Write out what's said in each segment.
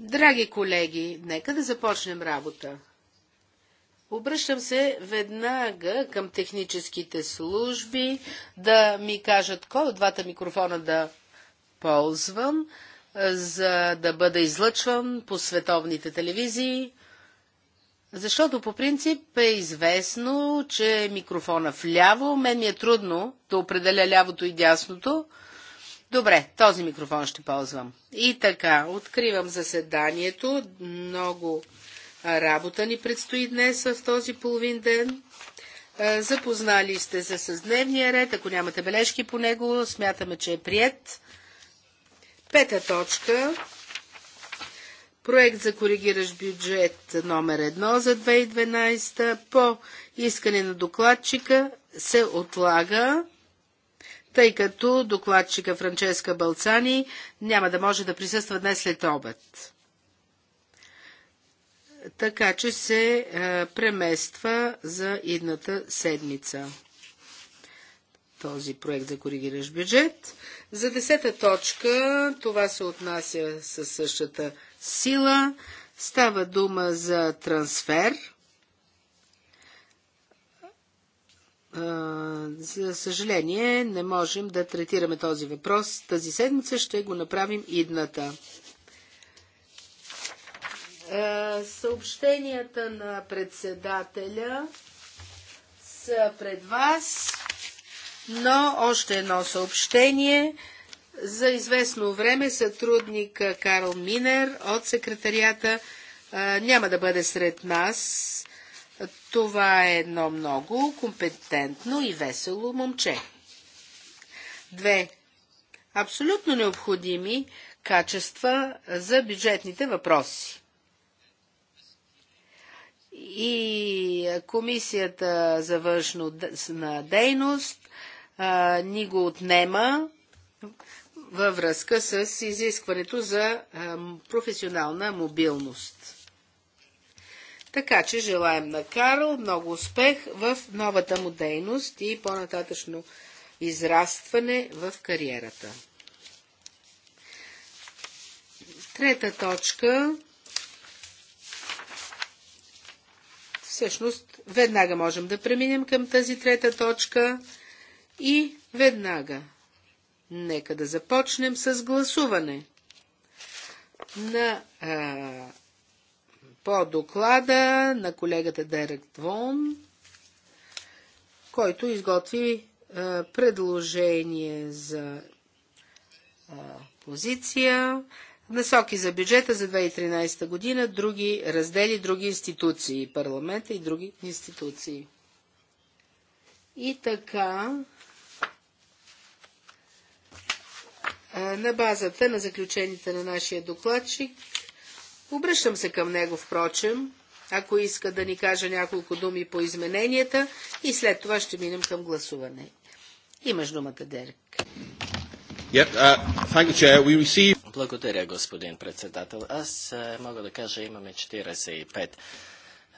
Драги колеги, нека да започнем работа. Обръщам се веднага към техническите служби да ми кажат кой от двата микрофона да ползвам, за да бъда излъчван по световните телевизии. Защото по принцип е известно, че микрофона вляво, мен ми е трудно да определя лявото и дясното, Добре, този микрофон ще ползвам. И така, откривам заседанието. Много работа ни предстои днес в този половин ден. Запознали сте се с дневния ред. Ако нямате бележки по него, смятаме, че е прият. Пета точка. Проект за коригираш бюджет номер 1 за 2012 по искане на докладчика се отлага тъй като докладчика Франческа Балцани няма да може да присъства днес след обед. Така че се е, премества за идната седмица този проект за коригираш бюджет. За десета точка това се отнася със същата сила. Става дума за трансфер – За съжаление, не можем да третираме този въпрос. Тази седмица ще го направим идната. Съобщенията на председателя са пред вас, но още едно съобщение. За известно време сътрудник Карл Минер от секретарията няма да бъде сред нас това е едно много компетентно и весело момче. Две. Абсолютно необходими качества за бюджетните въпроси. И Комисията за на дейност а, ни го отнема във връзка с изискването за а, професионална мобилност. Така че желаем на Карл много успех в новата му дейност и по-нататъчно израстване в кариерата. Трета точка. Всъщност, веднага можем да преминем към тази трета точка и веднага. Нека да започнем с гласуване на а, по доклада на колегата Дерек Двон, който изготви а, е, предложение за а, е, позиция, насоки за бюджета за 2013 година, други раздели, други институции, парламента и други институции. И така, е, на базата на заключените на нашия докладчик, Обръщам се към него, впрочем, ако иска да ни каже няколко думи по измененията и след това ще минем към гласуване. Имаш думата, Дерек. Yep, uh, you, We receive... Благодаря, господин председател. Аз uh, мога да кажа, имаме 45 uh,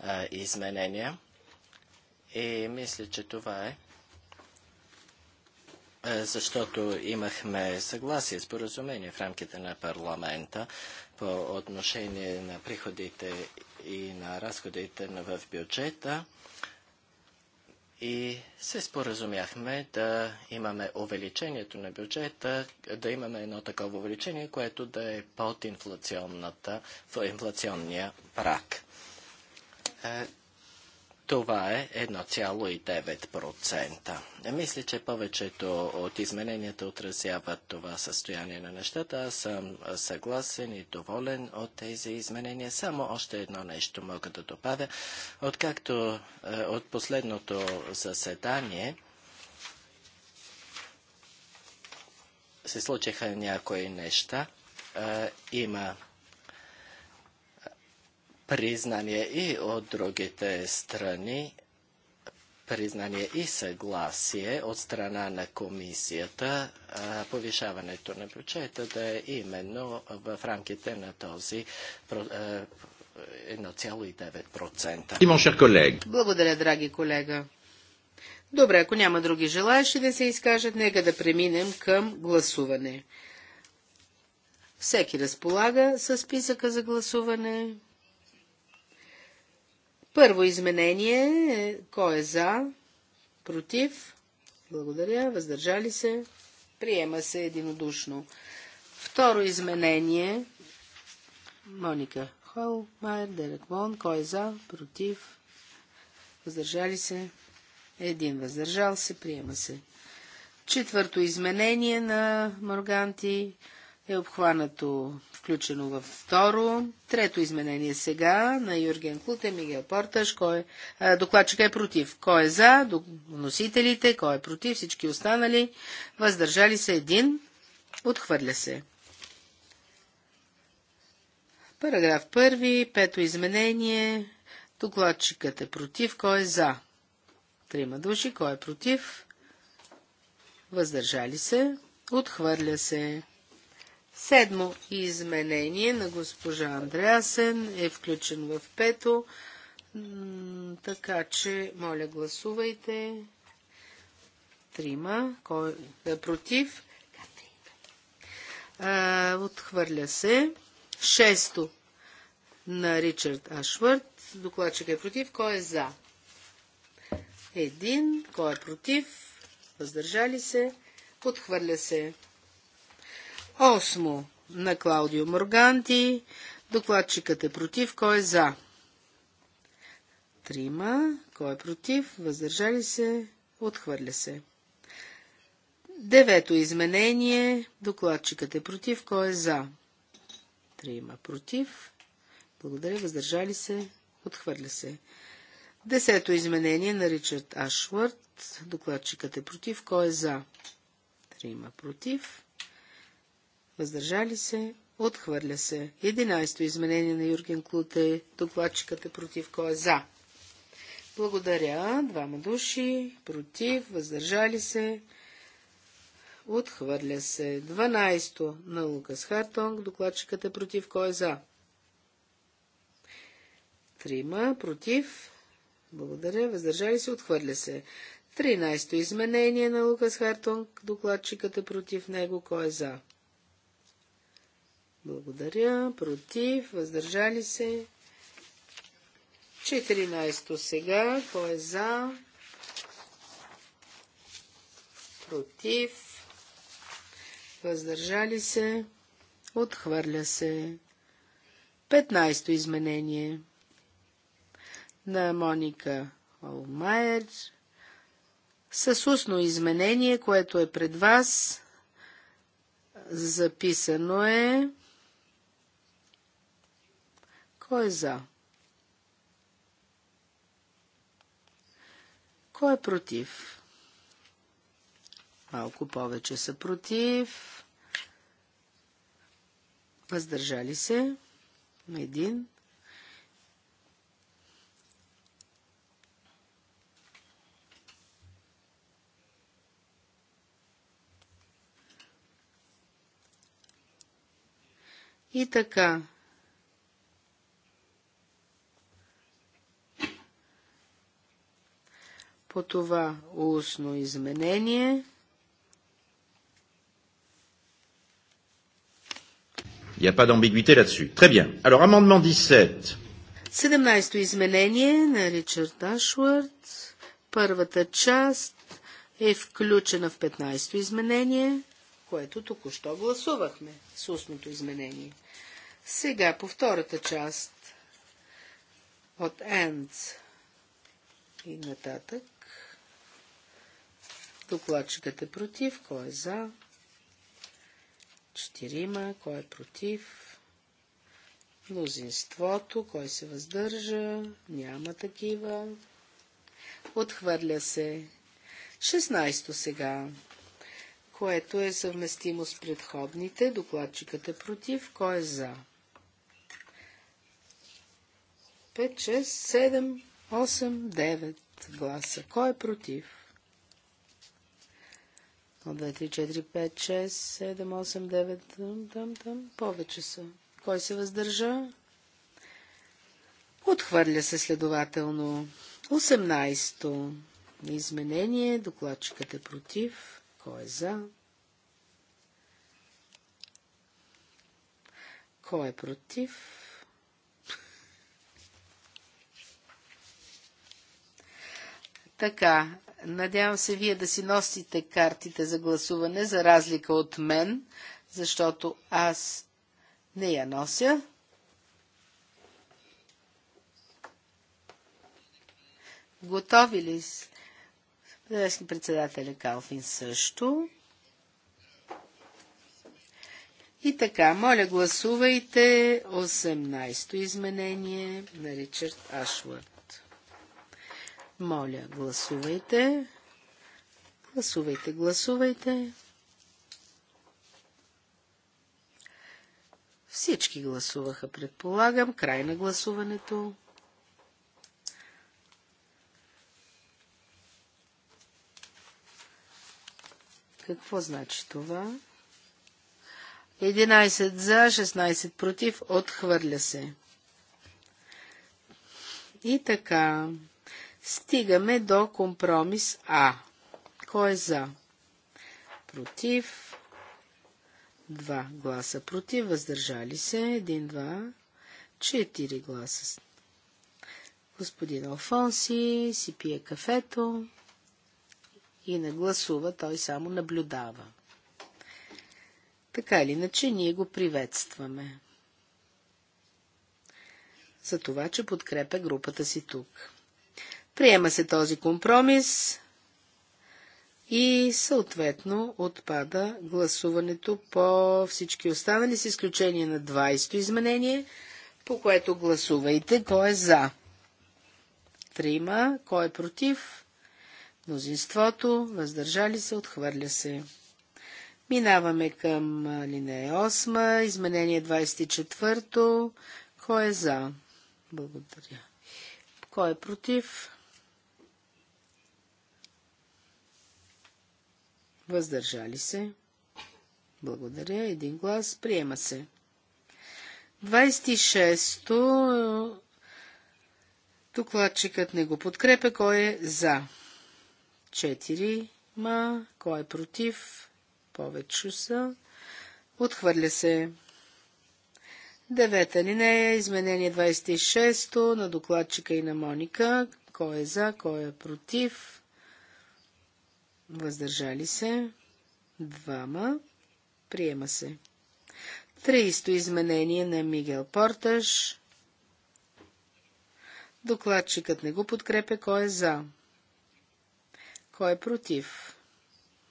е, изменения и мисля, че това е е, защото имахме съгласие, споразумение в рамките на парламента по отношение на приходите и на разходите в бюджета и се споразумяхме да имаме увеличението на бюджета, да имаме едно такова увеличение, което да е под инфлационната, инфлационния прак. Е, това е 1,9%. Мисля, че повечето от измененията отразяват това състояние на нещата. Аз съм съгласен и доволен от тези изменения. Само още едно нещо мога да добавя. Откакто е, от последното заседание се случиха някои неща, е, има признание и от другите страни, признание и съгласие от страна на комисията, повишаването на бюджета да е именно в рамките на този 1,9%. Благодаря, драги колега. Добре, ако няма други желаящи да се изкажат, нека да преминем към гласуване. Всеки разполага с списъка за гласуване. Първо изменение. Е, кой е за? Против? Благодаря. Въздържали се? Приема се единодушно. Второ изменение. Моника Холмайер, Дерек Вон. Кой е за? Против? Въздържали се? Един въздържал се. Приема се. Четвърто изменение на Морганти е обхванато включено във второ. Трето изменение сега на Юрген Клуте, Мигел Порташ. Кой, е, а, е против. Кой е за? Носителите. Кой е против? Всички останали. Въздържали се един. Отхвърля се. Параграф първи. Пето изменение. Докладчикът е против. Кой е за? Трима души. Кой е против? Въздържали се. Отхвърля се. Седмо изменение на госпожа Андреасен е включен в пето, така че, моля, гласувайте. Трима, кой е против? А, отхвърля се. Шесто на Ричард Ашвърт. Докладчик е против. Кой е за? Един. Кой е против? Въздържали се. Отхвърля се. Осмо на Клаудио Морганти. Докладчикът е против. Кой е за? Трима. Кой е против? Въздържали се? Отхвърля се. Девето изменение. Докладчикът е против. Кой е за? Трима против. Благодаря. Въздържали се? Отхвърля се. Десето изменение на Ричард Ашвард. Докладчикът е против. Кой е за? Трима против въздържали се, отхвърля се. Единайсто изменение на Юрген Клуте, докладчикът е против, кой е за. Благодаря, двама души, против, въздържали се, отхвърля се. Дванайсто на Лукас Хартонг, докладчикът е против, кой е за. Трима, против, благодаря, въздържали се, отхвърля се. Тринайсто изменение на Лукас Хартонг, докладчикът е против него, кой е за. Благодаря. Против. Въздържали се. 14 сега. Кой е за? Против. Въздържали се. Отхвърля се. 15 изменение на Моника Олмайер с устно изменение, което е пред вас. Записано е кой е за? Кой е против? Малко повече са против. Въздържали се. Един. И така, по това устно изменение. Il n'y a pas d'ambiguïté là-dessus. Très bien. Alors, amendement 17. 17-то изменение на Ричард Ашвард. Първата част е включена в 15-то изменение, което току-що гласувахме с устното изменение. Сега по втората част от Ends и нататък. Докладчикът е против. Кой е за? Четирима. Кой е против? Мнозинството. Кой се въздържа? Няма такива. Отхвърля се. 16 сега което е съвместимо с предходните. Докладчикът е против. Кой е за? 5, 6, 7, 8, 9 гласа. Кой е против? 4, 5, 6, 7, 8, 9, там, там, там, повече са. Кой се въздържа? Отхвърля се следователно. 18-то. Изменение. Докладчикът е против. Кой е за? Кой е против? Така, Надявам се вие да си носите картите за гласуване, за разлика от мен, защото аз не я нося. Готови ли сте? председателя Калфин също. И така, моля гласувайте 18-то изменение на Ричард Ашвард. Моля, гласувайте. Гласувайте, гласувайте. Всички гласуваха, предполагам. Край на гласуването. Какво значи това? 11 за, 16 против, отхвърля се. И така, Стигаме до компромис А. Кой е за? Против. Два гласа против, въздържали се. Един, два, четири гласа. Господин Алфонси си пие кафето и не гласува, той само наблюдава. Така или иначе, ние го приветстваме. За това, че подкрепя групата си тук. Приема се този компромис и съответно отпада гласуването по всички останали, с изключение на 20-то изменение, по което гласувайте кой е за. Трима, кой е против, мнозинството, въздържали се, отхвърля се. Минаваме към линия 8, изменение 24, кой е за? Благодаря. Кой е против? Въздържали се. Благодаря. Един глас. Приема се. 26-то. Докладчикът не го подкрепя. Кой е за? 4 ма. Кой е против? Повече са. Отхвърля се. Девета линия, изменение 26 на докладчика и на Моника. Кой е за, кой е против? Въздържали се. Двама. Приема се. Тристо изменение на Мигел Порташ. Докладчикът не го подкрепя. Кой е за? Кой е против?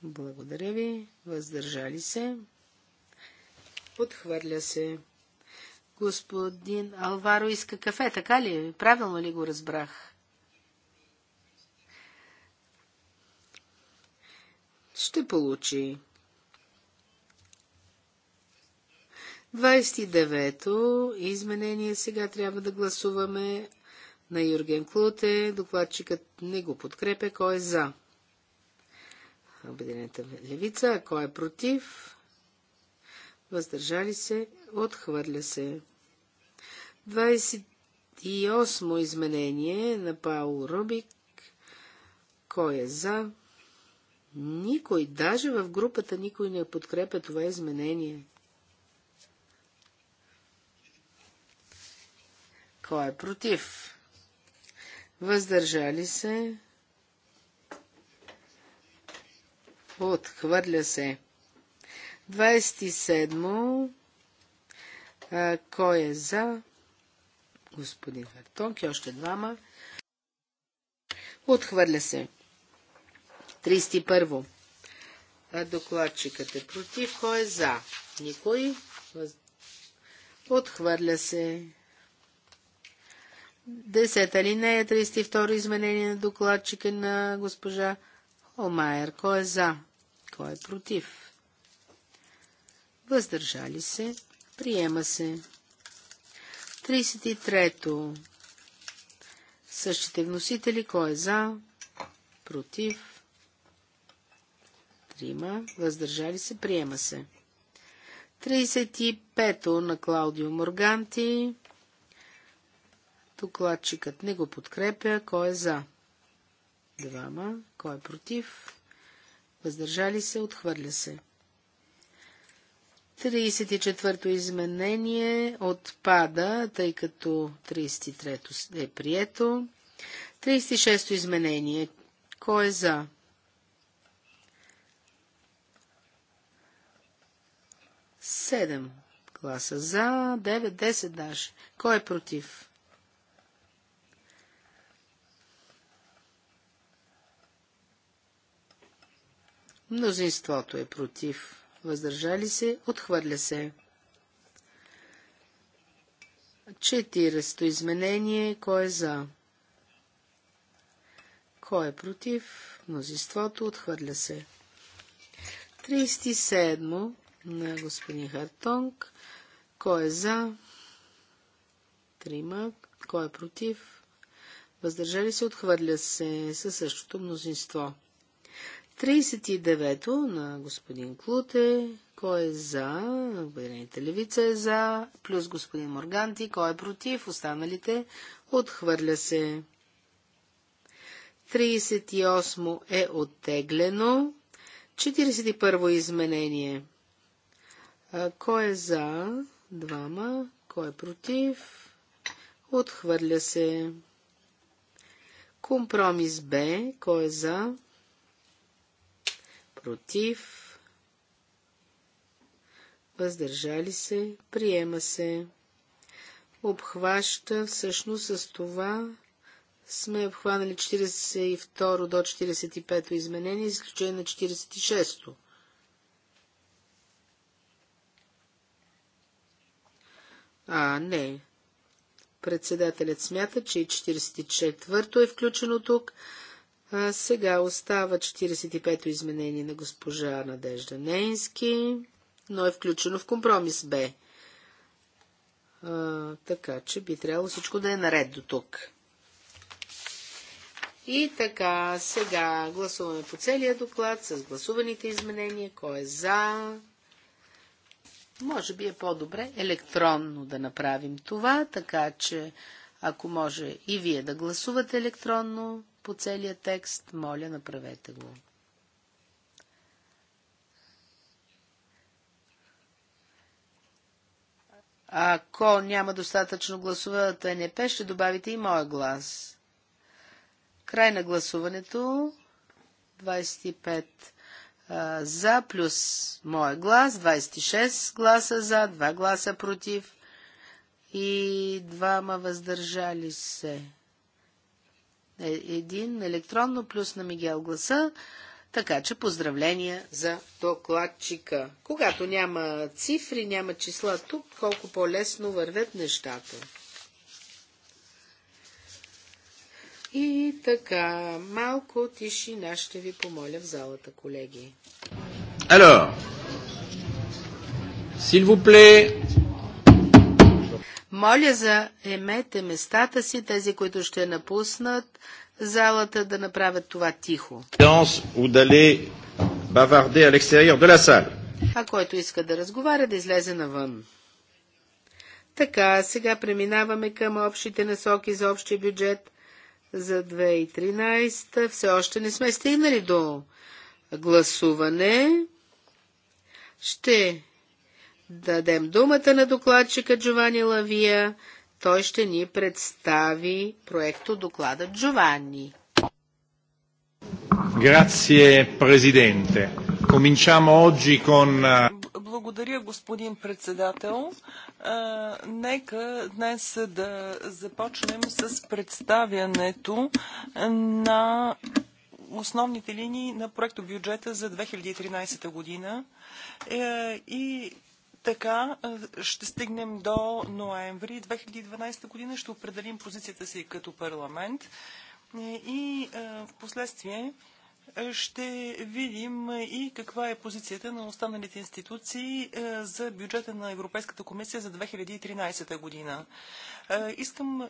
Благодаря ви. Въздържали се. Подхвърля се. Господин Алваро иска кафе, така ли? Правилно ли го разбрах? ще получи. 29-то изменение сега трябва да гласуваме на Юрген Клуте. Докладчикът не го подкрепя. Кой е за? Обединената левица. А кой е против? Въздържали се. Отхвърля се. 28-о изменение на Паул Рубик. Кой е за? Никой, даже в групата никой не подкрепя това изменение. Кой е против? Въздържали се? Отхвърля се. 27. А, кой е за? Господин Хартонки, още двама. Отхвърля се. 31. Докладчикът е против. Кой е за? Никой. Отхвърля се. Десета линия, 32 е изменение на докладчика на госпожа Омайер. Кой е за? Кой е против? Въздържали се. Приема се. 33-то. Същите вносители. Кой е за? Против? Трима. Въздържали се. Приема се. 35-то на Клаудио Морганти. Докладчикът не го подкрепя. Кой е за? Двама. Кой е против? Въздържали се. Отхвърля се. 34-то изменение отпада, тъй като 33-то е прието. 36-то изменение. Кой е за? Седем гласа за, 9-10 даже. Кой е против? Мнозинството е против. Въздържали се, отхвърля се. Четиресто изменение. Кой е за? Кой е против? Мнозинството отхвърля се. 37 на господин Хартонг. Кой е за? Трима. Кой е против? Въздържали се, отхвърля се със същото мнозинство. 39-то на господин Клуте. Кой е за? Обединените левица е за. Плюс господин Морганти. Кой е против? Останалите. Отхвърля се. 38 е оттеглено. 41 изменение. Кой е за? Двама. Кой е против? Отхвърля се. Компромис Б. Кой е за? Против. Въздържали се. Приема се. Обхваща всъщност с това сме обхванали 42 до 45 изменение, изключение на 46-то. А, не. Председателят смята, че 44-то е включено тук. А, сега остава 45-то изменение на госпожа Надежда Нейнски, но е включено в компромис Б. А, така че би трябвало всичко да е наред до тук. И така, сега гласуваме по целия доклад с гласуваните изменения. Кой е за, може би е по-добре електронно да направим това, така че ако може и вие да гласувате електронно по целия текст, моля, направете го. Ако няма достатъчно гласове от ТНП, ще добавите и моя глас. Край на гласуването. 25 за плюс моя глас, 26 гласа за, 2 гласа против и двама въздържали се. Е, един електронно плюс на Мигел гласа, така че поздравления за докладчика. Когато няма цифри, няма числа тук, колко по-лесно вървят нещата. И така, малко тишина ще ви помоля в залата, колеги. Alors, s'il vous plaît. Моля за емете местата си, тези, които ще напуснат залата, да направят това тихо. А който иска да разговаря, да излезе навън. Така, сега преминаваме към общите насоки за общия бюджет за 2013. Все още не сме стигнали до гласуване. Ще дадем думата на докладчика Джовани Лавия. Той ще ни представи проекто доклада Джованни. Grazie Presidente. Cominciamo oggi con... Благодаря, господин председател. Нека днес да започнем с представянето на основните линии на проекто бюджета за 2013 година. Е, и така ще стигнем до ноември 2012 година. Ще определим позицията си като парламент е, и в последствие ще видим и каква е позицията на останалите институции е, за бюджета на Европейската комисия за 2013 година. Е, искам е,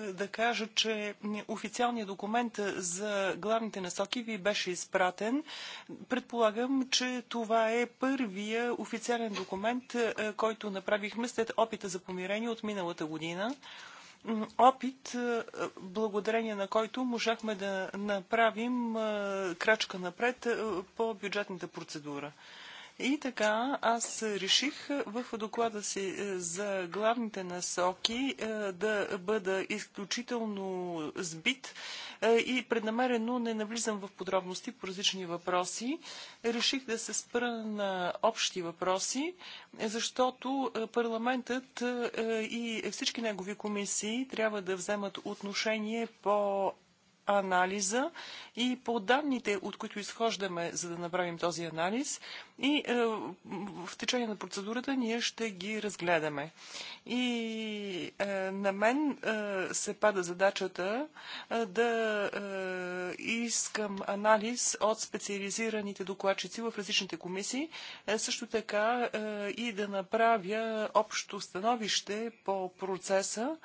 да кажа, че официалният документ за главните насоки ви беше изпратен. Предполагам, че това е първия официален документ, който направихме след опита за помирение от миналата година опит, е, благодарение на който можахме да направим е, крачка напред е, по бюджетната процедура. И така, аз реших е, в доклада си е, за главните насоки е, да бъда изключително сбит и преднамерено не навлизам в подробности по различни въпроси. Реших да се спра на общи въпроси, защото парламентът и всички негови комисии трябва да вземат отношение по анализа и по данните, от които изхождаме, за да направим този анализ. И е, в течение на процедурата ние ще ги разгледаме. И е, на мен е, се пада задачата е, да е, искам анализ от специализираните докладчици в различните комисии, е, също така е, и да направя общо становище по процеса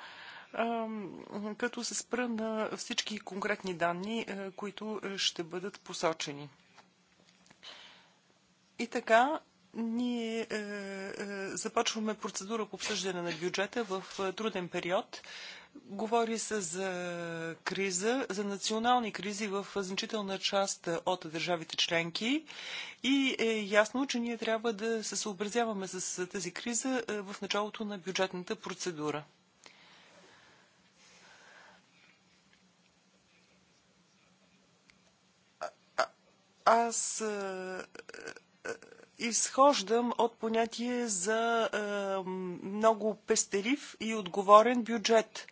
като се спра на всички конкретни данни, е, които е, ще бъдат посочени. И така, ние е, е, започваме процедура по обсъждане на бюджета в е, труден период. Говори се за криза, за национални кризи в значителна част от държавите членки и е ясно, че ние трябва да се съобразяваме с тази криза в началото на бюджетната процедура. аз изхождам от понятие за много пестелив и отговорен бюджет.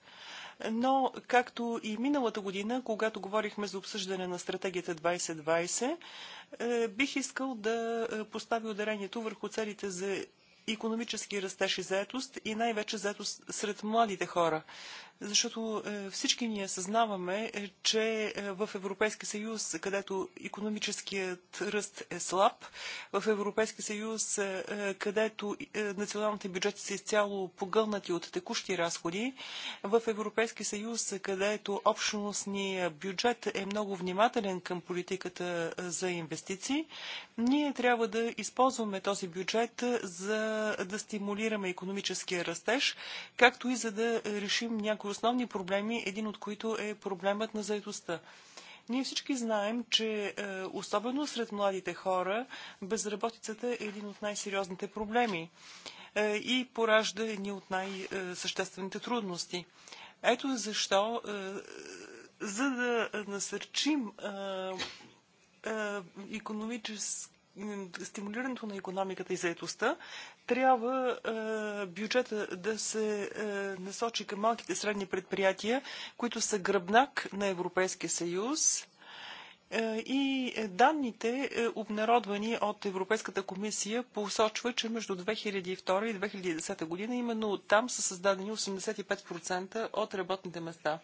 Но, както и миналата година, когато говорихме за обсъждане на стратегията 2020, бих искал да поставя ударението върху целите за економически растеж и заетост и най-вече заетост сред младите хора защото е, всички ние съзнаваме, е, че е, в Европейския съюз, където економическият ръст е слаб, в Европейския съюз, където националните бюджети са изцяло погълнати от текущи разходи, в Европейския съюз, където общностният бюджет е много внимателен към политиката за инвестиции, ние трябва да използваме този бюджет за да стимулираме економическия растеж, както и за да решим някои няколко основни проблеми, един от които е проблемът на заедостта. Ние всички знаем, че е, особено сред младите хора безработицата е един от най-сериозните проблеми е, и поражда едни от най-съществените трудности. Ето защо, е, за да насърчим економически стимулирането на економиката и заетостта, трябва е, бюджета да се е, насочи към малките средни предприятия, които са гръбнак на Европейския съюз е, и данните, обнародвани от Европейската комисия, посочва, че между 2002 и 2010 година именно там са създадени 85% от работните места.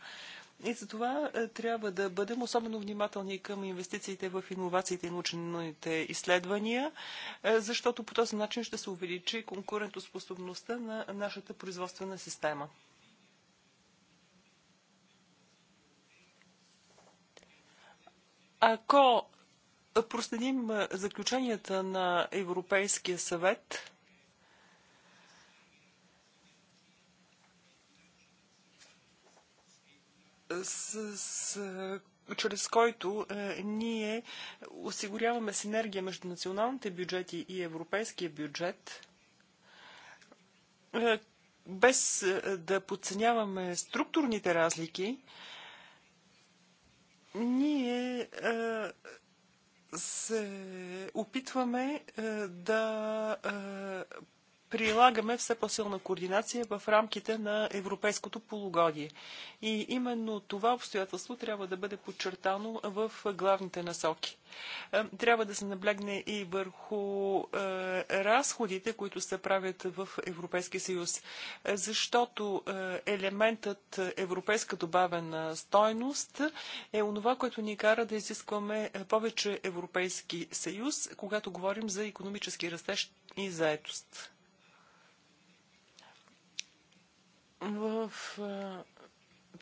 И за това е, трябва да бъдем особено внимателни към инвестициите в иновациите и научените изследвания, е, защото по този начин ще се увеличи конкурентоспособността на нашата производствена система. Ако проследим е, заключенията на Европейския съвет, с, с чрез който е, ние осигуряваме синергия между националните бюджети и европейския бюджет, е, без е, да подценяваме структурните разлики, ние е, се опитваме е, да е, прилагаме все по-силна координация в рамките на европейското полугодие. И именно това обстоятелство трябва да бъде подчертано в главните насоки. Е, трябва да се наблегне и върху е, разходите, които се правят в Европейския съюз, е, защото елементът европейска добавена стойност е онова, което ни кара да изискваме повече Европейски съюз, когато говорим за економически растеж и заетост. В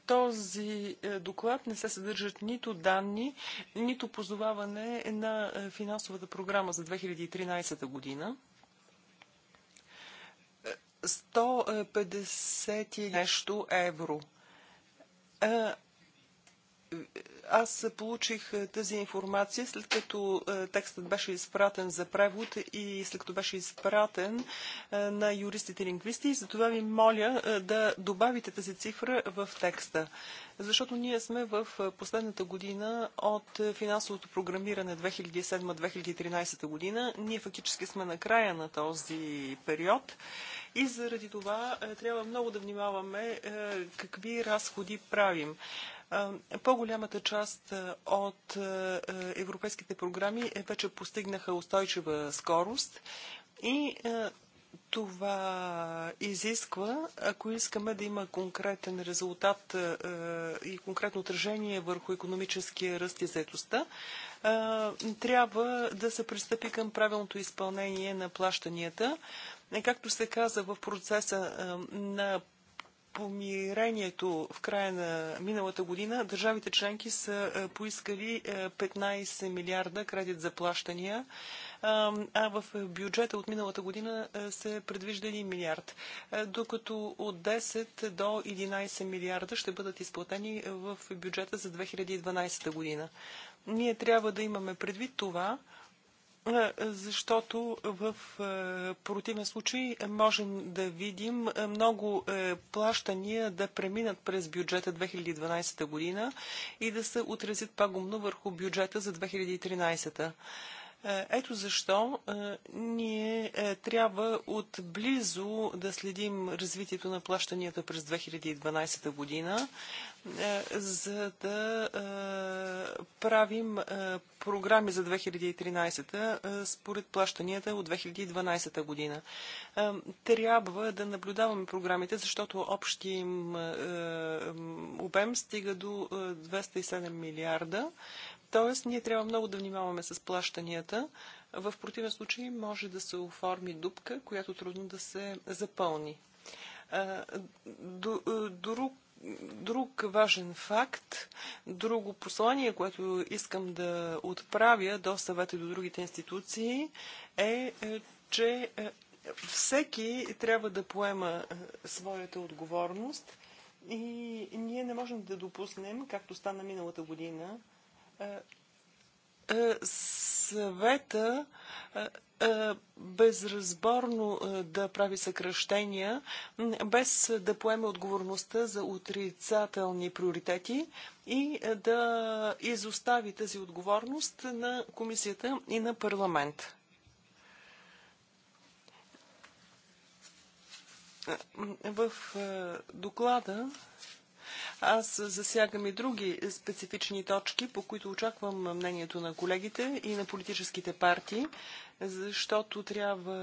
този е, доклад не се съдържат нито данни, нито позоваване на е, финансовата програма за 2013 година. 150 е, нещо евро. Аз получих е, тази информация след като е, текстът беше изпратен за превод и след като беше изпратен е, на юристите-лингвисти. Затова ви моля да добавите тази цифра в текста. Защото ние сме в последната година от финансовото програмиране 2007-2013 година. Ние фактически сме на края на този период. И заради това трябва много да внимаваме какви разходи правим. По-голямата част от европейските програми е вече постигнаха устойчива скорост и това изисква, ако искаме да има конкретен резултат и конкретно отражение върху економическия ръст и заетостта, трябва да се пристъпи към правилното изпълнение на плащанията. Е, както се каза в процеса на помирението в края на миналата година държавите членки са е, поискали 15 е, милиарда кредит за плащания, а в бюджета от миналата година е, се предвижда 1 милиард, докато от 10 до 11 милиарда ще бъдат изплатени в бюджета за 2012 година. Ние трябва да имаме предвид това, защото в противен случай можем да видим много плащания да преминат през бюджета 2012 година и да се отразят пагубно върху бюджета за 2013. Е, ето защо е, ние е, трябва отблизо да следим развитието на плащанията през 2012 година, за да правим програми за 2013 според плащанията от 2012 година. Трябва да наблюдаваме програмите, защото общия им обем стига до 207 милиарда. Тоест, ние трябва много да внимаваме с плащанията. В противен случай може да се оформи дупка, която трудно да се запълни. Друг друг важен факт, друго послание, което искам да отправя до съвета и до другите институции е, е че е, всеки трябва да поема е, своята отговорност и ние не можем да допуснем, както стана миналата година, е, е, съвета е, безразборно да прави съкръщения, без да поеме отговорността за отрицателни приоритети и да изостави тази отговорност на комисията и на парламент. В доклада аз засягам и други специфични точки, по които очаквам мнението на колегите и на политическите партии, защото трябва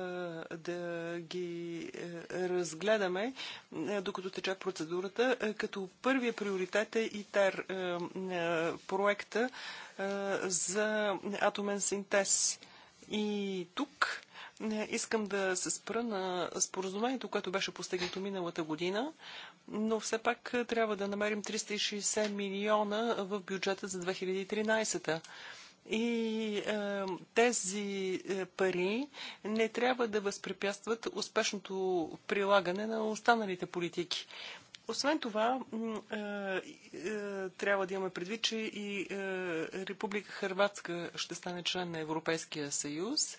да ги е, разгледаме, е, докато тече процедурата. Е, като първия приоритет е ИТЕР проекта за атомен синтез. И тук Искам да се спра на споразумението, което беше постигнато миналата година, но все пак е, трябва да намерим 360 милиона в бюджета за 2013. -та. И е, тези е, пари не трябва да възпрепятстват успешното прилагане на останалите политики. Освен това, е, е, трябва да имаме предвид, че и е, Република Харватска ще стане член на Европейския съюз.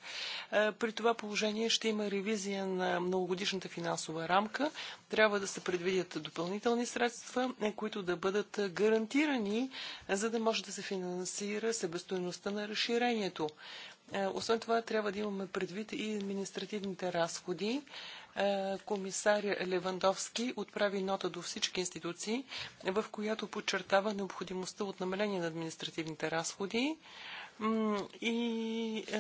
При това положение ще има ревизия на многогодишната финансова рамка. Трябва да се предвидят допълнителни средства, които да бъдат гарантирани, за да може да се финансира себестоеността на разширението. Освен това, трябва да имаме предвид и административните разходи. Е, комисаря Левандовски отправи нота до всички институции, в която подчертава необходимостта от намаление на административните разходи и е,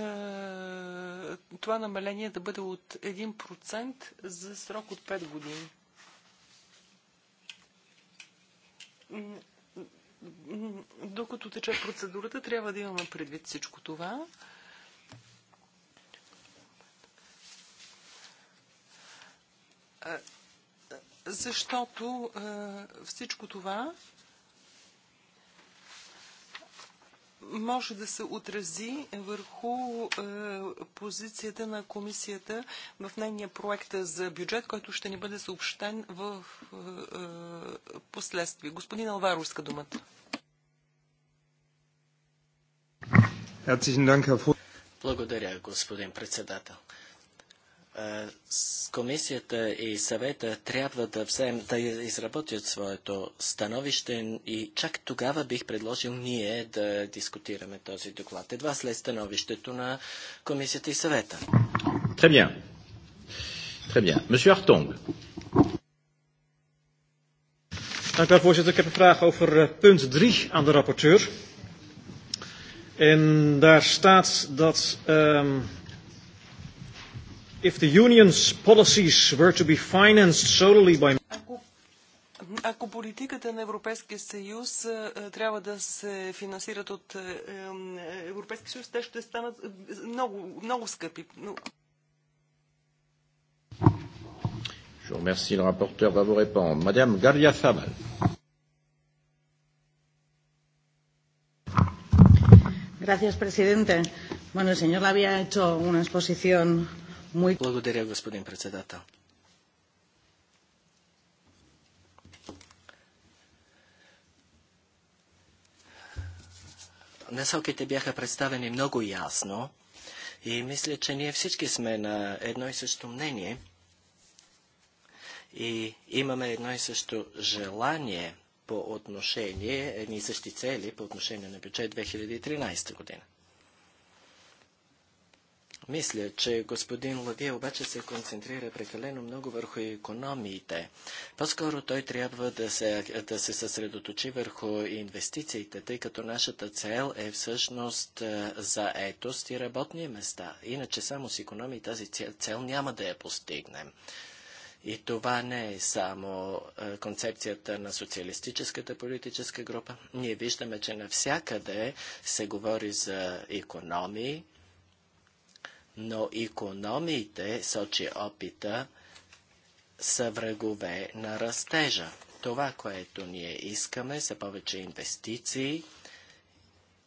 това намаление да бъде от 1% за срок от 5 години. Докато тече процедурата, трябва да имаме предвид всичко това. Защото е, всичко това може да се отрази върху е, позицията на комисията в нейния проект за бюджет, който ще ни бъде съобщен в е, е последствие. Господин Алваро иска думата. Благодаря, господин председател. Е, комисията и съвета трябва да, взем, да изработят своето становище и чак тогава бих предложил ние да дискутираме този доклад. Едва след становището на Комисията и съвета. Très bien. Très bien. Monsieur Hartong. Dank u wel, voorzitter. Ik heb een vraag over eh, punt 3 aan de rapporteur. En daar staat dat um, If the union's policies were to be financed solely by ако политиката на Европейския съюз а, трябва да се финансират от а, Европейския съюз, те ще станат много, много скъпи. Но... Je remercie le rapporteur va vous répondre. Madame Galia Famal. Gracias, presidente. Bueno, el señor Lavia ha hecho una exposición благодаря, господин председател. Насоките бяха представени много ясно и мисля, че ние всички сме на едно и също мнение и имаме едно и също желание по отношение, едни и същи цели по отношение на бюджет 2013 година. Мисля, че господин Лавия обаче се концентрира прекалено много върху економиите. По-скоро той трябва да се, да се съсредоточи върху инвестициите, тъй като нашата цел е всъщност е, за етост и работни места. Иначе само с економии тази цел няма да я постигнем. И това не е само е, концепцията на социалистическата политическа група. Ние виждаме, че навсякъде се говори за економии, но економиите, сочи опита, са врагове на растежа. Това, което ние искаме, са повече инвестиции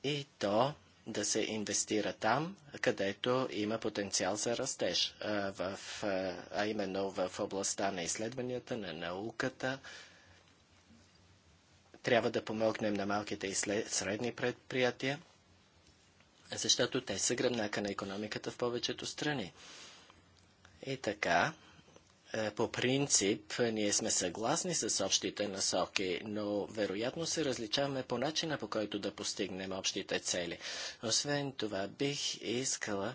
и то да се инвестира там, където има потенциал за растеж, а, в, а именно в областта на изследванията, на науката. Трябва да помогнем на малките и средни предприятия защото те са гръбнака на економиката в повечето страни. И така, е, по принцип, ние сме съгласни с общите насоки, но вероятно се различаваме по начина, по който да постигнем общите цели. Освен това, бих искала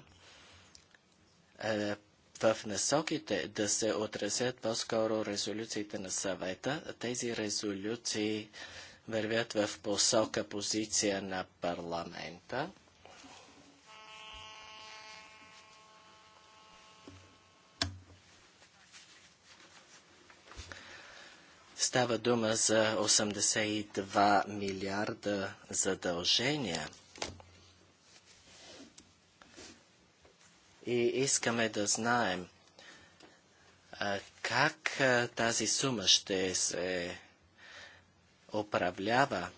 е, в насоките да се отразят по-скоро резолюциите на съвета. Тези резолюции вървят в посока позиция на парламента. Става дума за 82 милиарда задължения. И искаме да знаем как тази сума ще се управлява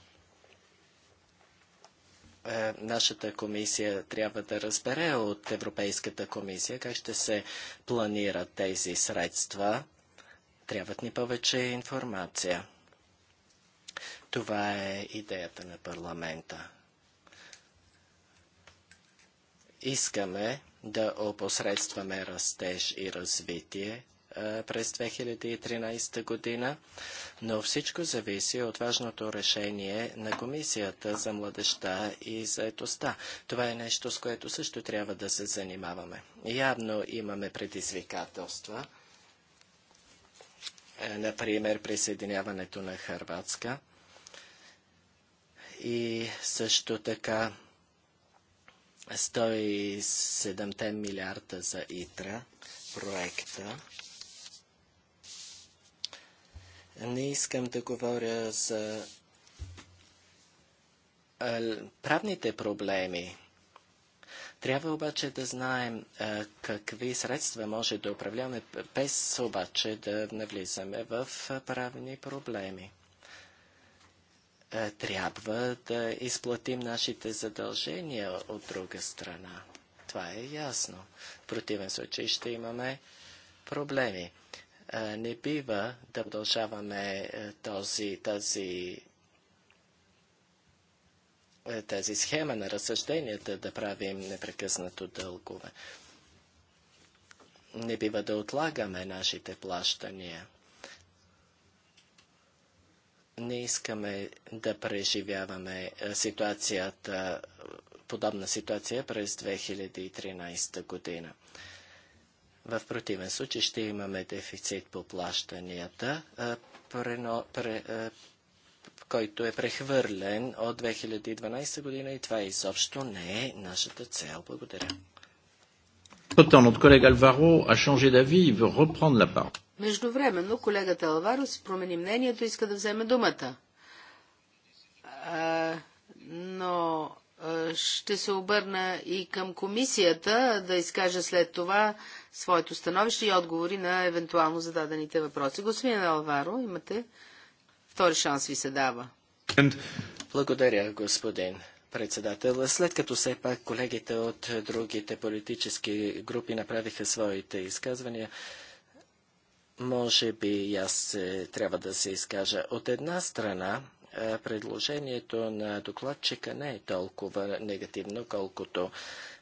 е, нашата комисия трябва да разбере от Европейската комисия как ще се планират тези средства Трябват ни повече информация. Това е идеята на парламента. Искаме да опосредстваме растеж и развитие през 2013 година, но всичко зависи от важното решение на Комисията за младеща и заетостта. Това е нещо, с което също трябва да се занимаваме. Явно имаме предизвикателства е, например присъединяването на Харватска и също така 107 милиарда за ИТРА проекта. Не искам да говоря за правните проблеми трябва обаче да знаем а, какви средства може да управляваме, без обаче да навлизаме в правни проблеми. А, трябва да изплатим нашите задължения от друга страна. Това е ясно. В противен случай ще имаме проблеми. А, не бива да продължаваме този, тази е, тази схема на разсъжденията да правим непрекъснато дългове. Не бива да отлагаме нашите плащания. Не искаме да преживяваме е, ситуацията, подобна ситуация през 2013 година. В противен случай ще имаме дефицит по плащанията. Е, който е прехвърлен от 2012 година и това изобщо не е нашата цел. Благодаря. Междувременно колегата Алваро си промени мнението и иска да вземе думата. А, но а, ще се обърна и към комисията да изкаже след това своето становище и отговори на евентуално зададените въпроси. Господин Алваро, имате Втори шанс ви се дава. Благодаря, господин председател. След като все пак колегите от другите политически групи направиха своите изказвания, може би аз е, трябва да се изкажа. От една страна, е, предложението на докладчика не е толкова негативно, колкото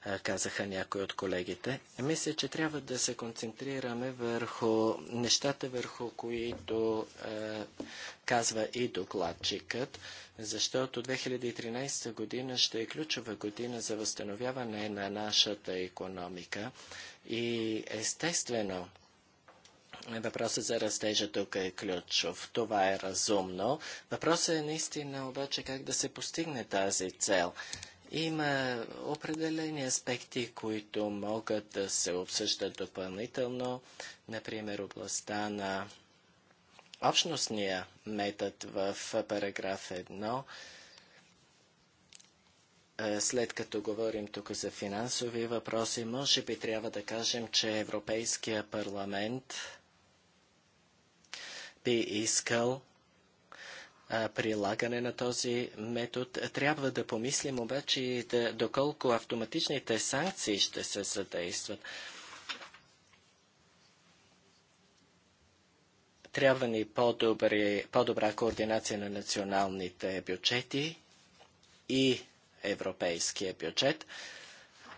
е, казаха някои от колегите. Мисля, че трябва да се концентрираме върху нещата, върху които е, казва и докладчикът, защото 2013 година ще е ключова година за възстановяване на нашата економика и естествено Въпросът за растежа тук е ключов. Това е разумно. Въпросът е наистина обаче как да се постигне тази цел. Има определени аспекти, които могат да се обсъждат допълнително, например областта на общностния метод в параграф 1. Е, след като говорим тук за финансови въпроси, може би трябва да кажем, че Европейския парламент би искал прилагане на този метод. Трябва да помислим обаче и да, доколко автоматичните санкции ще се задействат. Трябва ни по-добра по координация на националните бюджети и европейския бюджет.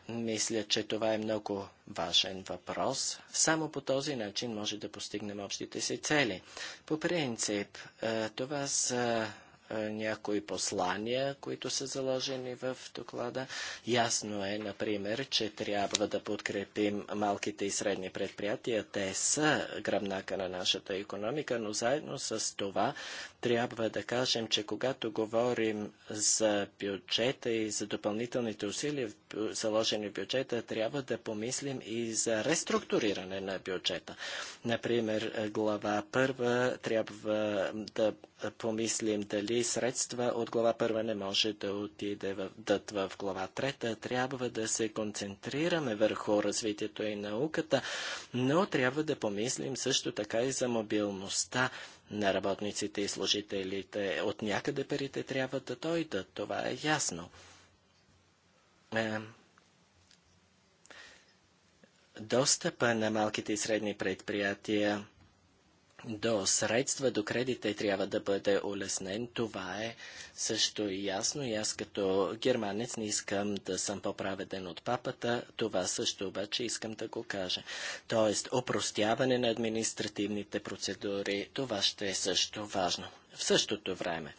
Мисля, че това е много важен въпрос. Само по този начин може да постигнем общите си цели. По принцип, е, това са е, някои послания, които са заложени в доклада. Ясно е, например, че трябва да подкрепим малките и средни предприятия. Те са гръбнака на нашата економика, но заедно с това трябва да кажем, че когато говорим за бюджета и за допълнителните усилия, заложени в бюджета, трябва да помислим и за реструктуриране на бюджета. Например, глава първа трябва да да помислим дали средства от глава първа не може да отиде в, дът в глава трета. Трябва да се концентрираме върху развитието и науката, но трябва да помислим също така и за мобилността на работниците и служителите. От някъде парите трябва да дойдат, това е ясно. Е, достъпа на малките и средни предприятия до средства, до кредите трябва да бъде улеснен. Това е също и ясно. И аз като германец не искам да съм по-праведен от папата. Това също обаче искам да го кажа. Тоест, опростяване на административните процедури, това ще е също важно. В същото време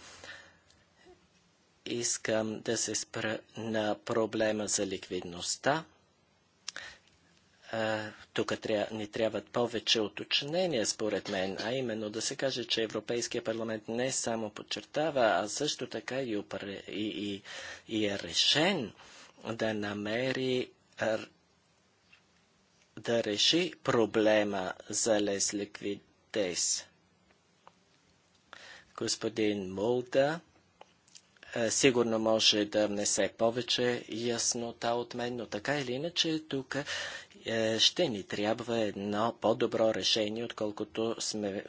искам да се спра на проблема за ликвидността тук ни трябват повече уточнения, според мен, а именно да се каже, че Европейския парламент не само подчертава, а също така и, упре, и, и, и е решен да намери да реши проблема за лес ликвидес. Господин Молда сигурно може да внесе повече яснота от мен, но така или иначе тук е, ще ни трябва едно по-добро решение, отколкото сме,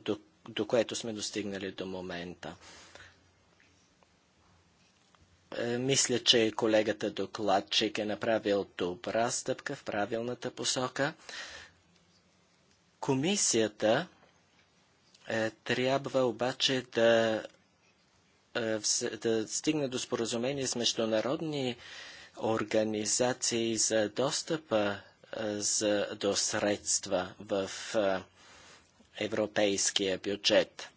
до, до което сме достигнали до момента. Е, мисля, че колегата докладчик е направил добра стъпка в правилната посока. Комисията е, трябва обаче да, е, да стигне до споразумение с международни организации за достъпа за, до средства в а, европейския бюджет,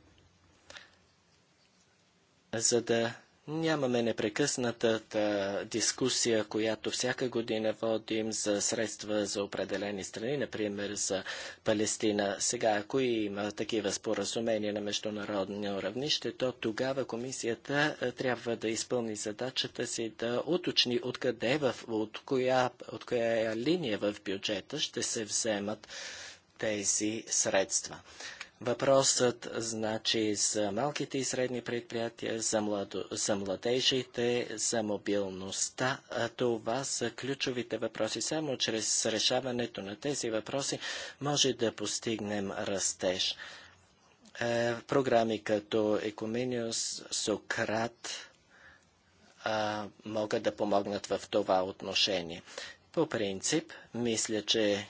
за да Нямаме непрекъснатата дискусия, която всяка година водим за средства за определени страни, например за Палестина. Сега, ако има такива споразумения на международни равнище, то тогава комисията трябва да изпълни задачата си да уточни откъде, в, от, коя, от коя линия в бюджета ще се вземат тези средства. Въпросът значи за малките и средни предприятия, за, младо, за младежите, за мобилността. А това са ключовите въпроси. Само чрез решаването на тези въпроси може да постигнем растеж. Е, програми като Екоминиус, Сократ е, могат да помогнат в това отношение. По принцип, мисля, че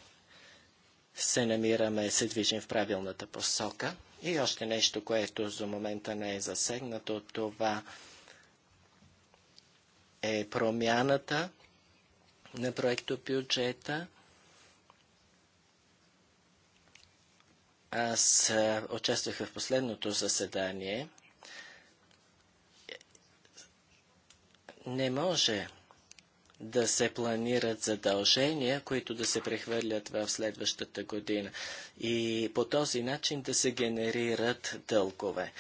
се намираме, се движим в правилната посока. И още нещо, което за момента не е засегнато, това е промяната на проекто бюджета. Аз участвах в последното заседание. Не може да се планират задължения, които да се прехвърлят в следващата година. И по този начин да се генерират дългове.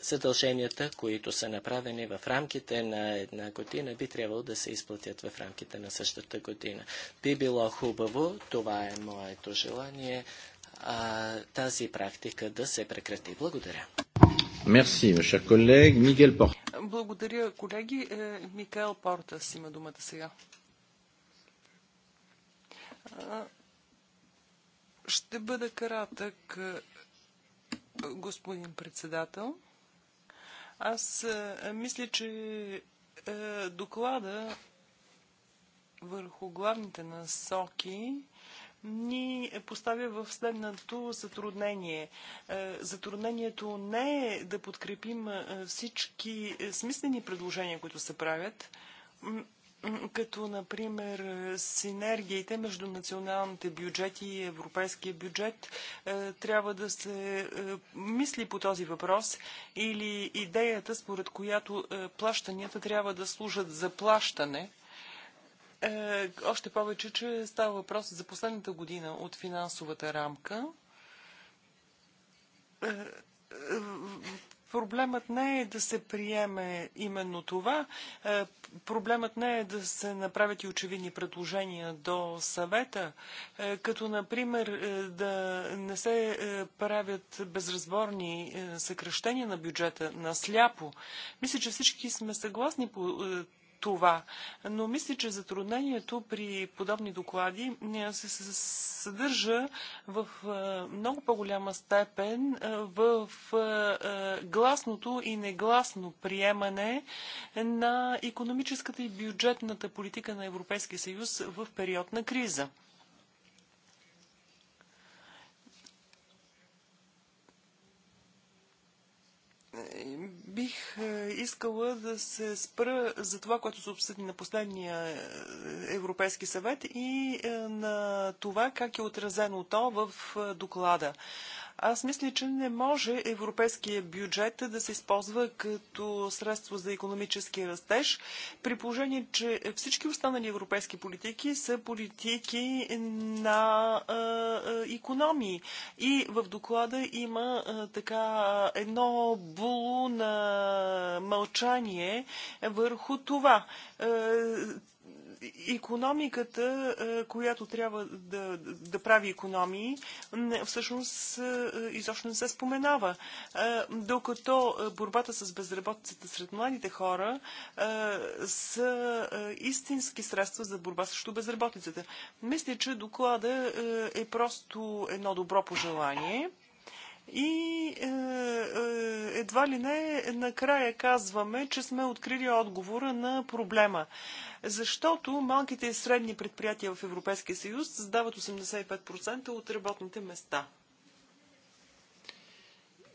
Задълженията, които са направени в рамките на една година, би трябвало да се изплатят в рамките на същата година. Би било хубаво, това е моето желание, а, тази практика да се прекрати. Благодаря. Merci, collègue. Благодаря, колеги. Е, Микел Портас има думата сега. Ще бъда кратък, е, господин председател. Аз е, мисля, че доклада върху главните насоки ни поставя в следното затруднение. Е, затруднението не е да подкрепим е, всички смислени предложения, които се правят, като, например, синергиите между националните бюджети и европейския бюджет, е, трябва да се мисли по този въпрос или идеята, според която плащанията трябва да служат за плащане – е, още повече, че става въпрос за последната година от финансовата рамка. Е, е, проблемът не е да се приеме именно това. Проблемът не е да се направят и очевидни предложения до съвета, като например да не се правят безразборни съкръщения на бюджета на сляпо. Мисля, че всички сме съгласни по това. Но мисля, че затруднението при подобни доклади е, се съдържа в е, много по-голяма степен е, в гласното и негласно приемане на економическата и бюджетната политика на Европейския съюз в период на криза. Бих е, искала да се спра за това, което се обсъди на последния е, Европейски съвет и е, на това как е отразено то в доклада. Аз мисля, че не може европейския бюджет да се използва като средство за економически растеж, при положение, че всички останали европейски политики са политики на е, економии. И в доклада има така едно було на мълчание върху това економиката, е, която трябва да, да прави економии, всъщност е, изобщо не се споменава. Е, докато борбата с безработицата сред младите хора са истински средства за борба срещу безработицата. Мисля, че доклада е просто едно добро пожелание. И е, е, едва ли не, накрая казваме, че сме открили отговора на проблема. Защото малките и средни предприятия в Европейския съюз създават 85% от работните места.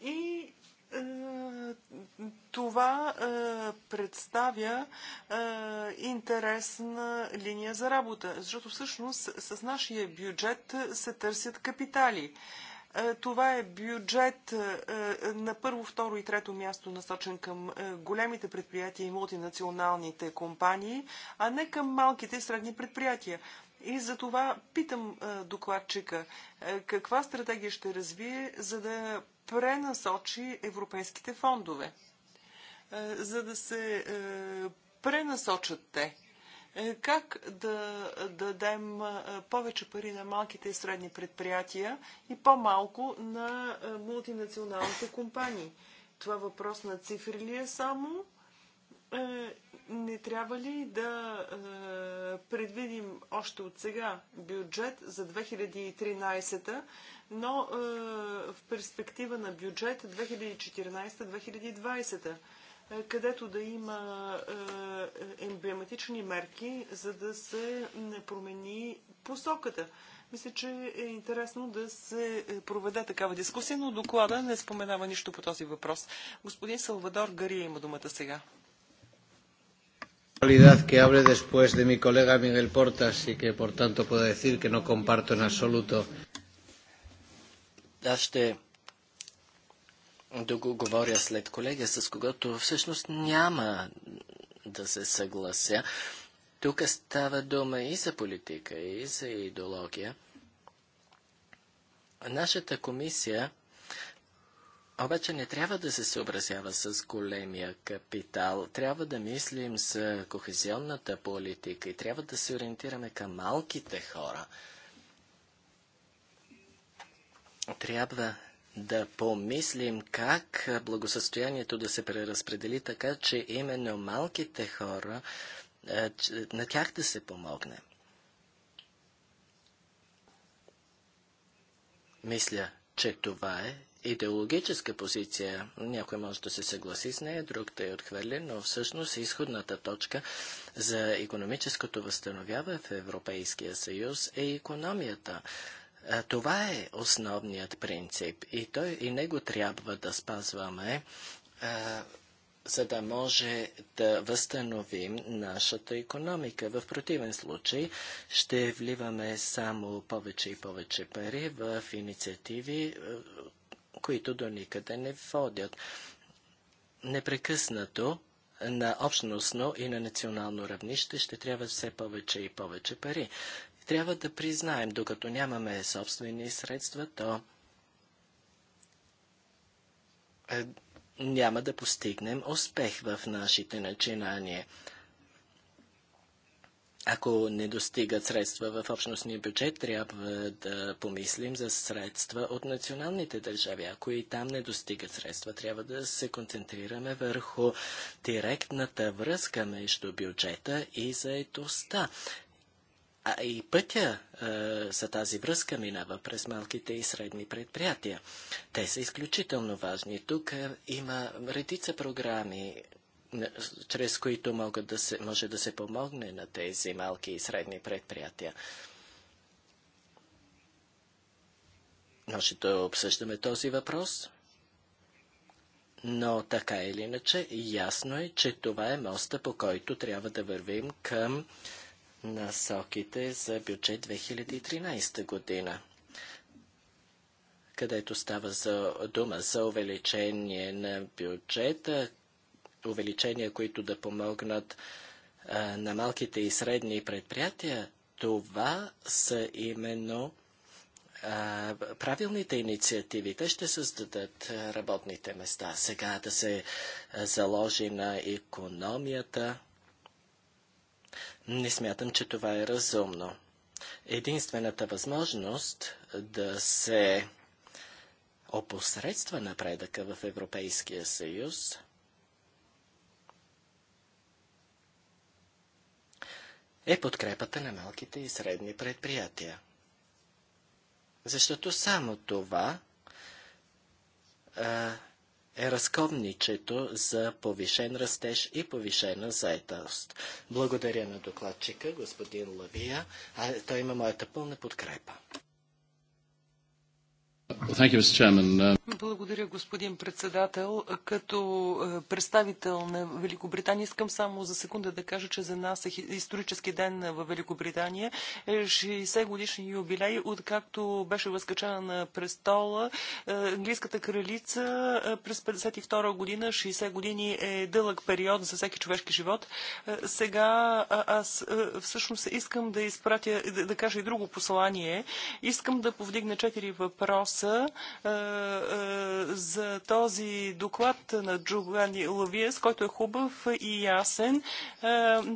И е, това е, представя е, интересна линия за работа, защото всъщност с нашия бюджет се търсят капитали. Е, е, това е бюджет е, е, на първо, второ и трето място насочен към големите предприятия и мултинационалните компании, а не към малките и средни предприятия. И за това питам докладчика, каква стратегия ще развие, за да пренасочи европейските фондове, за да се пренасочат те е, как да дадем е, повече пари на малките и средни предприятия и по-малко на е, мултинационалните компании. Това въпрос на цифри ли е само? Не трябва ли да предвидим още от сега бюджет за 2013, но в перспектива на бюджет 2014-2020? Е, където да има е, емблематични мерки, за да се промени посоката. Мисля, че е интересно да се е, проведе такава дискусия, но доклада не споменава нищо по този въпрос. Господин Салвадор Гария има думата сега. que hable después de mi colega Miguel Portas y que por tanto puedo decir que no comparto en absoluto. Аз ще да го говоря след колега, с когото всъщност няма да се съглася. Тук става дума и за политика, и за идеология. Нашата комисия обаче не трябва да се съобразява с големия капитал. Трябва да мислим за кохезионната политика и трябва да се ориентираме към малките хора. Трябва да помислим как благосъстоянието да се преразпредели така, че именно малките хора, е, на тях да се помогне. Мисля, че това е идеологическа позиция. Някой може да се съгласи с нея, друг да я отхвърли, но всъщност изходната точка за економическото възстановяване в Европейския съюз е економията. Това е основният принцип и, той, и него трябва да спазваме, а, за да може да възстановим нашата економика. В противен случай ще вливаме само повече и повече пари в инициативи, които до никъде не водят. Непрекъснато на общностно и на национално равнище ще трябва все повече и повече пари трябва да признаем, докато нямаме собствени средства, то е, няма да постигнем успех в нашите начинания. Ако не достигат средства в общностния бюджет, трябва да помислим за средства от националните държави. Ако и там не достигат средства, трябва да се концентрираме върху директната връзка между бюджета и заетостта. А и пътя е, за тази връзка минава през малките и средни предприятия. Те са изключително важни. Тук е, има редица програми, чрез които могат да се, може да се помогне на тези малки и средни предприятия. Може да обсъждаме този въпрос, но така или иначе, ясно е, че това е моста, по който трябва да вървим към насоките за бюджет 2013 година, където става за дума за увеличение на бюджета, увеличения, които да помогнат а, на малките и средни предприятия, това са именно правилните инициативи. Те ще създадат работните места. Сега да се заложи на економията, не смятам, че това е разумно. Единствената възможност да се опосредства напредъка в Европейския съюз е подкрепата на малките и средни предприятия. Защото само това а, е разковничето за повишен растеж и повишена заетост. Благодаря на докладчика, господин Лавия, а той има моята пълна подкрепа. Thank you, Mr. Chairman. Um, благодаря, господин председател. Като е, представител на Великобритания искам само за секунда да кажа, че за нас е исторически ден в Великобритания. 60 е, годишни юбилей, откакто беше възкачана на престола е, английската кралица през 52 година. 60 години е дълъг период за всеки човешки живот. Сега аз всъщност искам да изпратя, да, да кажа и друго послание. Искам да повдигна четири въпроса е, за този доклад на Джулани Лавиес, който е хубав и ясен. Е,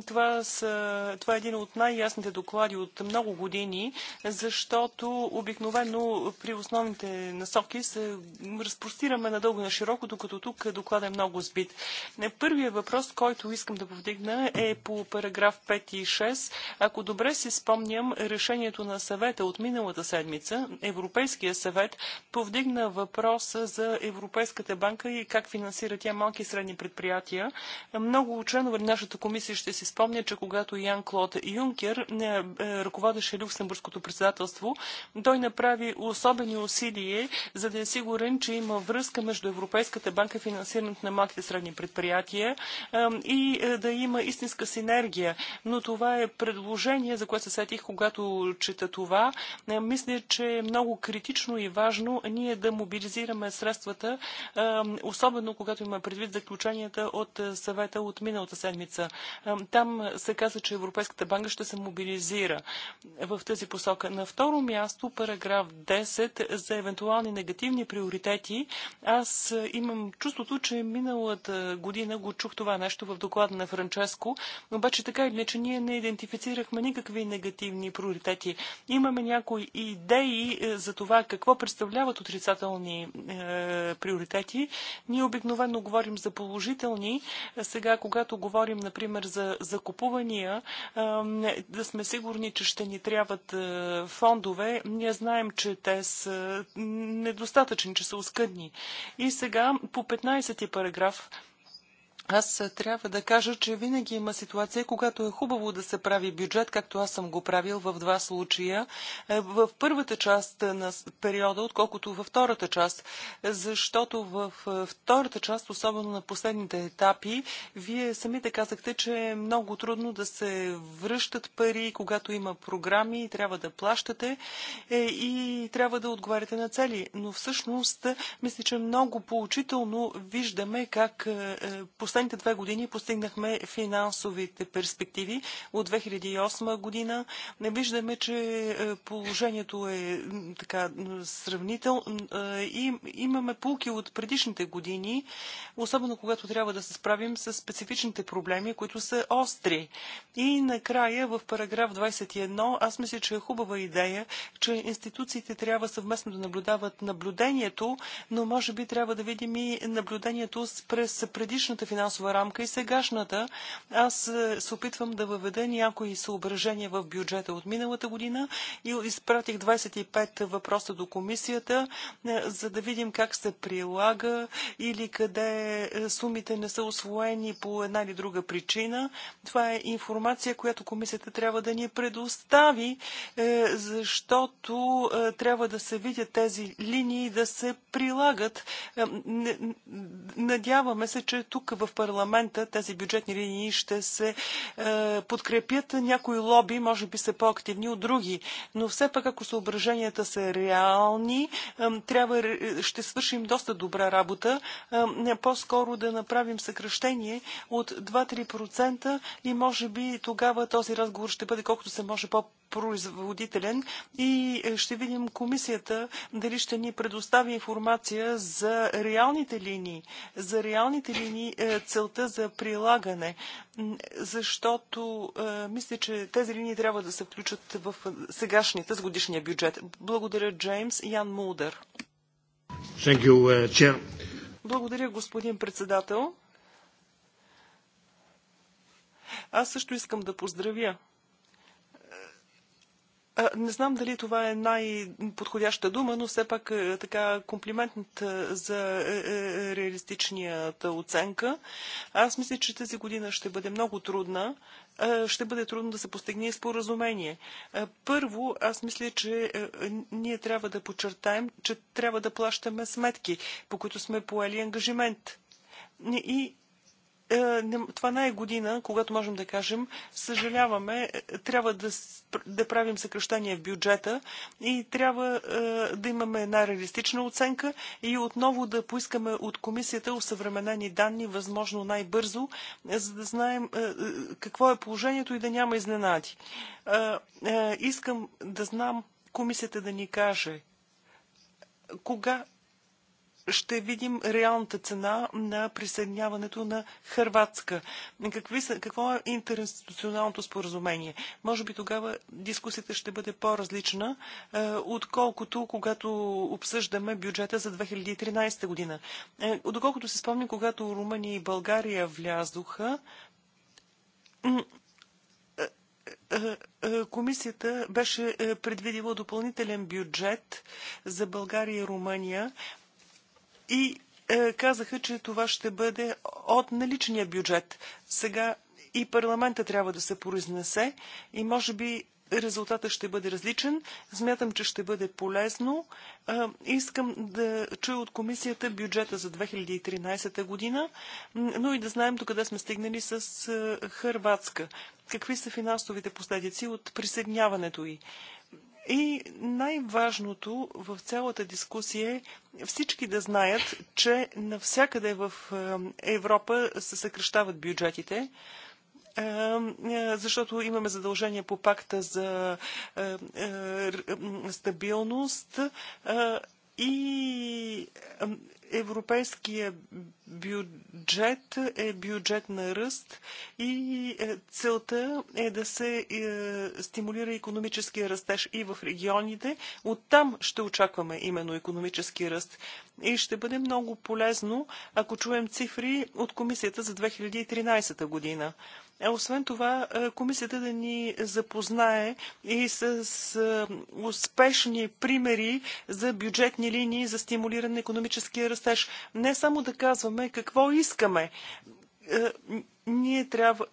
това, са, това е един от най-ясните доклади от много години, защото обикновено при основните насоки се разпростираме надълго на широко, докато тук докладът е много сбит. Е, първият въпрос, който искам да повдигна е по параграф 5 и 6. Ако добре си спомням, решението на съвета от миналата седмица, Европейския съвет, повдигна въпрос въпроса за Европейската банка и как финансира тя малки и средни предприятия. Много членове на нашата комисия ще си спомня, че когато Ян Клод Юнкер е, е, ръководеше Люксембургското председателство, той направи особени усилия, за да е сигурен, че има връзка между Европейската банка и финансирането на малките и средни предприятия е, и да има истинска синергия. Но това е предложение, за което се сетих, когато чета това. Мисля, че е много критично и важно ние да мобилизираме финансираме средствата, особено когато има предвид заключенията от съвета от миналата седмица. Там се каза, че Европейската банка ще се мобилизира в тази посока. На второ място, параграф 10 за евентуални негативни приоритети. Аз имам чувството, че миналата година го чух това нещо в доклада на Франческо, обаче така или иначе ние не идентифицирахме никакви негативни приоритети. Имаме някои идеи за това какво представляват отрицателни е, приоритети. Ние обикновено говорим за положителни. Сега, когато говорим, например, за закупувания, е, да сме сигурни, че ще ни трябват е, фондове. Ние знаем, че те са недостатъчни, че са оскъдни. И сега по 15 ти параграф аз трябва да кажа, че винаги има ситуация, когато е хубаво да се прави бюджет, както аз съм го правил в два случая, е, в първата част на периода, отколкото във втората част. Защото във втората част, особено на последните етапи, вие самите казахте, че е много трудно да се връщат пари, когато има програми, трябва да плащате е, и трябва да отговаряте на цели. Но всъщност, мисля, че много поучително виждаме как последните последните две години постигнахме финансовите перспективи от 2008 година. Не виждаме, че е, положението е така сравнител е, и имаме пулки от предишните години, особено когато трябва да се справим с специфичните проблеми, които са остри. И накрая в параграф 21 аз мисля, че е хубава идея, че институциите трябва съвместно да наблюдават наблюдението, но може би трябва да видим и наблюдението през предишната финансова финансова рамка и сегашната, аз е, се опитвам да въведа някои съображения в бюджета от миналата година и изпратих 25 въпроса до комисията, е, за да видим как се прилага или къде е, сумите не са освоени по една или друга причина. Това е информация, която комисията трябва да ни предостави, защото трябва да се видят тези линии да се прилагат. Надяваме се, че тук в парламента тези бюджетни линии ще се е, подкрепят. Някои лоби може би са по-активни от други, но все пак ако съображенията са реални, е, трябва, е, ще свършим доста добра работа. Е, е по-скоро да направим съкръщение от 2-3% и може би тогава този разговор ще бъде колкото се може по производителен и е, ще видим комисията дали ще ни предостави информация за реалните линии, за реалните линии е, целта за прилагане, защото е, мисля, че тези линии трябва да се включат в сегашните с годишния бюджет. Благодаря, Джеймс. Ян Мулдър. Благодаря, господин председател. Аз също искам да поздравя не знам дали това е най-подходяща дума, но все пак е, така комплимент е, за е, реалистичната оценка. Аз мисля, че тази година ще бъде много трудна. Ще бъде трудно да се постигне споразумение. Първо, аз мисля, че ние трябва да подчертаем, че трябва да плащаме сметки, по които сме поели ангажимент. И е, това не е година, когато можем да кажем, съжаляваме, е, трябва да, да правим съкръщение в бюджета и трябва е, да имаме една реалистична оценка и отново да поискаме от комисията усъвременени данни, възможно най-бързо, за да знаем какво е положението и да няма изненади. Искам да знам комисията да ни каже кога ще видим реалната цена на присъединяването на Хърватска. Какви са, какво е интернационалното споразумение? Може би тогава дискусията ще бъде по-различна, е, отколкото когато обсъждаме бюджета за 2013 година. Е, доколкото се спомня, когато Румъния и България влязоха, е, е, е, Комисията беше предвидила допълнителен бюджет за България и Румъния, и е, казаха, че това ще бъде от наличния бюджет. Сега и парламента трябва да се произнесе и може би резултата ще бъде различен. Смятам, че ще бъде полезно. Е, искам да чуя от комисията бюджета за 2013 година, но и да знаем до къде сме стигнали с е, Хърватска. Какви са финансовите последици от присъединяването й? И най-важното в цялата дискусия е всички да знаят, че навсякъде в е, Европа се съкрещават бюджетите, е, е, защото имаме задължения по пакта за стабилност и Европейския бюджет е бюджет на ръст и е, целта е да се е, стимулира економическия растеж и в регионите. Оттам ще очакваме именно економически ръст. И ще бъде много полезно, ако чуем цифри от комисията за 2013 година. А е, освен това, комисията да ни запознае и с успешни примери за бюджетни линии за стимулиране на економическия растеж. Не само да казваме, казваме какво искаме. Е, ние трябва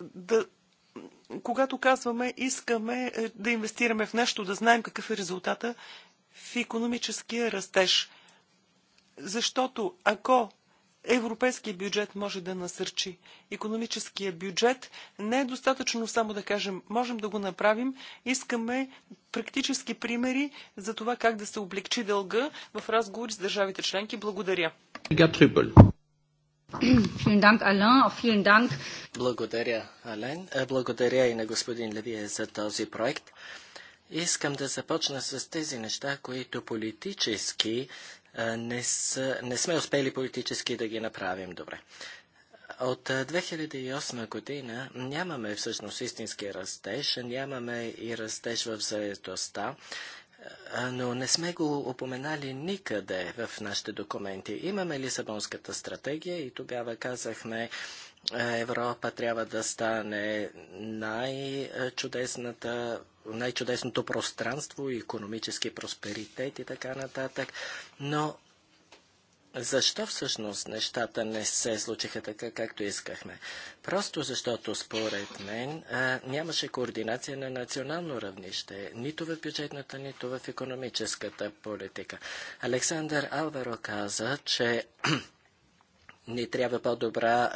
да. Когато казваме искаме е, да инвестираме в нещо, да знаем какъв е резултата в економическия растеж. Защото ако Европейския бюджет може да насърчи. Економическия бюджет не е достатъчно само да кажем, можем да го направим. Искаме практически примери за това как да се облегчи дълга в разговори с държавите членки. Благодаря. Благодаря, Ален. Е, благодаря и на господин Левие за този проект. Искам да започна с тези неща, които политически е, не, с, не сме успели политически да ги направим добре. От 2008 е, година нямаме всъщност истински растеж, нямаме и растеж в заедостта но не сме го упоменали никъде в нашите документи. Имаме Лисабонската стратегия и тогава казахме, Европа трябва да стане най-чудесната най-чудесното пространство, економически просперитет и така нататък. Но защо всъщност нещата не се случиха така, както искахме? Просто защото, според мен, нямаше координация на национално равнище, нито в бюджетната, нито в економическата политика. Александър Алваро каза, че ни трябва по-добра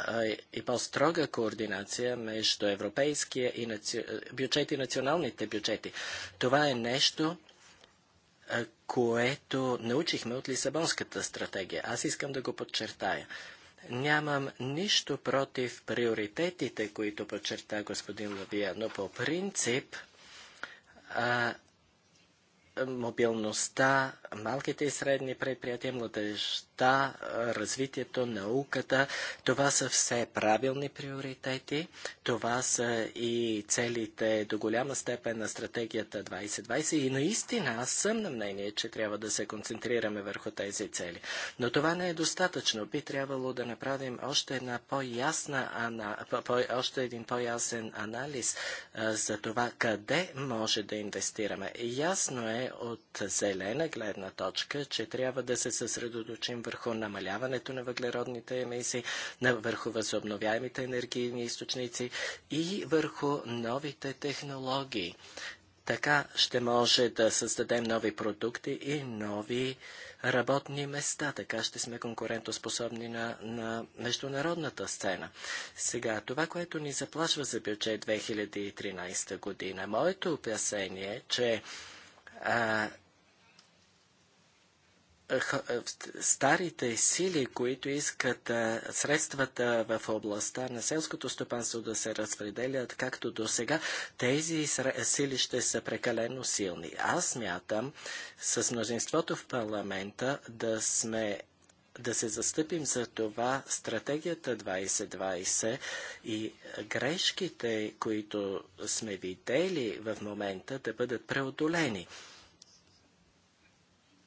и по-строга координация между европейския и наци... и националните бюджети. Това е нещо, което научихме от Лисабонската стратегия. Аз искам да го подчертая. Нямам нищо против приоритетите, които подчерта господин Лавия, но по принцип а, мобилността, малките и средни предприятия, младеж, младежта, развитието, науката. Това са все правилни приоритети. Това са и целите до голяма степен на стратегията 2020. И наистина аз съм на мнение, че трябва да се концентрираме върху тези цели. Но това не е достатъчно. Би трябвало да направим още, една по-ясна, по още един по-ясен анализ за това къде може да инвестираме. Ясно е от зелена гледна точка, че трябва да се съсредоточим върху намаляването на въглеродните емисии, на върху възобновяемите енергийни източници и върху новите технологии. Така ще може да създадем нови продукти и нови работни места. Така ще сме конкурентоспособни на, на международната сцена. Сега, това, което ни заплашва за бюджет 2013 година, моето опасение е, че а, е, е, старите сили, които искат е, средствата в областта на селското стопанство да се разпределят както до сега, тези сили ще са прекалено силни. Аз мятам с мнозинството в парламента да сме да се застъпим за това стратегията 2020 и грешките, които сме видели в момента, да бъдат преодолени.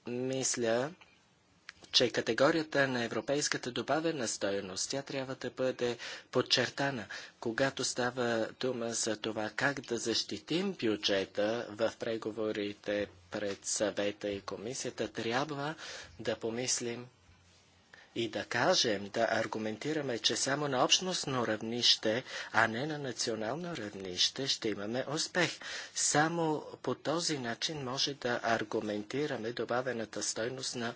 Мисля, че категорията на европейската добавена стоеност, тя трябва да бъде подчертана, когато става дума за това как да защитим бюджета в преговорите пред съвета и комисията, трябва да помислим и да кажем, да аргументираме, че само на общностно равнище, а не на национално равнище, ще имаме успех. Само по този начин може да аргументираме добавената стойност на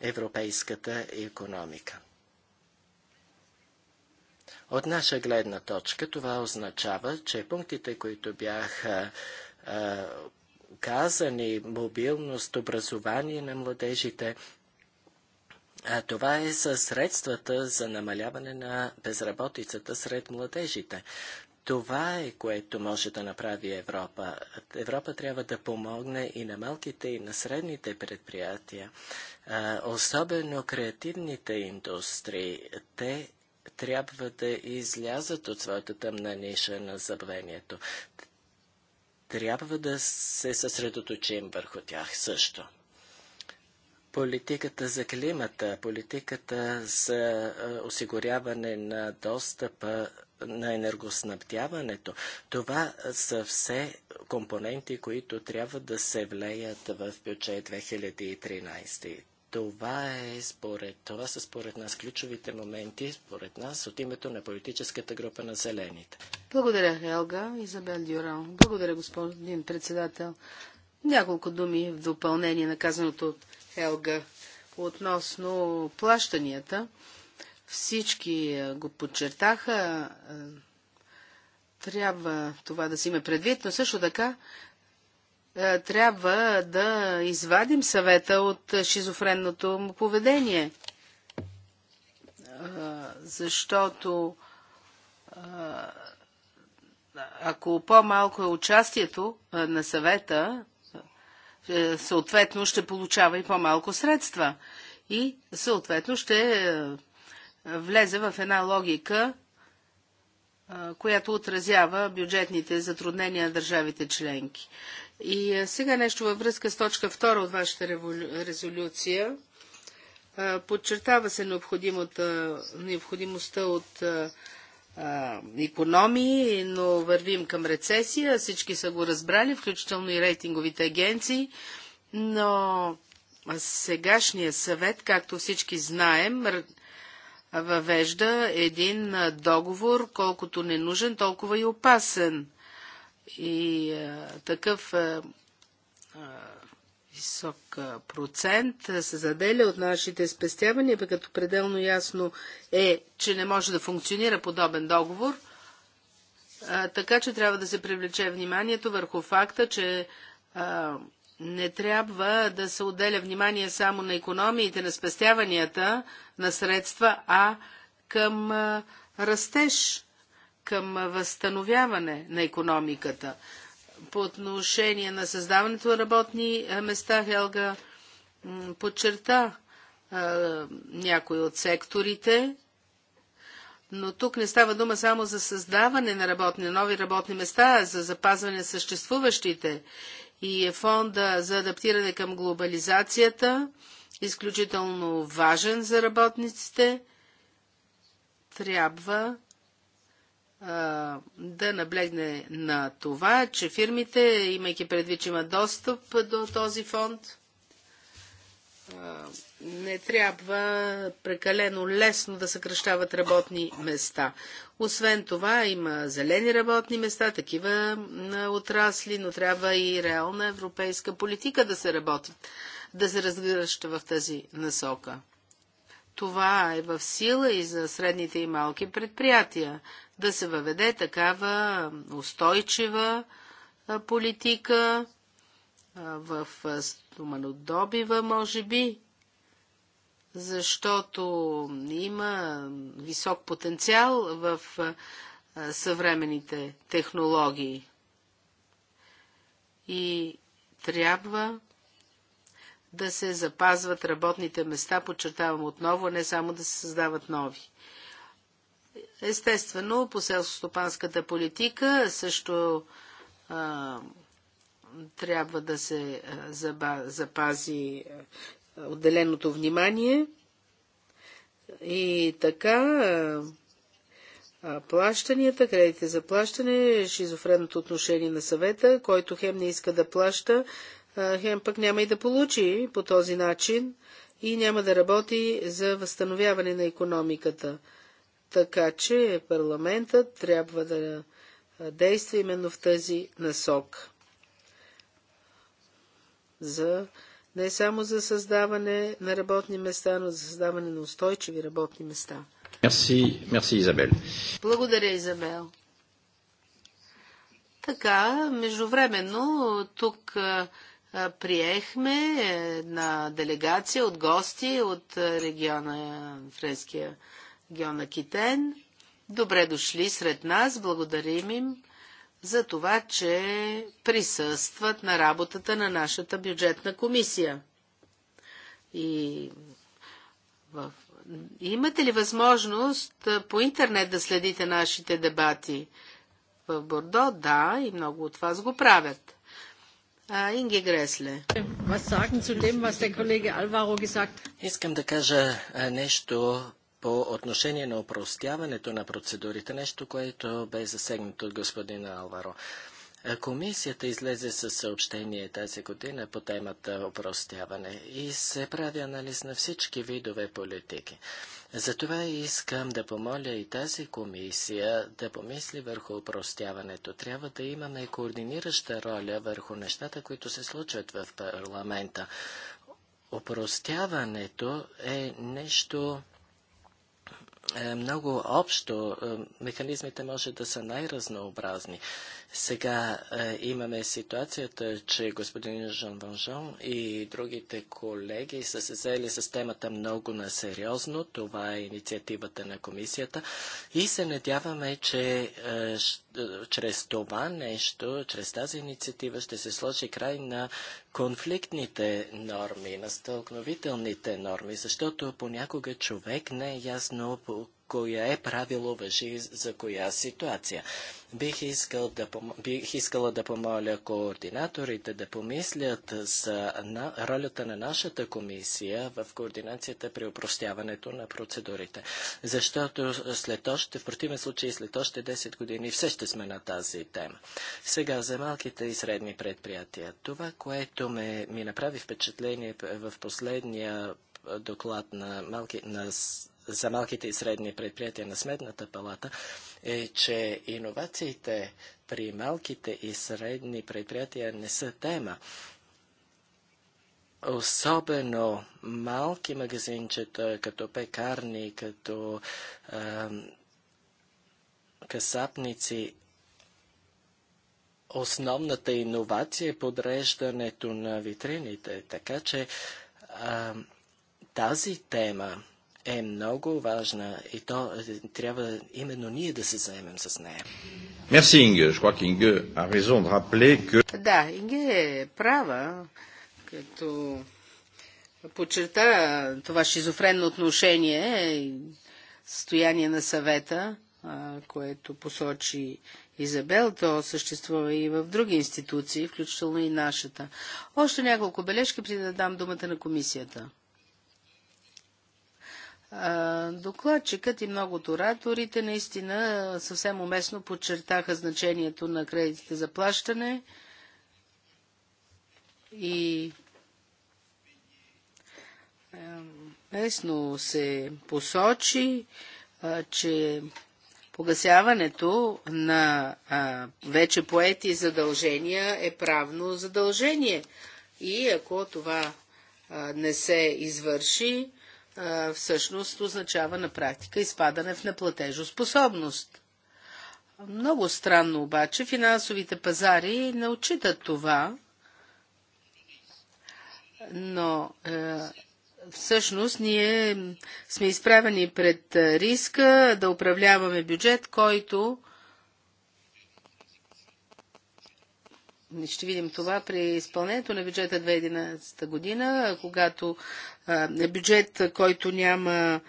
европейската економика. От наша гледна точка това означава, че пунктите, които бяха казани, мобилност, образование на младежите, а това е със средствата за намаляване на безработицата сред младежите. Това е, което може да направи Европа. Европа трябва да помогне и на малките, и на средните предприятия, особено креативните индустрии. Те трябва да излязат от своята тъмна ниша на забвението. Трябва да се съсредоточим върху тях също. Политиката за климата, политиката за осигуряване на достъпа на енергоснабдяването, това са все компоненти, които трябва да се влеят в бюджет 2013. Това, е според, това са според нас ключовите моменти, според нас, от името на политическата група на зелените. Благодаря, Елга. Изабел Дюран. Благодаря, господин председател. Няколко думи в допълнение на казаното от Елга относно плащанията. Всички е, го подчертаха. Е, трябва това да си има предвид, но също така е, трябва да извадим съвета от шизофренното му поведение. Защото ако по-малко е участието на съвета, е, съответно ще получава и по-малко средства и съответно ще е, влезе в една логика, е, която отразява бюджетните затруднения на държавите членки. И сега нещо във връзка с точка 2 от вашата резолюция. Подчертава се необходимостта от економии, но вървим към рецесия. Всички са го разбрали, включително и рейтинговите агенции. Но сегашния съвет, както всички знаем, въвежда един договор, колкото ненужен, толкова и опасен. И а, такъв а, висок процент се заделя от нашите спестявания, пък като пределно ясно е, че не може да функционира подобен договор, така че трябва да се привлече вниманието върху факта, че не трябва да се отделя внимание само на економиите, на спестяванията, на средства, а към растеж, към възстановяване на економиката по отношение на създаването на работни е, места, Хелга подчерта е, някои от секторите, но тук не става дума само за създаване на работни, нови работни места, а за запазване на съществуващите. И е фонда за адаптиране към глобализацията, изключително важен за работниците, трябва да наблегне на това, че фирмите, имайки предвид, че имат достъп до този фонд, не трябва прекалено лесно да съкръщават работни места. Освен това, има зелени работни места, такива отрасли, но трябва и реална европейска политика да се работи, да се разгръща в тази насока. Това е в сила и за средните и малки предприятия да се въведе такава устойчива политика в стоманодобива, може би, защото има висок потенциал в съвременните технологии. И трябва да се запазват работните места, подчертавам отново, не само да се създават нови. Естествено, по селско-стопанската политика също а, трябва да се запази отделеното внимание. И така, плащанията, кредите за плащане, шизофренното отношение на съвета, който хем не иска да плаща, хем пък няма и да получи по този начин и няма да работи за възстановяване на економиката. Така че парламентът трябва да действа именно в тази насок. За, не само за създаване на работни места, но за създаване на устойчиви работни места. Мерси, мерси Изабел. Благодаря, Изабел. Така, междувременно тук приехме една делегация от гости от региона Френския Геона Китен. Добре дошли сред нас. Благодарим им за това, че присъстват на работата на нашата бюджетна комисия. И в... имате ли възможност по интернет да следите нашите дебати? В Бордо, да, и много от вас го правят. А, Гресле. Искам да кажа нещо по отношение на опростяването на процедурите, нещо, което бе засегнато от господин Алваро. Е, комисията излезе със съобщение тази година по темата опростяване и се прави анализ на всички видове политики. Затова искам да помоля и тази комисия да помисли върху опростяването. Трябва да имаме координираща роля върху нещата, които се случват в парламента. Опростяването е нещо е, много общо. Е, механизмите може да са най-разнообразни. Сега е, имаме ситуацията, че господин Жан Ванжон и другите колеги са се заели с темата много насериозно. Това е инициативата на комисията и се надяваме, че е, е, чрез това нещо, чрез тази инициатива ще се сложи край на конфликтните норми, на стълкновителните норми, защото понякога човек не е ясно по Коя е правило въжи за коя ситуация. Бих, искал да, бих искала да помоля координаторите да помислят за на, ролята на нашата комисия в координацията при упростяването на процедурите. Защото след още, в противен случай след още 10 години все ще сме на тази тема. Сега за малките и средни предприятия. Това, което ме, ми направи впечатление в последния доклад на, малки, на за малките и средни предприятия на Сметната палата е, че иновациите при малките и средни предприятия не са тема. Особено малки магазинчета, като пекарни, като е, касапници, основната иновация е подреждането на витрините. Така че а, тази тема е много важна и то е, трябва именно ние да се заемем с нея. Merci Inge. Je crois qu'Inge a raison de rappeler que... Да, Инге е права, като подчерта това шизофренно отношение и състояние на съвета, което посочи Изабел, то съществува и в други институции, включително и нашата. Още няколко бележки, преди да дам думата на комисията. Докладчикът и много от ораторите наистина съвсем уместно подчертаха значението на кредитите за плащане и лесно се посочи, че погасяването на вече поети задължения е правно задължение. И ако това не се извърши, всъщност означава на практика изпадане в неплатежоспособност. Много странно обаче, финансовите пазари не отчитат това, но е, всъщност ние сме изправени пред е, риска да управляваме бюджет, който Ще видим това при изпълнението на бюджета 2011 година, когато е бюджет, който няма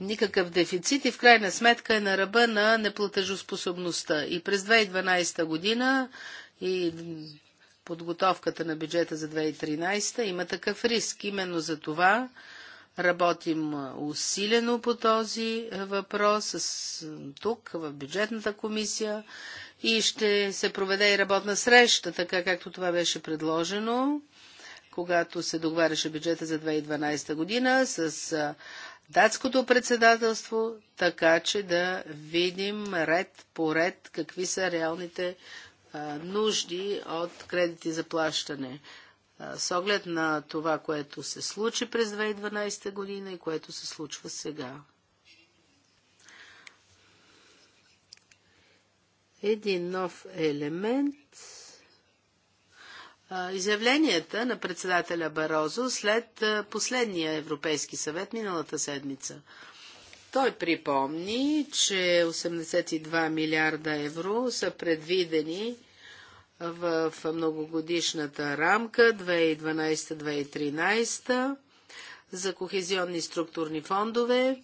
никакъв дефицит и в крайна сметка е на ръба на неплатежоспособността. И през 2012 година и подготовката на бюджета за 2013 има такъв риск. Именно за това работим усилено по този въпрос с, тук в бюджетната комисия и ще се проведе и работна среща, така както това беше предложено, когато се договаряше бюджета за 2012 година с датското председателство, така че да видим ред по ред какви са реалните а, нужди от кредити за плащане. А, с оглед на това, което се случи през 2012 година и което се случва сега. един нов елемент изявленията на председателя Барозо след последния Европейски съвет миналата седмица. Той припомни, че 82 милиарда евро са предвидени в многогодишната рамка 2012-2013 за кохезионни структурни фондове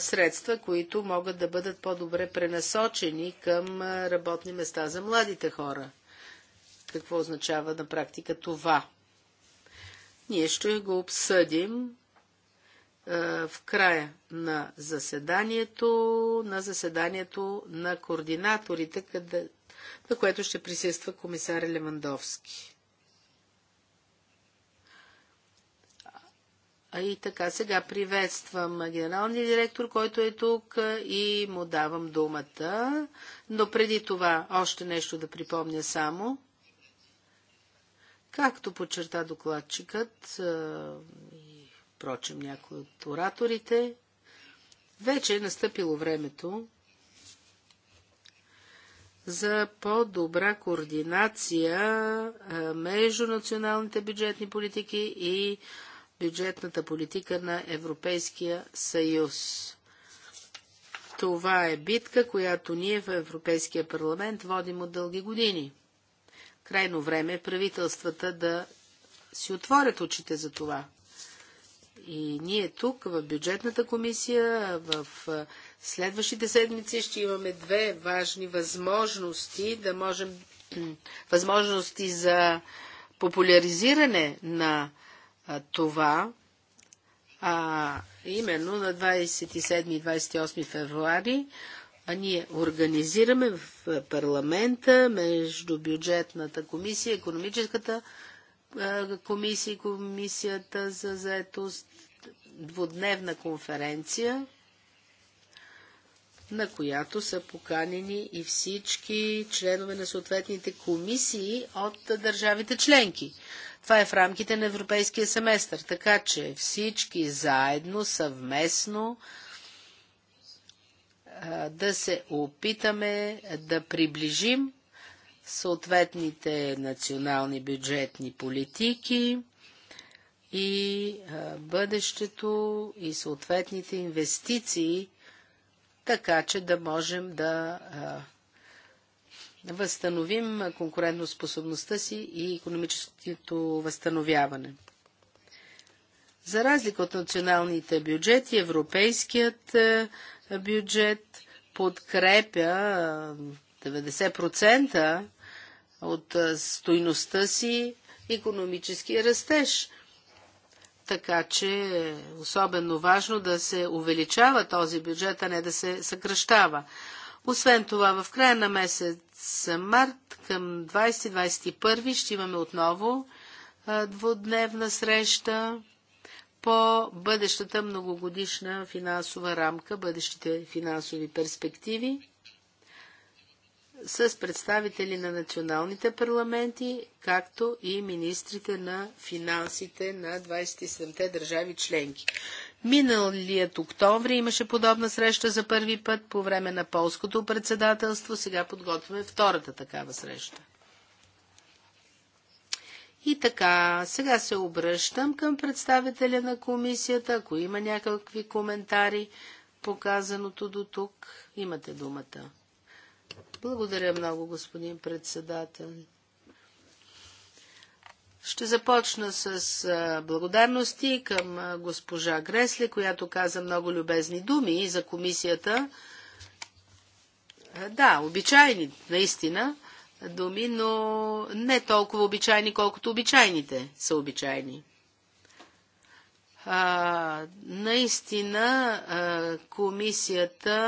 средства, които могат да бъдат по-добре пренасочени към работни места за младите хора. Какво означава на практика това? Ние ще го обсъдим в края на заседанието, на заседанието на координаторите, къде, на което ще присъства комисар Левандовски. И така, сега приветствам генералния директор, който е тук и му давам думата. Но преди това още нещо да припомня само. Както подчерта докладчикът и прочим някои от ораторите, вече е настъпило времето за по-добра координация между националните бюджетни политики и бюджетната политика на Европейския съюз. Това е битка, която ние в Европейския парламент водим от дълги години. Крайно време е правителствата да си отворят очите за това. И ние тук, в бюджетната комисия, в следващите седмици ще имаме две важни възможности да можем възможности за популяризиране на това, а именно на 27 и 28 февруари а ние организираме в парламента, между бюджетната комисия, економическата комисия и комисията за заетост двудневна конференция на която са поканени и всички членове на съответните комисии от държавите членки. Това е в рамките на европейския семестър, така че всички заедно, съвместно да се опитаме да приближим съответните национални бюджетни политики и бъдещето и съответните инвестиции така че да можем да възстановим конкурентоспособността си и економическото възстановяване. За разлика от националните бюджети, европейският бюджет подкрепя 90% от стойността си економически растеж. Така че е особено важно да се увеличава този бюджет, а не да се съкръщава. Освен това, в края на месец март към 20-21 ще имаме отново двудневна среща по бъдещата многогодишна финансова рамка, бъдещите финансови перспективи с представители на националните парламенти, както и министрите на финансите на 27-те държави членки. Миналият октомври имаше подобна среща за първи път по време на полското председателство. Сега подготвяме втората такава среща. И така, сега се обръщам към представителя на комисията. Ако има някакви коментари по казаното до тук, имате думата. Благодаря много, господин председател. Ще започна с благодарности към госпожа Гресле, която каза много любезни думи за комисията. Да, обичайни, наистина, думи, но не толкова обичайни, колкото обичайните са обичайни. А, наистина, а, комисията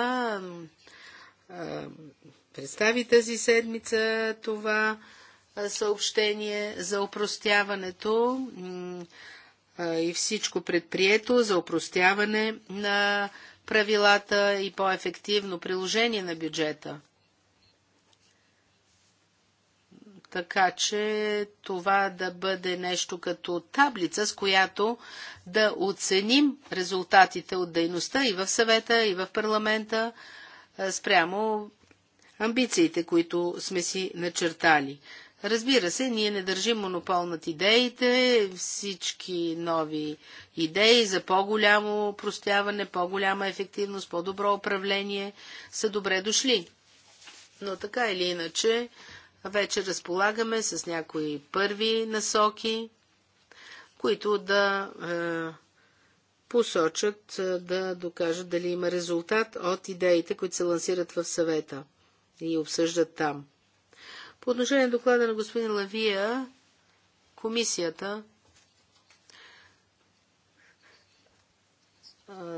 представи тази седмица това съобщение за опростяването и всичко предприето за опростяване на правилата и по-ефективно приложение на бюджета. Така че това да бъде нещо като таблица, с която да оценим резултатите от дейността и в съвета, и в парламента, е, спрямо амбициите, които сме си начертали. Разбира се, ние не държим монопол над идеите, всички нови идеи за по-голямо простяване, по-голяма ефективност, по-добро управление са добре дошли. Но така или иначе, вече разполагаме с някои първи насоки, които да е, посочат да докажат дали има резултат от идеите, които се лансират в съвета и обсъждат там. По отношение на доклада на господин Лавия, комисията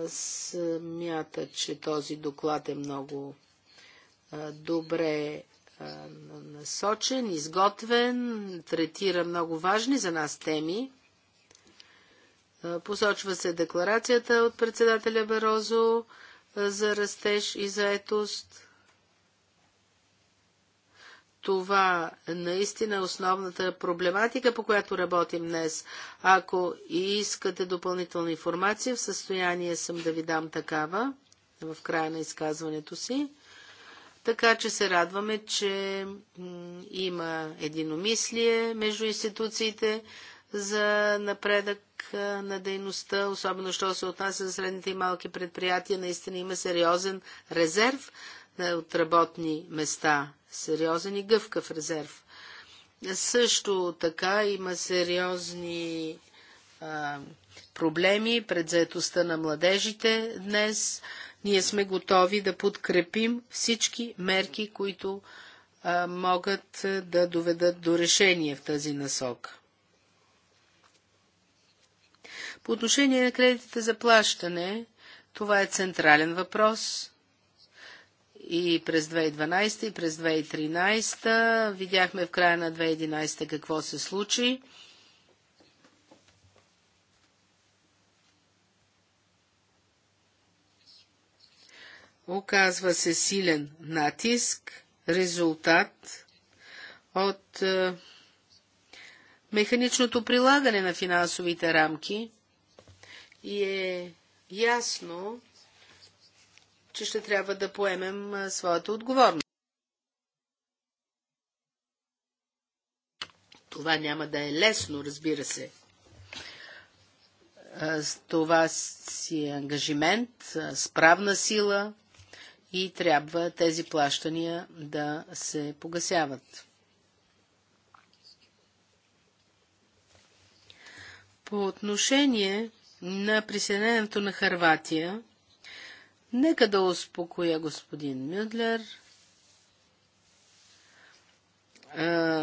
смята, че този доклад е много добре насочен, изготвен, третира много важни за нас теми. Посочва се декларацията от председателя Берозо за растеж и заетост. Това наистина е основната проблематика, по която работим днес. Ако искате допълнителна информация, в състояние съм да ви дам такава в края на изказването си. Така че се радваме, че има единомислие между институциите за напредък на дейността, особено що се отнася за средните и малки предприятия. Наистина има сериозен резерв от работни места, сериозен и гъвкав резерв. Също така има сериозни а, проблеми пред заетостта на младежите днес. Ние сме готови да подкрепим всички мерки, които а, могат да доведат до решение в тази насока. По отношение на кредитите за плащане, това е централен въпрос. И през 2012 и през 2013 видяхме в края на 2011 какво се случи. Оказва се силен натиск, резултат от е, механичното прилагане на финансовите рамки и е ясно, че ще трябва да поемем своята отговорност. Това няма да е лесно, разбира се. С това си е ангажимент, с правна сила и трябва тези плащания да се погасяват. По отношение на присъединението на Харватия. Нека да успокоя господин Мюдлер.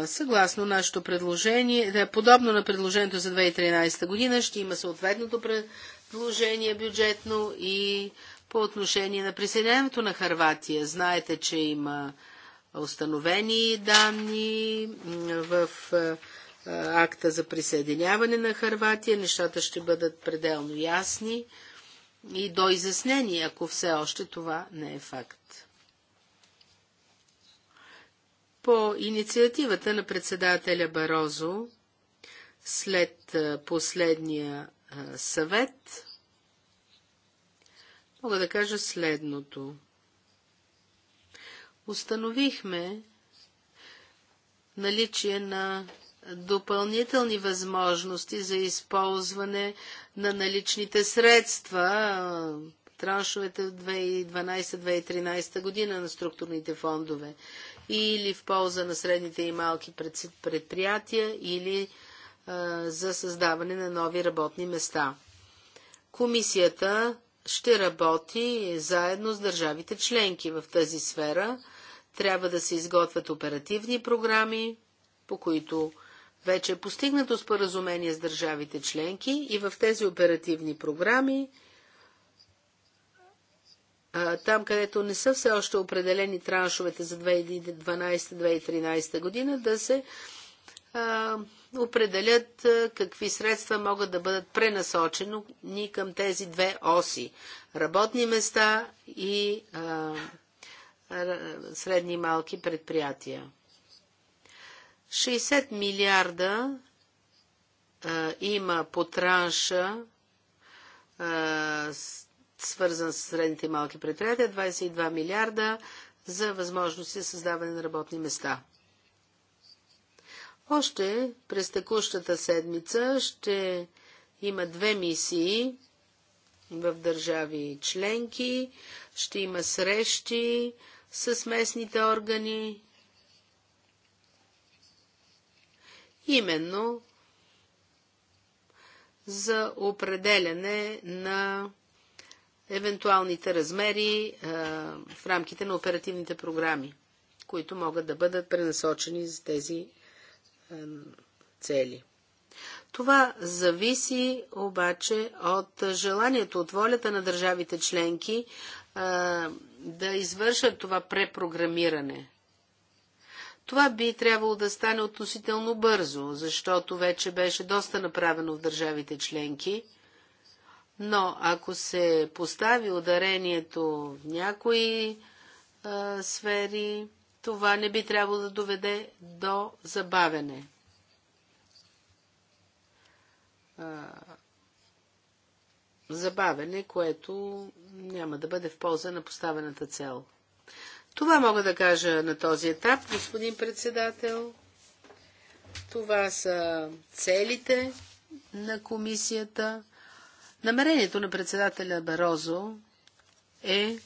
Съгласно нашето предложение, да, подобно на предложението за 2013 година, ще има съответното предложение бюджетно и по отношение на присъединението на Харватия. Знаете, че има установени данни в акта за присъединяване на Харватия, нещата ще бъдат пределно ясни и до доизяснени, ако все още това не е факт. По инициативата на председателя Барозо, след последния съвет, мога да кажа следното. Установихме наличие на допълнителни възможности за използване на наличните средства, траншовете в 2012-2013 година на структурните фондове, или в полза на средните и малки предприятия, или а, за създаване на нови работни места. Комисията ще работи заедно с държавите членки в тази сфера. Трябва да се изготвят оперативни програми, по които вече е постигнато споразумение с държавите членки и в тези оперативни програми, там където не са все още определени траншовете за 2012-2013 година, да се определят какви средства могат да бъдат пренасочени към тези две оси работни места и средни и малки предприятия. 60 милиарда а, има по транша, а, свързан с средните и малки предприятия, 22 милиарда за възможности за създаване на работни места. Още през текущата седмица ще има две мисии в държави членки, ще има срещи с местните органи, именно за определяне на евентуалните размери е, в рамките на оперативните програми, които могат да бъдат пренасочени за тези е, цели. Това зависи обаче от желанието, от волята на държавите членки е, да извършат това препрограмиране. Това би трябвало да стане относително бързо, защото вече беше доста направено в държавите членки. Но ако се постави ударението в някои а, сфери, това не би трябвало да доведе до забавене. А, забавене, което няма да бъде в полза на поставената цел. Това мога да кажа на този етап, господин председател. Това са целите на комисията. Намерението на председателя Барозо е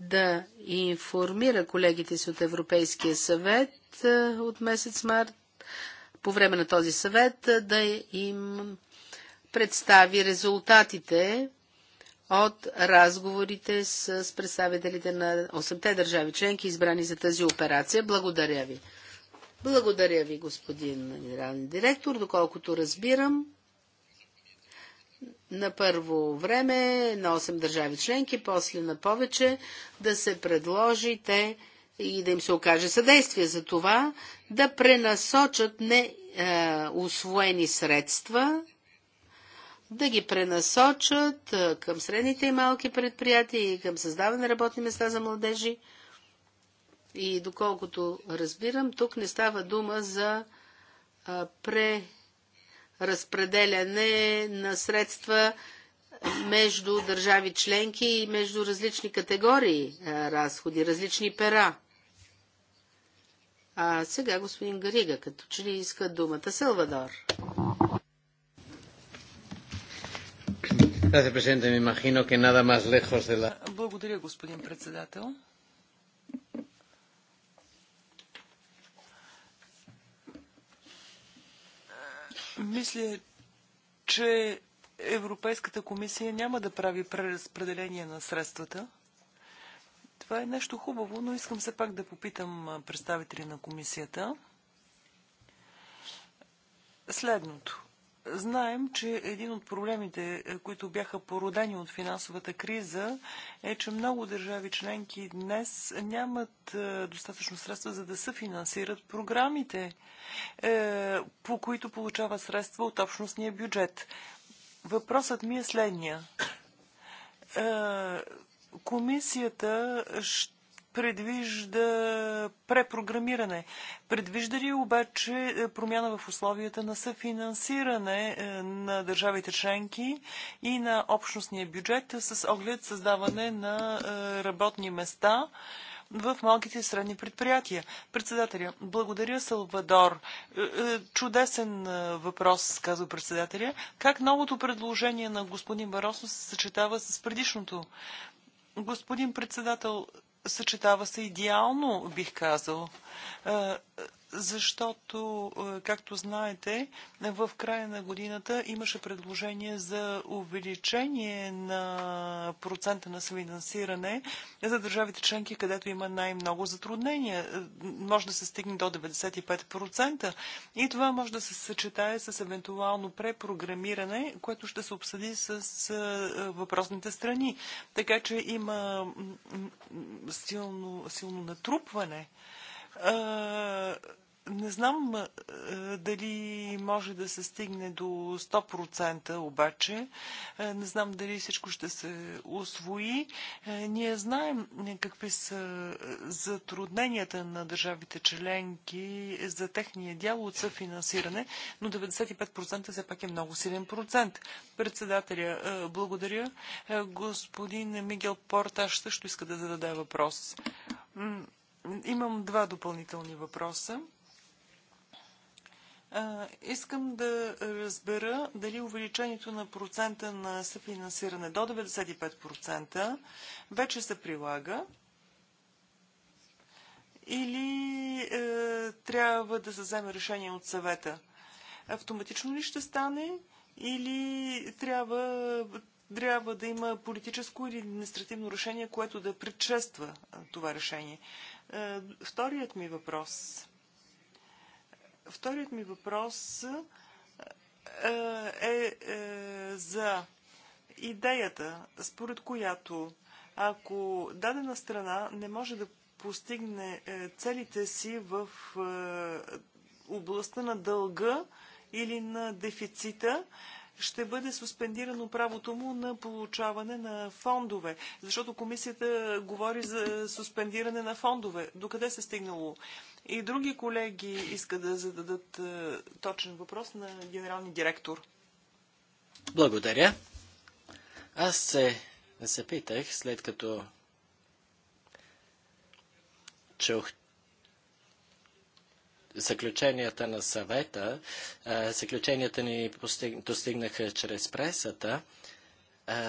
да информира колегите си от Европейския съвет от месец март, по време на този съвет, да им представи резултатите от разговорите с представителите на 8-те държави членки, избрани за тази операция. Благодаря ви. Благодаря ви, господин генерален директор. Доколкото разбирам, на първо време на 8 държави членки, после на повече, да се предложите и да им се окаже съдействие за това, да пренасочат не е, средства да ги пренасочат към средните и малки предприятия и към създаване на работни места за младежи. И доколкото разбирам, тук не става дума за преразпределяне на средства между държави членки и между различни категории разходи, различни пера. А сега господин Гарига, като че ли иска думата Салвадор. Благодаря, господин председател. Мисля, че Европейската комисия няма да прави преразпределение на средствата. Това е нещо хубаво, но искам все пак да попитам представители на комисията следното. Знаем, че един от проблемите, е, които бяха породени от финансовата криза, е, че много държави членки днес нямат е, достатъчно средства за да се финансират програмите, е, по които получава средства от общностния бюджет. Въпросът ми е следния. Комисията ще предвижда препрограмиране. Предвижда ли обаче е, промяна в условията на съфинансиране е, на държавите членки и на общностния бюджет с оглед създаване на е, работни места? в малките и средни предприятия. Председателя, благодаря Салвадор. Чудесен въпрос, казва председателя. Как новото предложение на господин Баросно се съчетава с предишното? Господин председател, съчетава се идеално, бих казал. Е, защото, е, както знаете, в края на годината имаше предложение за увеличение на процента на финансиране за държавите членки, където има най-много затруднения. Е, може да се стигне до 95% и това може да се съчетае с евентуално препрограмиране, което ще се обсъди с е, въпросните страни. Така че има силно, силно натрупване. Не знам дали може да се стигне до 100%, обаче не знам дали всичко ще се освои. Ние знаем какви са затрудненията на държавите членки за техния дял от съфинансиране, но 95% все пак е много силен процент. Председателя, благодаря. Господин Мигел Порташ също иска да зададе въпрос. Имам два допълнителни въпроса. Искам да разбера дали увеличението на процента на съфинансиране до 95% вече се прилага или е, трябва да се вземе решение от съвета. Автоматично ли ще стане или трябва, трябва да има политическо или административно решение, което да предшества е, това решение? Е, вторият ми въпрос. Вторият ми въпрос е, е, е за идеята, според която ако дадена страна не може да постигне целите си в областта на дълга или на дефицита, ще бъде суспендирано правото му на получаване на фондове, защото комисията говори за суспендиране на фондове. Докъде се е стигнало? И други колеги искат да зададат е, точен въпрос на генералния директор. Благодаря. Аз се запитах, след като чух заключенията на съвета, заключенията ни достигнаха чрез пресата,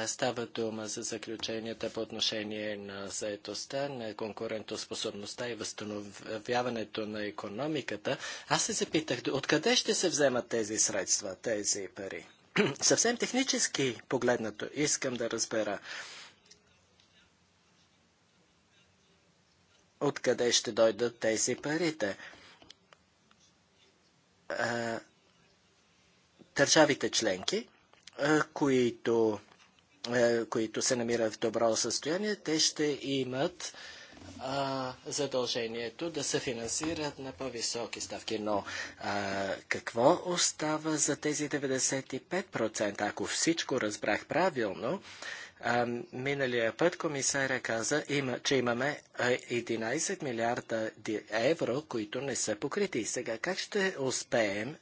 Става дума за заключенията по отношение на заетостта, на конкурентоспособността и възстановяването на економиката. Аз се запитах, откъде ще се вземат тези средства, тези пари? Съвсем технически погледнато искам да разбера откъде ще дойдат тези парите а, държавите членки, а, които, а, които се намират в добро състояние, те ще имат а, задължението да се финансират на по-високи ставки. Но а, какво остава за тези 95%? Ако всичко разбрах правилно, миналия път комисаря каза, има, че имаме 11 милиарда евро, които не са покрити. Сега как ще успеем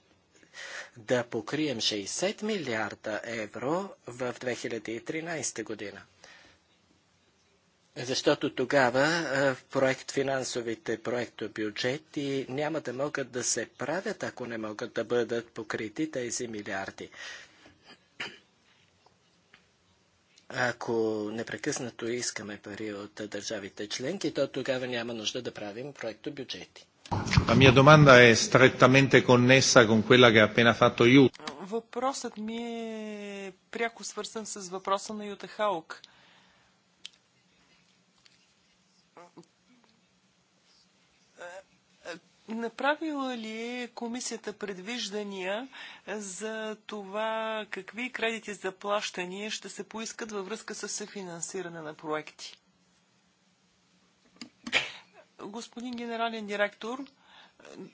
да покрием 60 милиарда евро в 2013 година? Защото тогава проект, финансовите проекто бюджети няма да могат да се правят, ако не могат да бъдат покрити тези милиарди. Ако непрекъснато искаме пари от държавите членки, то тогава няма нужда да правим проекто бюджети. La mia domanda è strettamente connessa con quella che ha appena fatto Въпросът ми е пряко свързан с въпроса на Юта Хаук. Направила ли е комисията предвиждания за това какви кредити за плащания ще се поискат във връзка с съфинансиране на проекти? Господин генерален директор,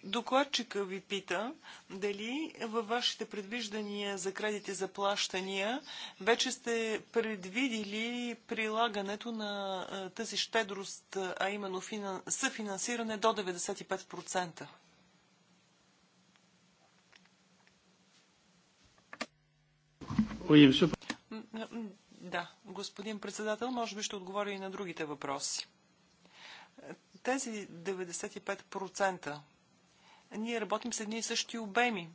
Докладчика ви пита дали във вашите предвиждания за кредити за плащания вече сте предвидили прилагането на тази щедрост, а именно съфинансиране до 95%. Да, господин председател, може би ще отговоря и на другите въпроси. Тези 95% ние работим с едни и същи обеми.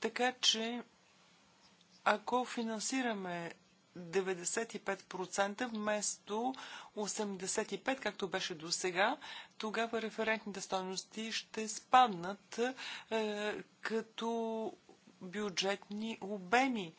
Така че, ако финансираме 95% вместо 85%, както беше до сега, тогава референтните стоености ще спаднат е, като бюджетни обеми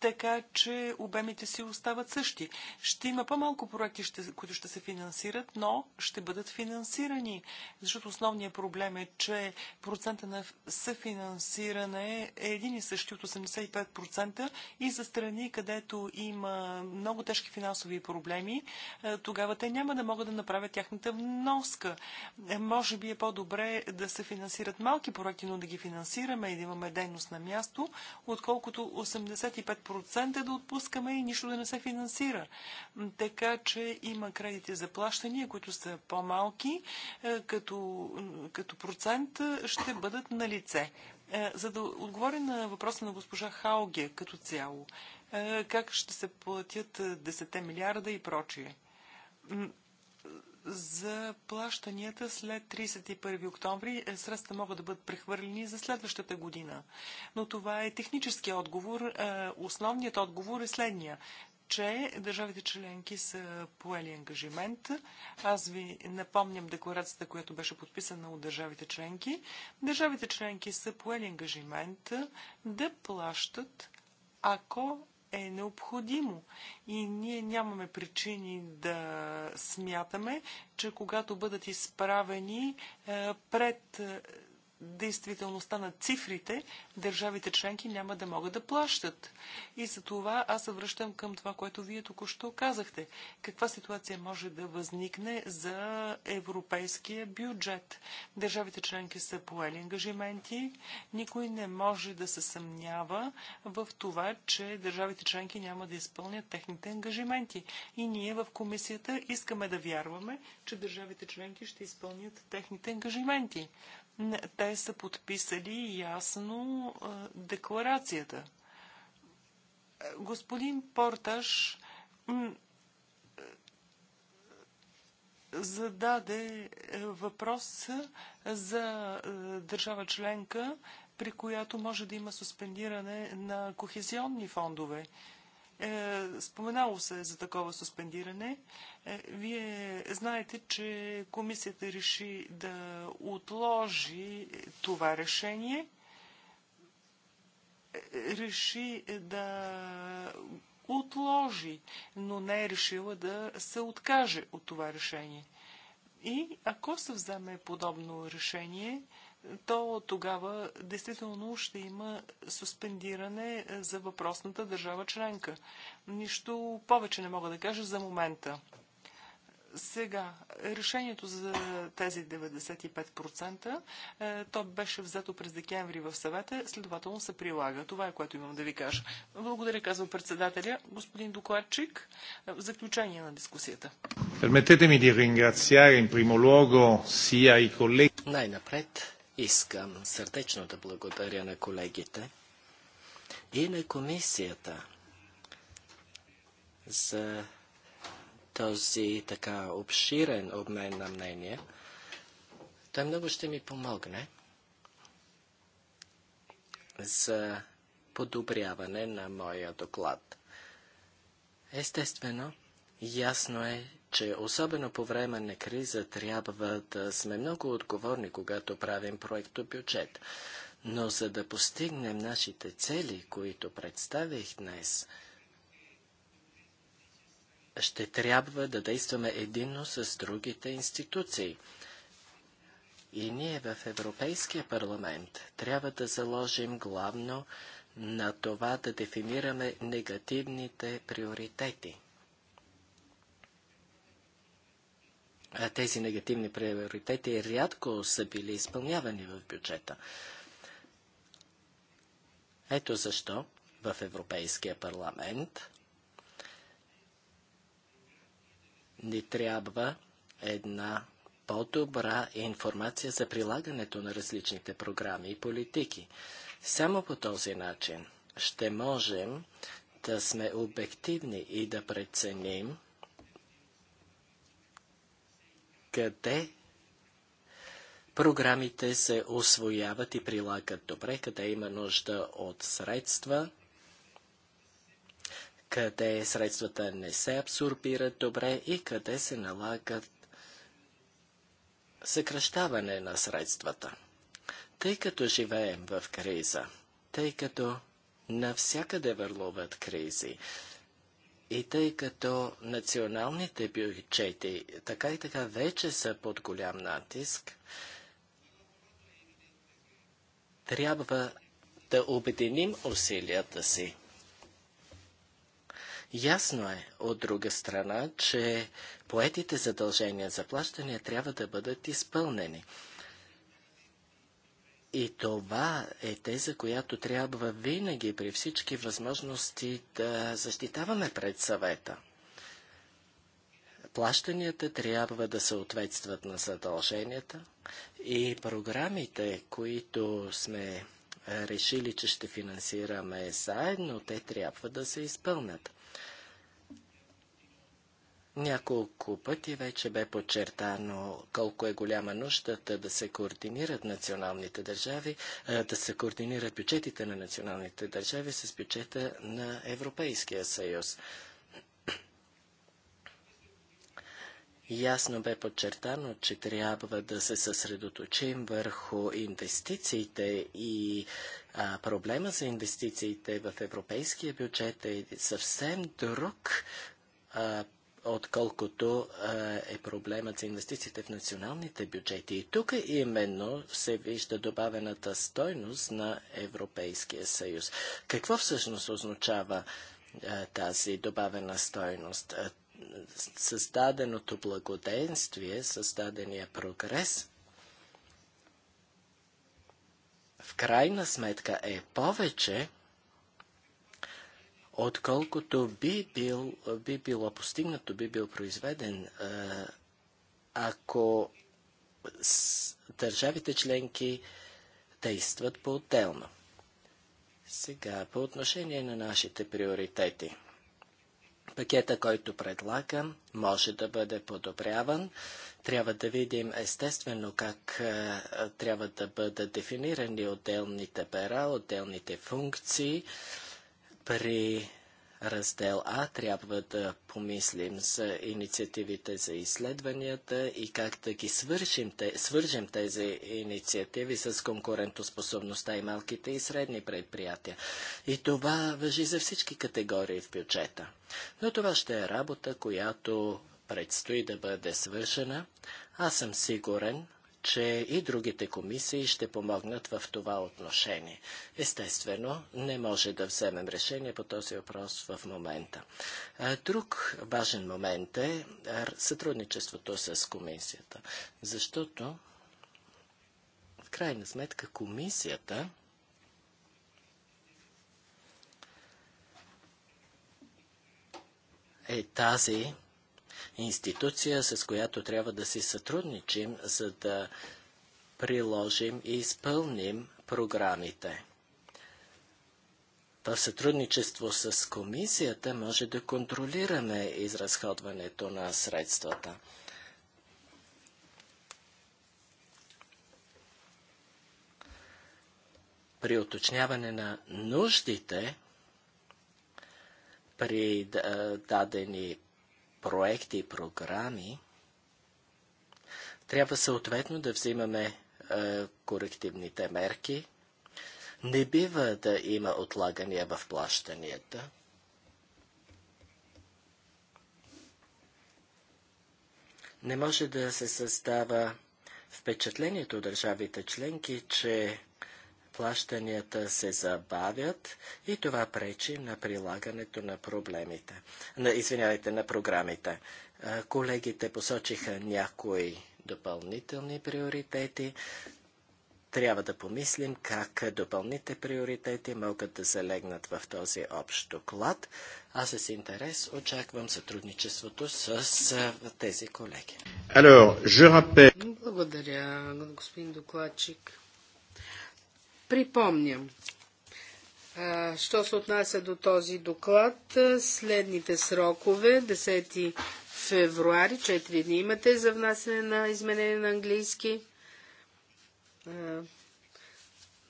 така че обемите си остават същи. Ще има по-малко проекти, ще, които ще се финансират, но ще бъдат финансирани. Защото основният проблем е, че процента на съфинансиране е един и същи от 85% и за страни, където има много тежки финансови проблеми, е, тогава те няма да могат да направят тяхната вноска. Е, може би е по-добре да се финансират малки проекти, но да ги финансираме и да имаме дейност на място, отколкото 85 процента е да отпускаме и нищо да не се финансира. Така че има кредити за плащания, които са по-малки, е, като, като процент е, ще бъдат на лице. За да отговоря на въпроса на госпожа Хауге като цяло, как ще се платят 10 милиарда и прочие за плащанията след 31 октомври е, средства могат да бъдат прехвърлени за следващата година. Но това е технически отговор. Е, основният отговор е следния че държавите членки са поели ангажимент. Аз ви напомням декларацията, която беше подписана от държавите членки. Държавите членки са поели ангажимент да плащат, ако е необходимо. И ние нямаме причини да смятаме, че когато бъдат изправени е, пред е, действителността на цифрите, държавите членки няма да могат да плащат. И за това аз се връщам към това, което вие току-що казахте. Каква ситуация може да възникне за европейския бюджет? Държавите членки са поели ангажименти. Никой не може да се съмнява в това, че държавите членки няма да изпълнят техните ангажименти. И ние в комисията искаме да вярваме, че държавите членки ще изпълнят техните ангажименти. Те са подписали ясно декларацията. Господин Порташ зададе е, въпрос за е, държава членка, при която може да има суспендиране на кохезионни фондове. Е, споменало се за такова суспендиране. Е, вие знаете, че комисията реши да отложи това решение. Е, реши да отложи, но не е решила да се откаже от това решение. И ако се вземе подобно решение, то тогава действително ще има суспендиране е, за въпросната държава членка. Нищо повече не мога да кажа за момента. Сега, решението за тези 95%, е, то беше взето през декември в съвета, следователно се прилага. Това е което имам да ви кажа. Благодаря, казва председателя, господин докладчик, е, в заключение на дискусията. Permettetemi di ringraziare in primo luogo sia i colleghi. Най-напред Искам сърдечно да благодаря на колегите и на комисията за този така обширен обмен на мнения. Той много ще ми помогне за подобряване на моя доклад. Естествено, ясно е, че особено по време на криза трябва да сме много отговорни, когато правим проекто бюджет. Но за да постигнем нашите цели, които представих днес, ще трябва да действаме единно с другите институции. И ние в Европейския парламент трябва да заложим главно на това да дефинираме негативните приоритети. тези негативни приоритети рядко са били изпълнявани в бюджета. Ето защо в Европейския парламент ни трябва една по-добра информация за прилагането на различните програми и политики. Само по този начин ще можем да сме обективни и да преценим къде програмите се освояват и прилагат добре, къде има нужда от средства, къде средствата не се абсорбират добре и къде се налагат съкръщаване на средствата. Тъй като живеем в криза, тъй като навсякъде върлуват кризи, и тъй като националните бюджети така и така вече са под голям натиск, трябва да обединим усилията си. Ясно е, от друга страна, че поетите задължения за плащане трябва да бъдат изпълнени. И това е теза, която трябва винаги при всички възможности да защитаваме пред съвета. Плащанията трябва да съответстват на задълженията и програмите, които сме решили, че ще финансираме заедно, те трябва да се изпълнят. Няколко пъти вече бе подчертано колко е голяма нуждата да се координират националните държави, да се координират бюджетите на националните държави с бюджета на Европейския съюз. Ясно бе подчертано, че трябва да се съсредоточим върху инвестициите и а, проблема за инвестициите в европейския бюджет е съвсем друг а, отколкото е проблемът за инвестициите в националните бюджети. И тук именно се вижда добавената стойност на Европейския съюз. Какво всъщност означава тази добавена стойност? Създаденото благоденствие, създадения прогрес, в крайна сметка е повече, отколкото би, бил, би било постигнато, би бил произведен, ако държавите членки действат по-отделно. Сега, по отношение на нашите приоритети. Пакета, който предлагам, може да бъде подобряван. Трябва да видим естествено как трябва да бъдат дефинирани отделните пера, отделните функции. При раздел А трябва да помислим за инициативите за изследванията и как да ги свършим, те, свържем тези инициативи с конкурентоспособността и малките и средни предприятия. И това въжи за всички категории в бюджета. Но това ще е работа, която предстои да бъде свършена. Аз съм сигурен, че и другите комисии ще помогнат в това отношение. Естествено, не може да вземем решение по този въпрос в момента. Друг важен момент е сътрудничеството с комисията, защото в крайна сметка комисията е тази, институция, с която трябва да си сътрудничим, за да приложим и изпълним програмите. В сътрудничество с комисията може да контролираме изразходването на средствата. При уточняване на нуждите при дадени проекти и програми, трябва съответно да взимаме е, корективните мерки. Не бива да има отлагания в плащанията. Не може да се създава впечатлението от държавите членки, че плащанията се забавят и това пречи на прилагането на проблемите. На, извинявайте, на програмите. Колегите посочиха някои допълнителни приоритети. Трябва да помислим как допълните приоритети могат да залегнат в този общ доклад. Аз с интерес очаквам сътрудничеството с тези колеги. Alors, je rappelle... Благодаря, господин докладчик. Припомням, що се отнася до този доклад, следните срокове 10 февруари, 4 дни имате за внасяне на изменение на английски.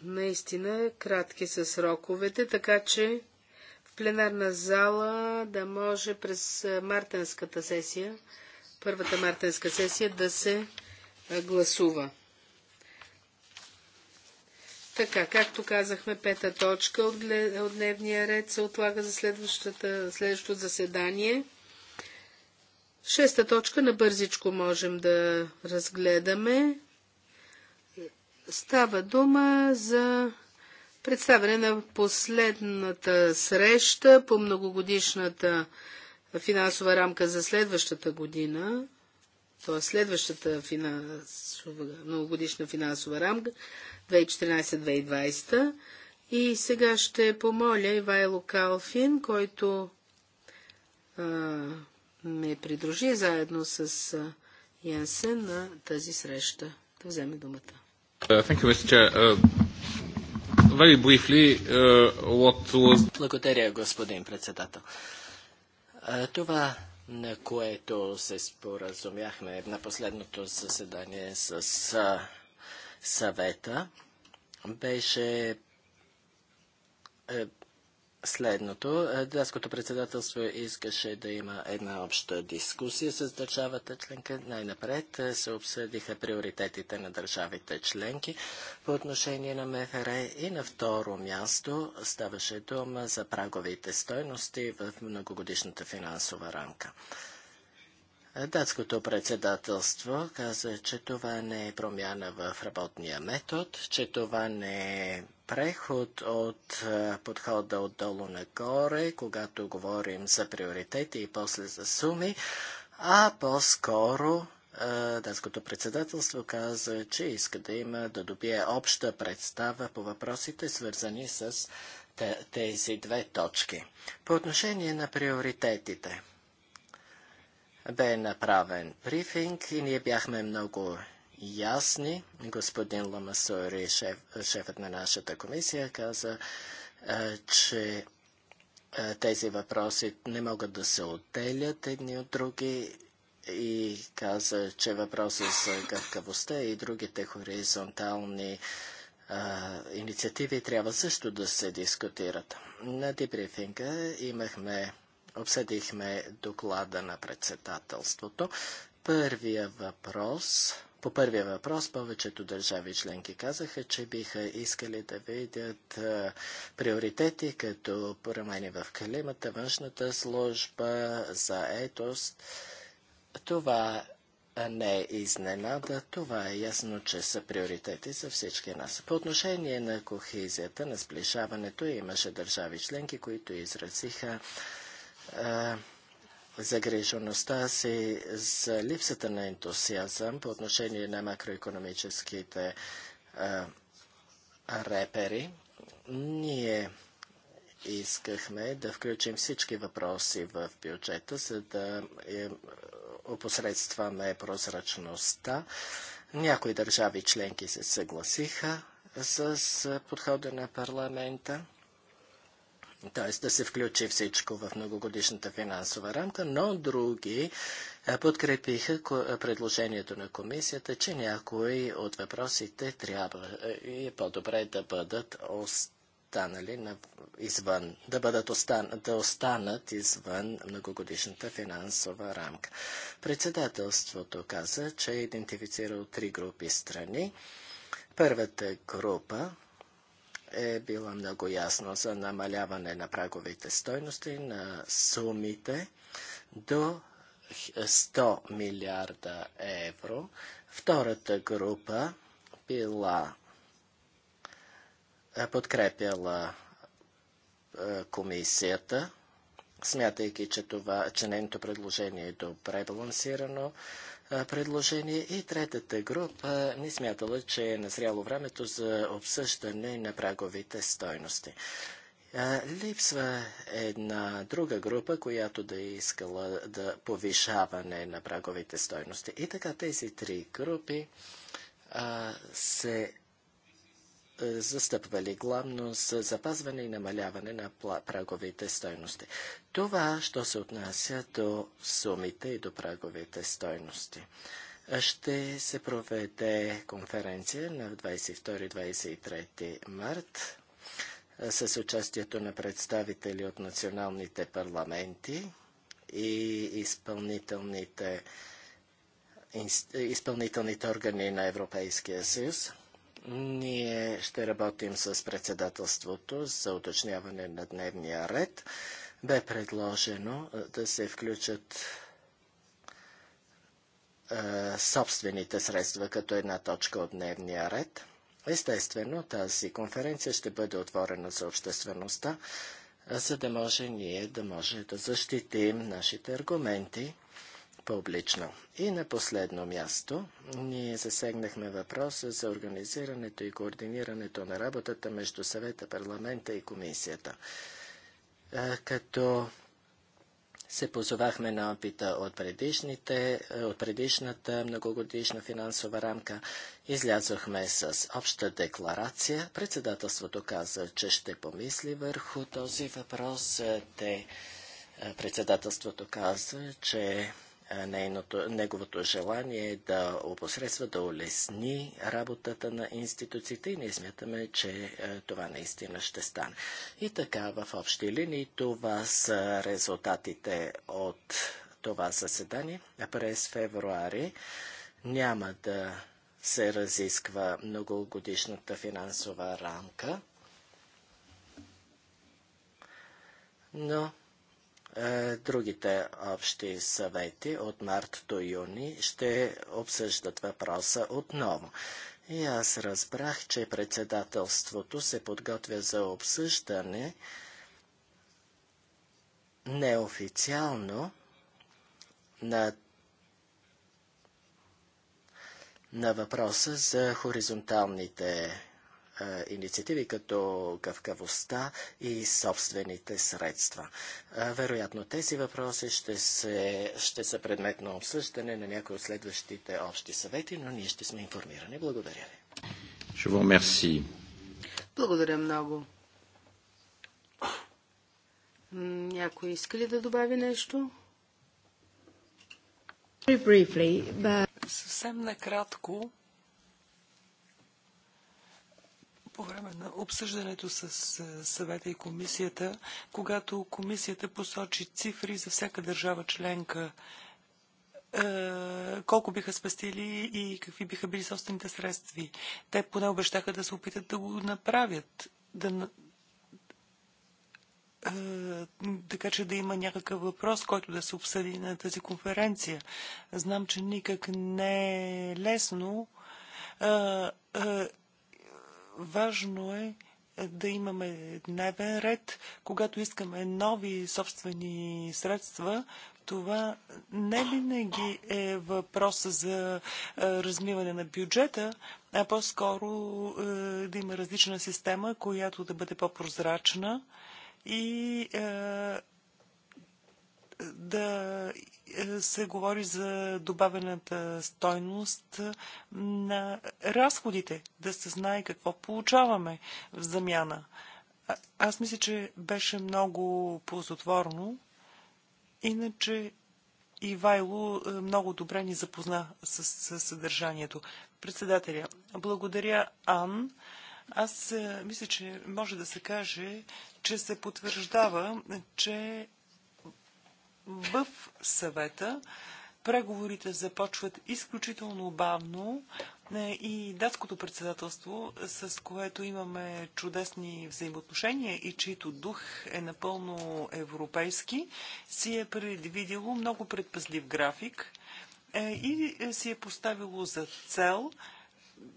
Наистина кратки са сроковете, така че в пленарна зала да може през мартенската сесия, първата мартенска сесия да се гласува. Така, както казахме, пета точка от, от дневния ред се отлага за следващото заседание. Шеста точка на бързичко можем да разгледаме. Става дума за представяне на последната среща по многогодишната финансова рамка за следващата година т.е. следващата финансова, многогодишна финансова рамка 2014-2020. И сега ще помоля Ивайло Калфин, който а, ме придружи заедно с а, Янсен на тази среща. Да вземе думата. Uh, uh, uh, Благодаря, господин председател. това на което се споразумяхме на последното заседание с съвета, беше е, следното. Датското председателство искаше да има една обща дискусия с държавата членка. Най-напред се обсъдиха приоритетите на държавите членки по отношение на МФР и на второ място ставаше дума за праговите стойности в многогодишната финансова рамка. Датското председателство каза, че това не е промяна в работния метод, че това не е преход от е, подхода отдолу нагоре, когато говорим за приоритети и после за суми, а по-скоро е, Датското председателство каза, че иска да има да добие обща представа по въпросите, свързани с тези две точки. По отношение на приоритетите – бе направен брифинг и ние бяхме много ясни. Господин Ламасори, шеф, шефът на нашата комисия, каза, че тези въпроси не могат да се отделят едни от други и каза, че въпроси за гъвкавостта и другите хоризонтални а, инициативи трябва също да се дискутират. На дебрифинга имахме обсъдихме доклада на председателството. Първия въпрос по първия въпрос повечето държави членки казаха, че биха искали да видят приоритети като промени в климата, външната служба, заетост. Това не е изненада. Това е ясно, че са приоритети за всички нас. По отношение на кохезията, на сближаването имаше държави членки, които изразиха е, загрижеността си за липсата на ентусиазъм по отношение на макроекономическите е, репери. Ние искахме да включим всички въпроси в бюджета, за да е, опосредстваме прозрачността. Някои държави членки се съгласиха с подхода на парламента т.е. да се включи всичко в многогодишната финансова рамка, но други подкрепиха предложението на комисията, че някои от въпросите трябва и е по-добре да бъдат останали на, извън, да, бъдат остан, да останат извън многогодишната финансова рамка. Председателството каза, че е идентифицирал три групи страни. Първата група е била много ясно за намаляване на праговите стойности на сумите до 100 милиарда евро. Втората група била е, подкрепяла е, комисията, смятайки, че, това, че нейното предложение е добре балансирано предложение. И третата група не смятала, че е назряло времето за обсъждане на праговите стойности. Липсва една друга група, която да е искала да повишаване на праговите стойности. И така тези три групи а, се застъпвали главно с запазване и намаляване на праговите стойности. Това, що се отнася до сумите и до праговите стойности. Ще се проведе конференция на 22-23 март с участието на представители от националните парламенти и изпълнителните, изпълнителните органи на Европейския съюз. Ние ще работим с председателството за уточняване на дневния ред. Бе предложено да се включат е, собствените средства като една точка от дневния ред. Естествено, тази конференция ще бъде отворена за обществеността, за да може ние да може да защитим нашите аргументи публично. И на последно място ние засегнахме въпроса за организирането и координирането на работата между съвета, парламента и комисията. Като се позовахме на опита от, предишните, от предишната многогодишна финансова рамка. Излязохме с обща декларация. Председателството каза, че ще помисли върху този въпрос. Те, председателството каза, че е, нейното, неговото желание е да опосредства, да улесни работата на институциите и ние смятаме, че е, това наистина ще стане. И така, в общи линии, това са резултатите от това заседание. През февруари няма да се разисква многогодишната финансова рамка, но е, другите общи съвети от март до юни ще обсъждат въпроса отново. И аз разбрах, че председателството се подготвя за обсъждане неофициално на, на въпроса за хоризонталните е, инициативи като гъвкавостта и собствените средства. Е, вероятно тези въпроси ще, се, ще са предмет на обсъждане на някои от следващите общи съвети, но ние ще сме информирани. Благодаря ви. Благодаря много. Някой иска ли да добави нещо? Briefly, but... Съвсем накратко, по време на обсъждането с е, съвета и комисията, когато комисията посочи цифри за всяка държава членка, е, колко биха спестили и какви биха били собствените средства. Те поне обещаха да се опитат да го направят, да, е, така че да има някакъв въпрос, който да се обсъди на тази конференция. Знам, че никак не е лесно. Важно е, е да имаме дневен ред. Когато искаме нови собствени средства, това не винаги е въпрос за е, размиване на бюджета, а по-скоро е, да има различна система, която да бъде по-прозрачна и да е, се говори за добавената стойност на разходите, да се знае какво получаваме в замяна. Аз мисля, че беше много ползотворно. Иначе Ивайло е, много добре ни запозна с, с съдържанието. Председателя, благодаря Ан. Аз е, мисля, че може да се каже, че се потвърждава, че в съвета. Преговорите започват изключително бавно е, и датското председателство, с което имаме чудесни взаимоотношения и чийто дух е напълно европейски, си е предвидило много предпазлив график е, и си е поставило за цел –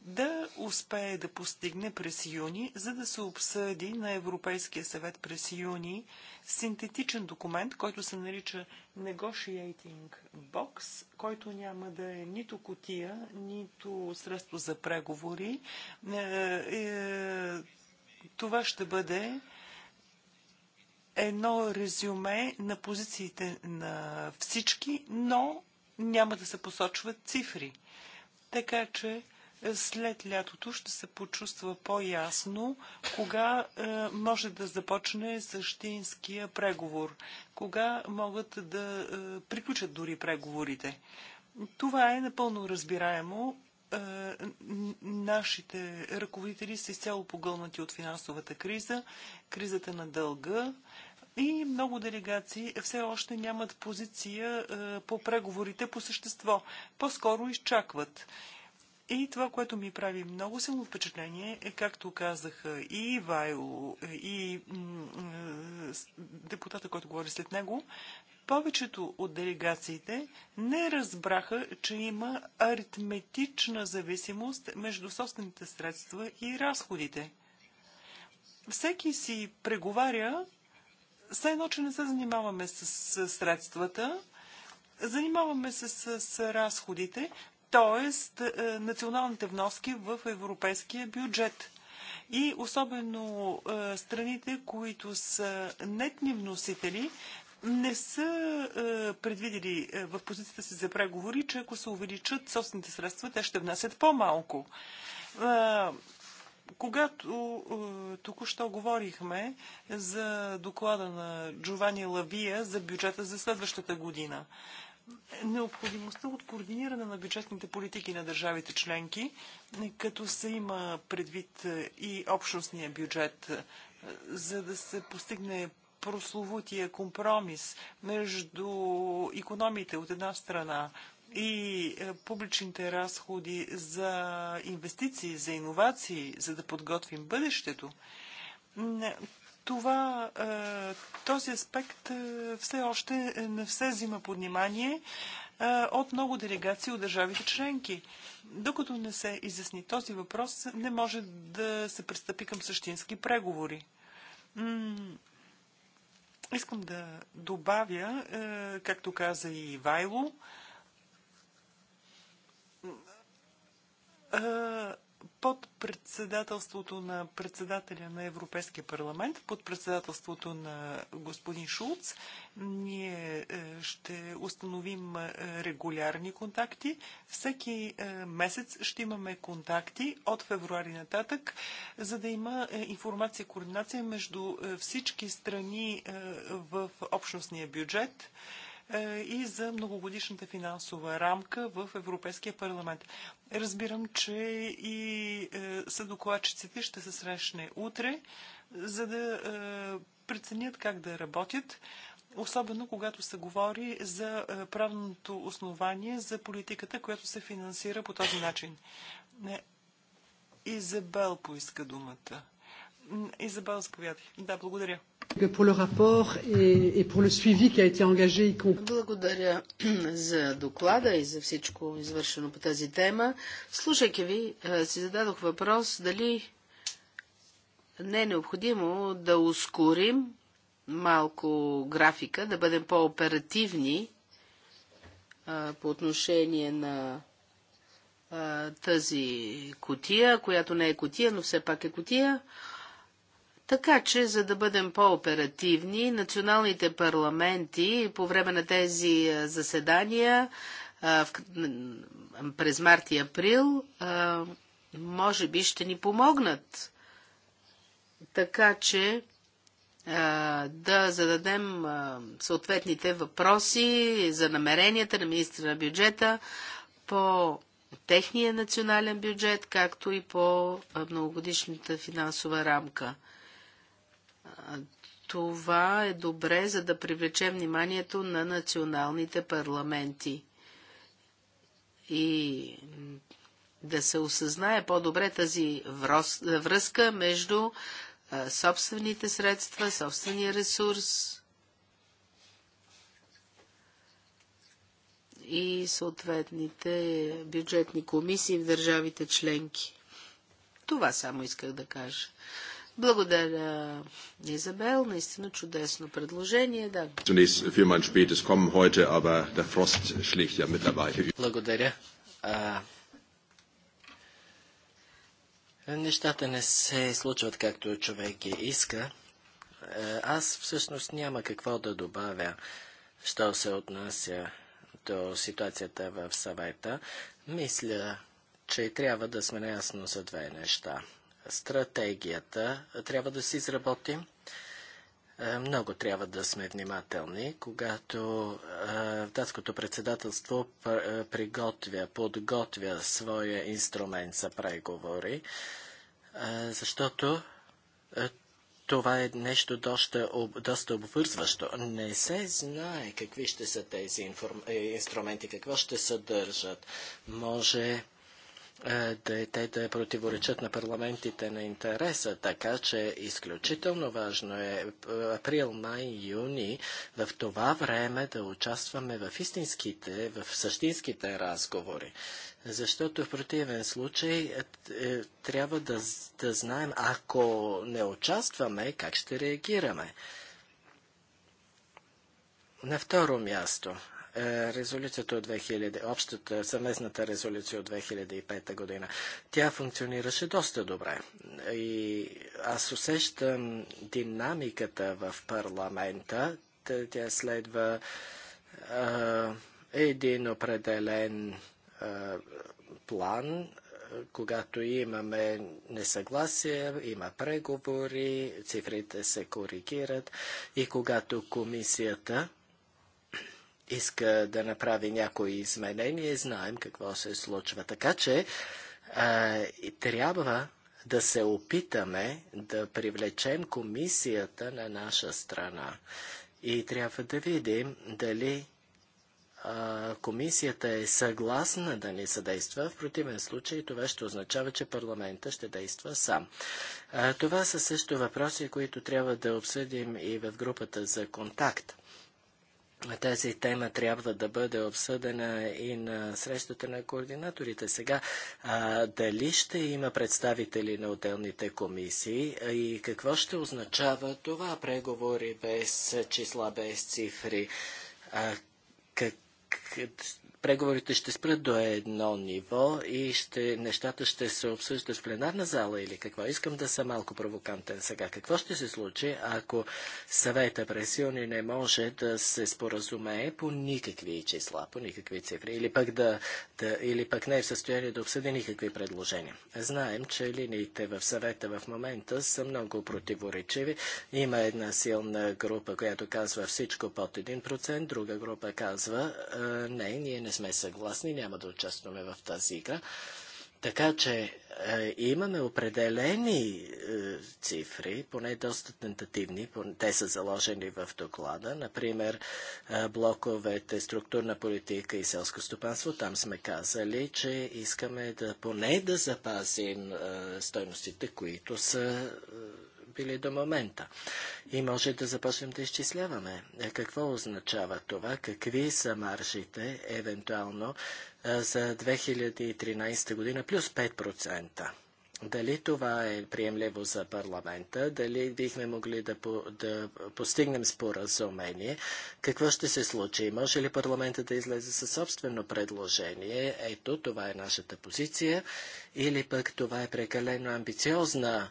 да успее да постигне през юни, за да се обсъди на Европейския съвет през юни синтетичен документ, който се нарича Negotiating Box, който няма да е нито котия, нито средство за преговори. Е, е, това ще бъде едно резюме на позициите на всички, но няма да се посочват цифри. Така че след лятото ще се почувства по-ясно кога е, може да започне същинския преговор, кога могат да е, приключат дори преговорите. Това е напълно разбираемо. Е, нашите ръководители са изцяло погълнати от финансовата криза, кризата на дълга. И много делегации все още нямат позиция е, по преговорите по същество. По-скоро изчакват. И това, което ми прави много силно впечатление е, както казаха и Вайло, и е, депутата, който говори след него, повечето от делегациите не разбраха, че има аритметична зависимост между собствените средства и разходите. Всеки си преговаря, все едно, че не се занимаваме с средствата, Занимаваме се с, с разходите, т.е. Е, националните вноски в европейския бюджет. И особено е, страните, които са нетни вносители, не са е, предвидели в позицията си за преговори, че ако се увеличат собствените средства, те ще внасят по-малко. когато току-що говорихме за доклада на Джовани Лавия за бюджета за следващата година, необходимостта от координиране на бюджетните политики на държавите членки, като се има предвид е, и общностния бюджет, е, за да се постигне прословутия компромис между економите от една страна и е, публичните разходи за инвестиции, за иновации, за да подготвим бъдещето. Това, е, този аспект е, все още е, не все взима под внимание от много делегации от държавите членки. Докато не се изясни този въпрос, не може да се пристъпи към същински преговори. Искам да добавя, както каза и Вайло, под председателството на председателя на Европейския парламент, под председателството на господин Шулц, ние е, ще установим е, регулярни контакти. Всеки е, месец ще имаме контакти от февруари нататък, за да има информация и координация между всички страни в общностния бюджет. Е, и за многогодишната финансова рамка в Европейския парламент. Разбирам, че и е, съдокладчиците ще се срещне утре, за да е, преценят как да работят особено когато се говори за правното основание за политиката, която се финансира по този начин. Изабел поиска думата. Изабел, заповядай. Да, благодаря. Благодаря за доклада и за всичко извършено по тази тема. Слушайки ви, е, си зададох въпрос дали не е необходимо да ускорим малко графика, да бъдем по-оперативни е, по отношение на е, тази котия, която не е котия, но все пак е котия. Така че, за да бъдем по-оперативни, националните парламенти по време на тези заседания през март и април може би ще ни помогнат. Така че да зададем съответните въпроси за намеренията на министра на бюджета по техния национален бюджет, както и по многогодишната финансова рамка. Това е добре, за да привлече вниманието на националните парламенти и да се осъзнае по-добре тази връзка между собствените средства, собствения ресурс и съответните бюджетни комисии в държавите членки. Това само исках да кажа. Благодаря, Изабел. Наистина чудесно предложение. Да. Благодаря. А... Нещата не се случват както човек ги иска. Аз всъщност няма какво да добавя, що се отнася до ситуацията в съвета. Мисля, че трябва да сме наясно за две неща стратегията трябва да се изработим. Е, много трябва да сме внимателни, когато е, датското председателство е, приготвя, подготвя своя инструмент за преговори, защото това е нещо доста, доста обвързващо. Не се знае какви ще са тези инструменти, какво ще съдържат. Може е, да, те да противоречат на парламентите на интереса, така че изключително важно е, е април, май, юни в това време да участваме в истинските, в същинските разговори. Защото в противен случай е, трябва да, да знаем, ако не участваме, как ще реагираме. На второ място, е, резолюцията от 2000, общата съвместната резолюция от 2005 година. Тя функционираше доста добре. И аз усещам динамиката в парламента. Тя следва а, един определен а, план, когато имаме несъгласие, има преговори, цифрите се коригират и когато комисията иска да направи някои изменения, знаем какво се случва. Така че а, трябва да се опитаме да привлечем комисията на наша страна. И трябва да видим дали а, комисията е съгласна да ни съдейства. В противен случай това ще означава, че парламента ще действа сам. А, това са също въпроси, които трябва да обсъдим и в групата за контакт. Тази тема трябва да бъде обсъдена и на срещата на координаторите. Сега, а, дали ще има представители на отделните комисии и какво ще означава това преговори без числа, без цифри? А, как, преговорите ще спрат до едно ниво и ще, нещата ще се обсъждат в пленарна зала или какво? Искам да съм малко провокантен сега. Какво ще се случи, ако съвета през не може да се споразумее по никакви числа, по никакви цифри или пък, да, да, или пък не е в състояние да обсъди никакви предложения? Знаем, че линиите в съвета в момента са много противоречиви. Има една силна група, която казва всичко под 1%, друга група казва не, ние не не сме съгласни, няма да участваме в тази игра. Така че е, имаме определени е, цифри, поне доста тентативни, те са заложени в доклада. Например, е, блоковете структурна политика и селско стопанство, там сме казали, че искаме да поне да запазим е, стойностите, които са. Е, били до момента. И може да започнем да изчисляваме е, какво означава това, какви са маржите, евентуално, е, за 2013 година, плюс 5%. Дали това е приемливо за парламента, дали бихме могли да, по, да постигнем споразумение, какво ще се случи? Може ли парламента да излезе със собствено предложение? Ето, това е нашата позиция. Или пък това е прекалено амбициозна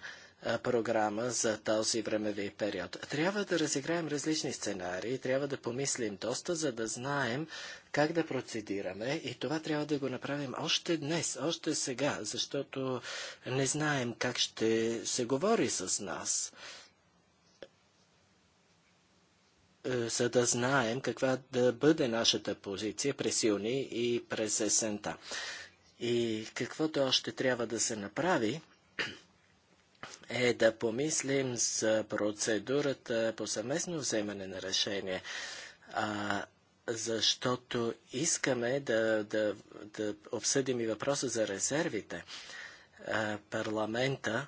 програма за този времеви период. Трябва да разиграем различни сценарии, трябва да помислим доста, за да знаем как да процедираме и това трябва да го направим още днес, още сега, защото не знаем как ще се говори с нас е, за да знаем каква да бъде нашата позиция през юни и през есента. И каквото още трябва да се направи, е да помислим за процедурата по съвместно вземане на решение, а, защото искаме да, да, да обсъдим и въпроса за резервите. А, парламента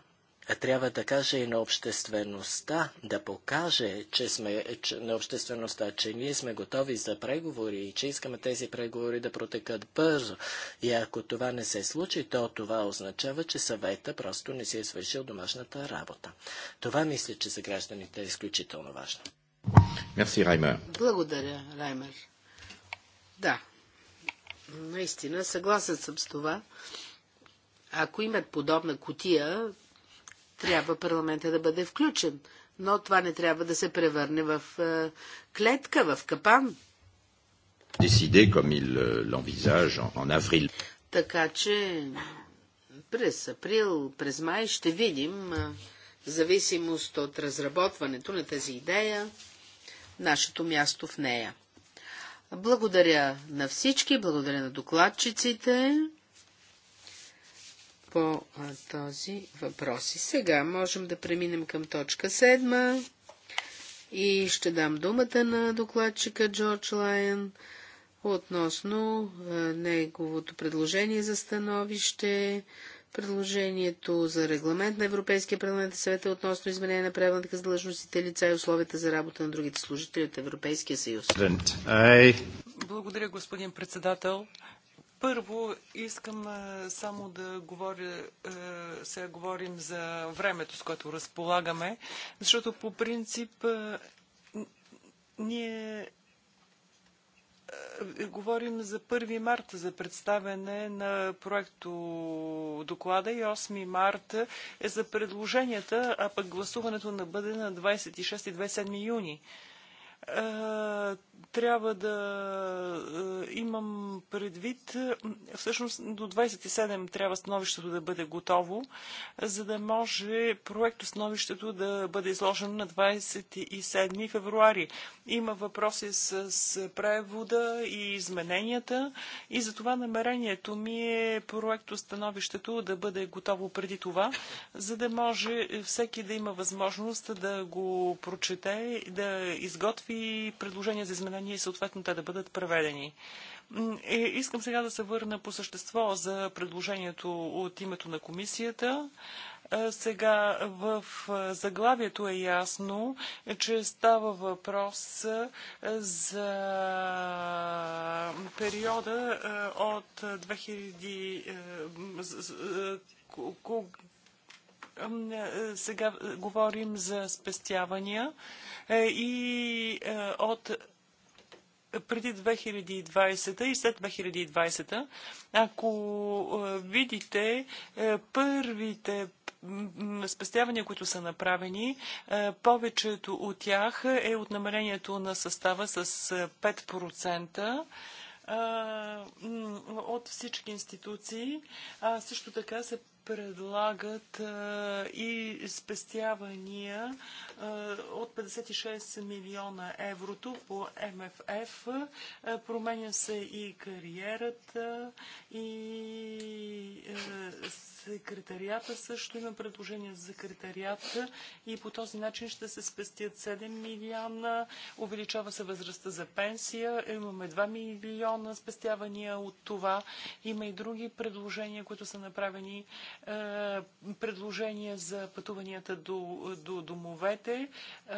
трябва да каже и на обществеността, да покаже че сме, че, на обществеността, че ние сме готови за преговори и че искаме тези преговори да протекат бързо. И ако това не се случи, то това означава, че съвета просто не си е свършил домашната работа. Това мисля, че за гражданите е изключително важно. Мерси, Раймер. Благодаря, Раймер. Да, наистина, съгласен съм с това. Ако имат подобна котия, трябва парламента да бъде включен. Но това не трябва да се превърне в е, клетка, в капан. Décidé, comme il е, l'envisage en avril. Така че през април, през май ще видим, е, в зависимост от разработването на тази идея, нашето място в нея. Благодаря на всички, благодаря на докладчиците по този въпрос. И сега можем да преминем към точка седма и ще дам думата на докладчика Джордж Лайен относно неговото предложение за становище, предложението за регламент на Европейския парламент и съвета относно изменение на правилника за длъжностите лица и условията за работа на другите служители от Европейския съюз. Благодаря, господин председател. Първо, искам само да говоря, сега говорим за времето, с което разполагаме, защото по принцип ние говорим за 1 марта за представяне на проекто доклада и 8 марта е за предложенията, а пък гласуването на бъде на 26 и 27 юни. Е, трябва да е, имам предвид, всъщност до 27 трябва становището да бъде готово, за да може проект становището да бъде изложено на 27 февруари. Има въпроси с превода и измененията и за това намерението ми е проект становището да бъде готово преди това, за да може всеки да има възможност да го прочете, да изготви някакви предложения за изменения и съответно те да бъдат преведени. И е, искам сега да се върна по същество за предложението от името на комисията. Сега в заглавието е ясно, че става въпрос за периода от 2000 е, сега говорим за спестявания е, и е, от преди 2020 и след 2020, ако видите първите спестявания, които са направени, повечето от тях е от намерението на състава с 5% от всички институции. А също така се предлагат и спестявания от 56 милиона еврото по МФФ. Променя се и кариерата, и секретарията също има предложение за секретарията и по този начин ще се спестят 7 милиона, увеличава се възрастта за пенсия, имаме 2 милиона спестявания от това, има и други предложения, които са направени е, предложения за пътуванията до, до домовете. Е,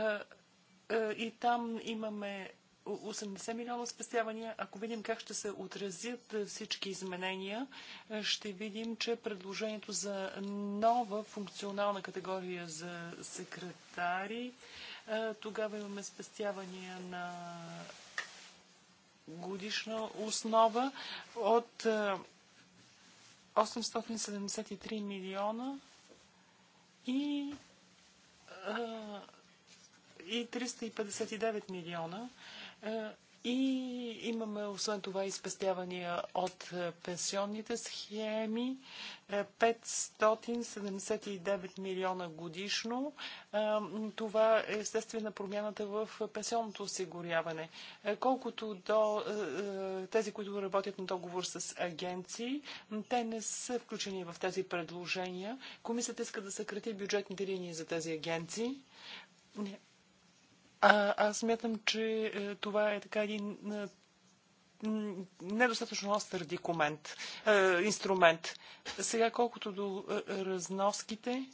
е, и там имаме 80 милиона спестявания. Ако видим как ще се отразят всички изменения, ще видим, че предложението за нова функционална категория за секретари, тогава имаме спестявания на годишна основа от 873 милиона и, а, и 359 милиона. Е, и имаме освен това изпестявания от е, пенсионните схеми 579 е, милиона годишно. Е, това е естествена промяната в пенсионното осигуряване. Колкото до тези, които работят на договор с агенции, те не са включени в тези предложения. Комисията иска да съкрати бюджетните линии за тези агенции. А, аз смятам, че е, това е така един е, недостатъчно остър документ, е, инструмент. Сега колкото до е, разноските,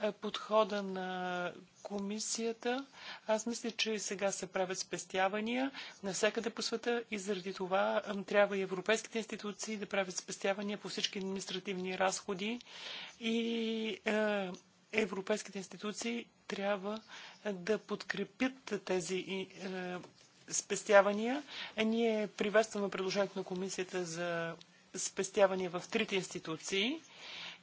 е, подхода на комисията, аз мисля, че сега се правят спестявания навсякъде по света и заради това е, трябва и европейските институции да правят спестявания по всички административни разходи и е, европейските институции трябва да подкрепят тези е, спестявания. Ние приветстваме предложението на комисията за спестявания в трите институции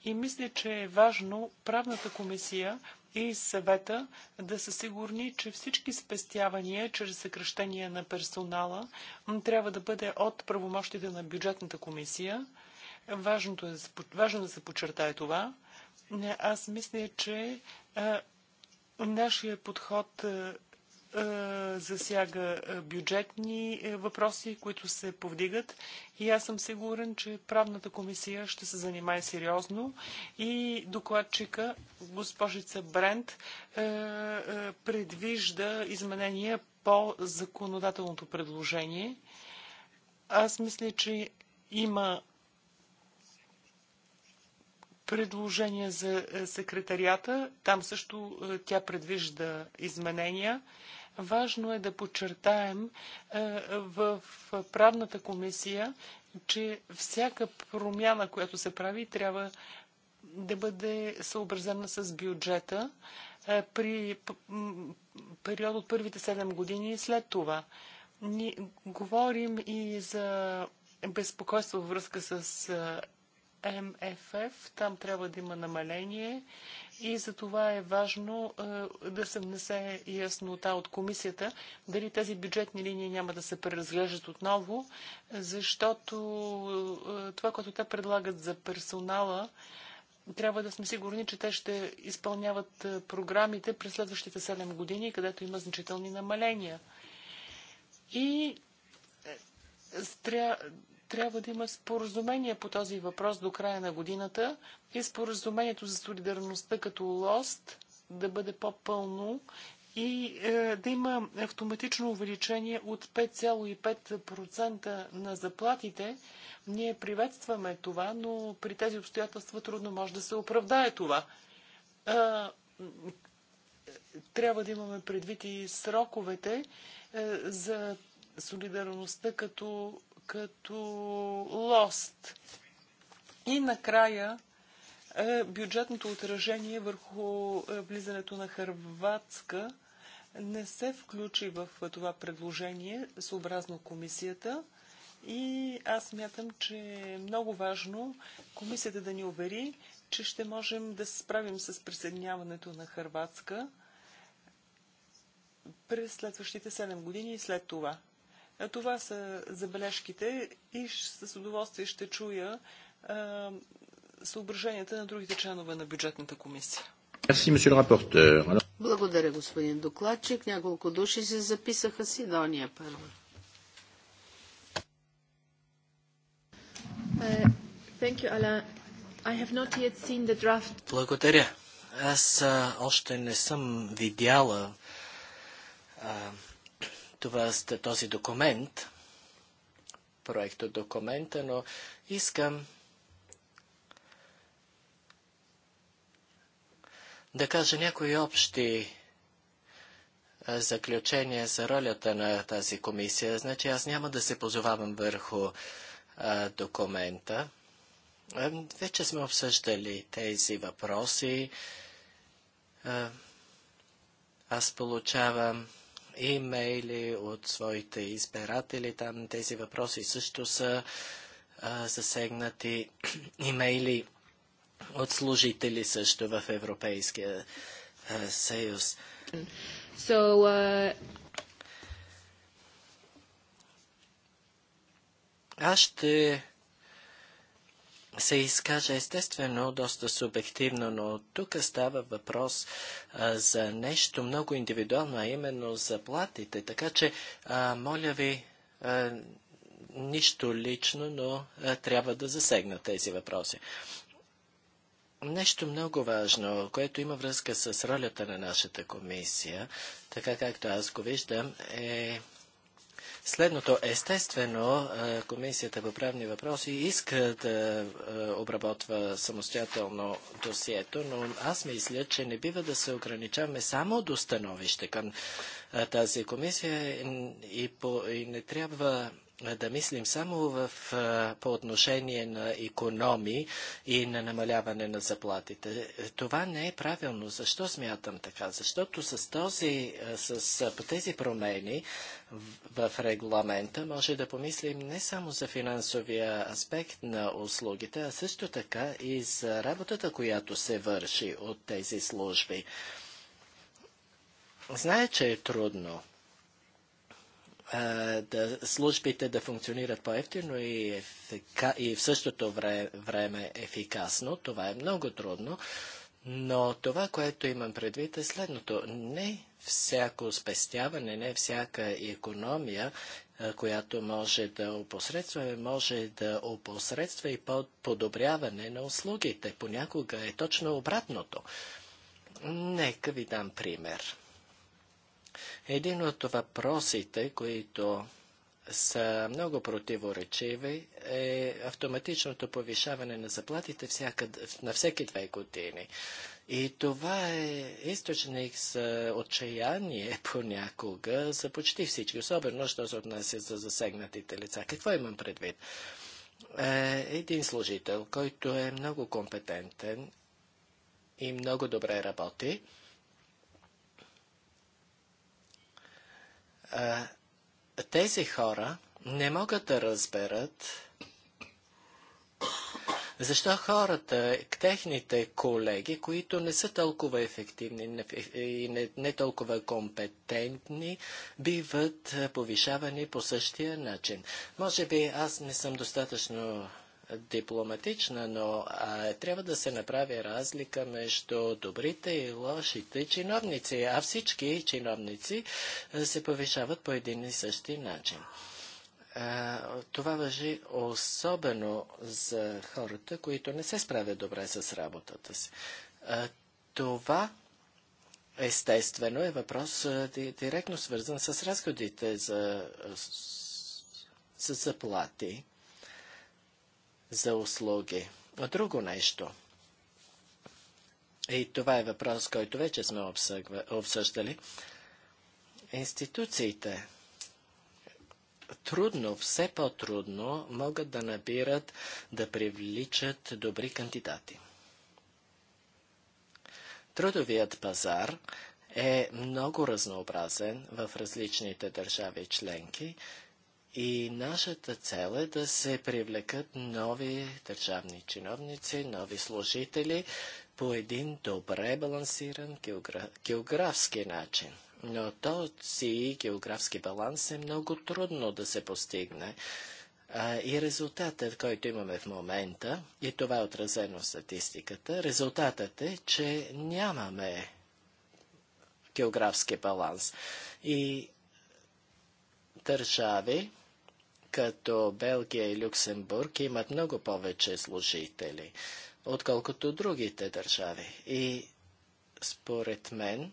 и мисля, че е важно правната комисия и съвета да са сигурни, че всички спестявания чрез съкръщение на персонала трябва да бъде от правомощите на бюджетната комисия. Е важно е, важно да се подчертае това. Аз мисля, че е, Нашия подход е, е, засяга е, бюджетни въпроси, които се повдигат и аз съм сигурен, че правната комисия ще се занимае сериозно и докладчика госпожица Брент предвижда изменения по законодателното предложение. Аз мисля, че има Предложение за е, секретарията. Там също е, тя предвижда изменения. Важно е да подчертаем е, в правната комисия, че всяка промяна, която се прави, трябва да бъде съобразена с бюджета при период от първите 7 години и след това. Ни говорим и за безпокойство във връзка с МФФ, там трябва да има намаление и за това е важно е, да се внесе яснота от комисията, дали тези бюджетни линии няма да се преразглеждат отново, защото е, това, което те предлагат за персонала, трябва да сме сигурни, че те ще изпълняват е, програмите през следващите 7 години, където има значителни намаления. И трябва да има споразумение по този въпрос до края на годината и споразумението за солидарността като лост да бъде по-пълно и е, да има автоматично увеличение от 5,5% на заплатите. Ние приветстваме това, но при тези обстоятелства трудно може да се оправдае това. Е, трябва да имаме предвид и сроковете е, за солидарността като като лост. И накрая е, бюджетното отражение върху е, влизането на Хърватска не се включи в това предложение, съобразно комисията. И аз мятам, че е много важно комисията да ни увери, че ще можем да се справим с присъединяването на Хърватска през следващите 7 години и след това. Това са забележките и с удоволствие ще чуя съображенията на другите членове на бюджетната комисия. Благодаря, господин докладчик. Няколко души се записаха Сидония първо. Е, you, Благодаря. Аз а, още не съм видяла а, това, този документ, проекто документа, но искам да кажа някои общи заключения за ролята на тази комисия. Значи аз няма да се позовавам върху документа. Вече сме обсъждали тези въпроси. Аз получавам имейли от своите избиратели. Там тези въпроси също са а, засегнати. Имейли от служители също в Европейския а, съюз. So, uh... Аз ще се изкаже естествено доста субективно, но тук става въпрос а, за нещо много индивидуално, а именно за платите. Така че, а, моля ви, а, нищо лично, но а, трябва да засегна тези въпроси. Нещо много важно, което има връзка с ролята на нашата комисия, така както аз го виждам, е Следното, естествено, е, Комисията по правни въпроси иска да е, обработва самостоятелно досието, но аз мисля, че не бива да се ограничаваме само до становище към е, тази комисия и, и не трябва да мислим само в, по отношение на економи и на намаляване на заплатите. Е, това не е правилно. Защо смятам така? Защото с, този, с тези промени в, в регламента може да помислим не само за финансовия аспект на услугите, а също така и за работата, която се върши от тези служби. Знае, че е трудно да, службите да функционират по-ефтино и, ефика, и в същото време, време ефикасно. Това е много трудно, но това, което имам предвид е следното. Не всяко спестяване, не всяка економия, която може да опосредства, може да опосредства и подобряване на услугите. Понякога е точно обратното. Нека ви дам пример. Един от въпросите, които са много противоречиви, е автоматичното повишаване на заплатите всяка, на всеки две години. И това е източник за отчаяние понякога за почти всички, особено що се отнася за засегнатите лица. Какво имам предвид? Е, един служител, който е много компетентен и много добре работи, а, тези хора не могат да разберат защо хората, техните колеги, които не са толкова ефективни и не, не толкова компетентни, биват повишавани по същия начин? Може би аз не съм достатъчно дипломатична, но а, трябва да се направи разлика между добрите и лошите чиновници, а всички чиновници се повишават по един и същи начин. А, това въжи особено за хората, които не се справят добре с работата си. А, това естествено е въпрос а, директно свързан с разходите за с заплати за услуги. Друго нещо. И това е въпрос, който вече сме обсъждали. Институциите трудно, все по-трудно могат да набират, да привличат добри кандидати. Трудовият пазар е много разнообразен в различните държави членки и нашата цел е да се привлекат нови държавни чиновници, нови служители по един добре балансиран географски начин. Но този географски баланс е много трудно да се постигне. А, и резултатът, който имаме в момента, и това е отразено в статистиката, резултатът е, че нямаме географски баланс. И държави, като Белгия и Люксембург имат много повече служители, отколкото другите държави. И според мен,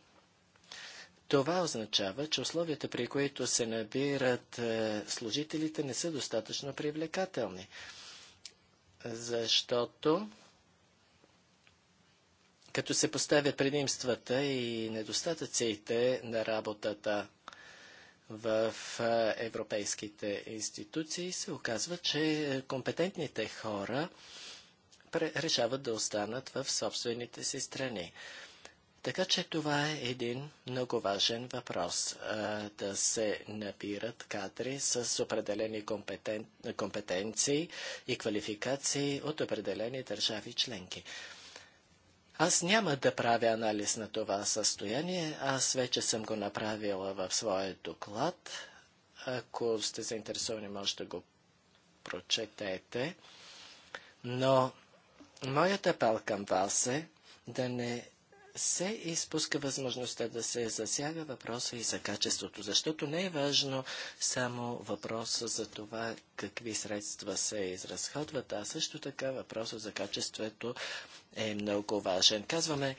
това означава, че условията, при които се набират е, служителите, не са достатъчно привлекателни. Защото като се поставят предимствата и недостатъците на работата в европейските институции, се оказва, че компетентните хора решават да останат в собствените си страни. Така че това е един много важен въпрос. да се набират кадри с определени компетен... компетенции и квалификации от определени държави членки. Аз няма да правя анализ на това състояние. Аз вече съм го направила в своя доклад. Ако сте заинтересовани, може да го прочетете. Но моята пал към вас е да не се изпуска възможността да се засяга въпроса и за качеството, защото не е важно само въпроса за това какви средства се изразходват, а също така въпроса за качеството е много важен. Казваме,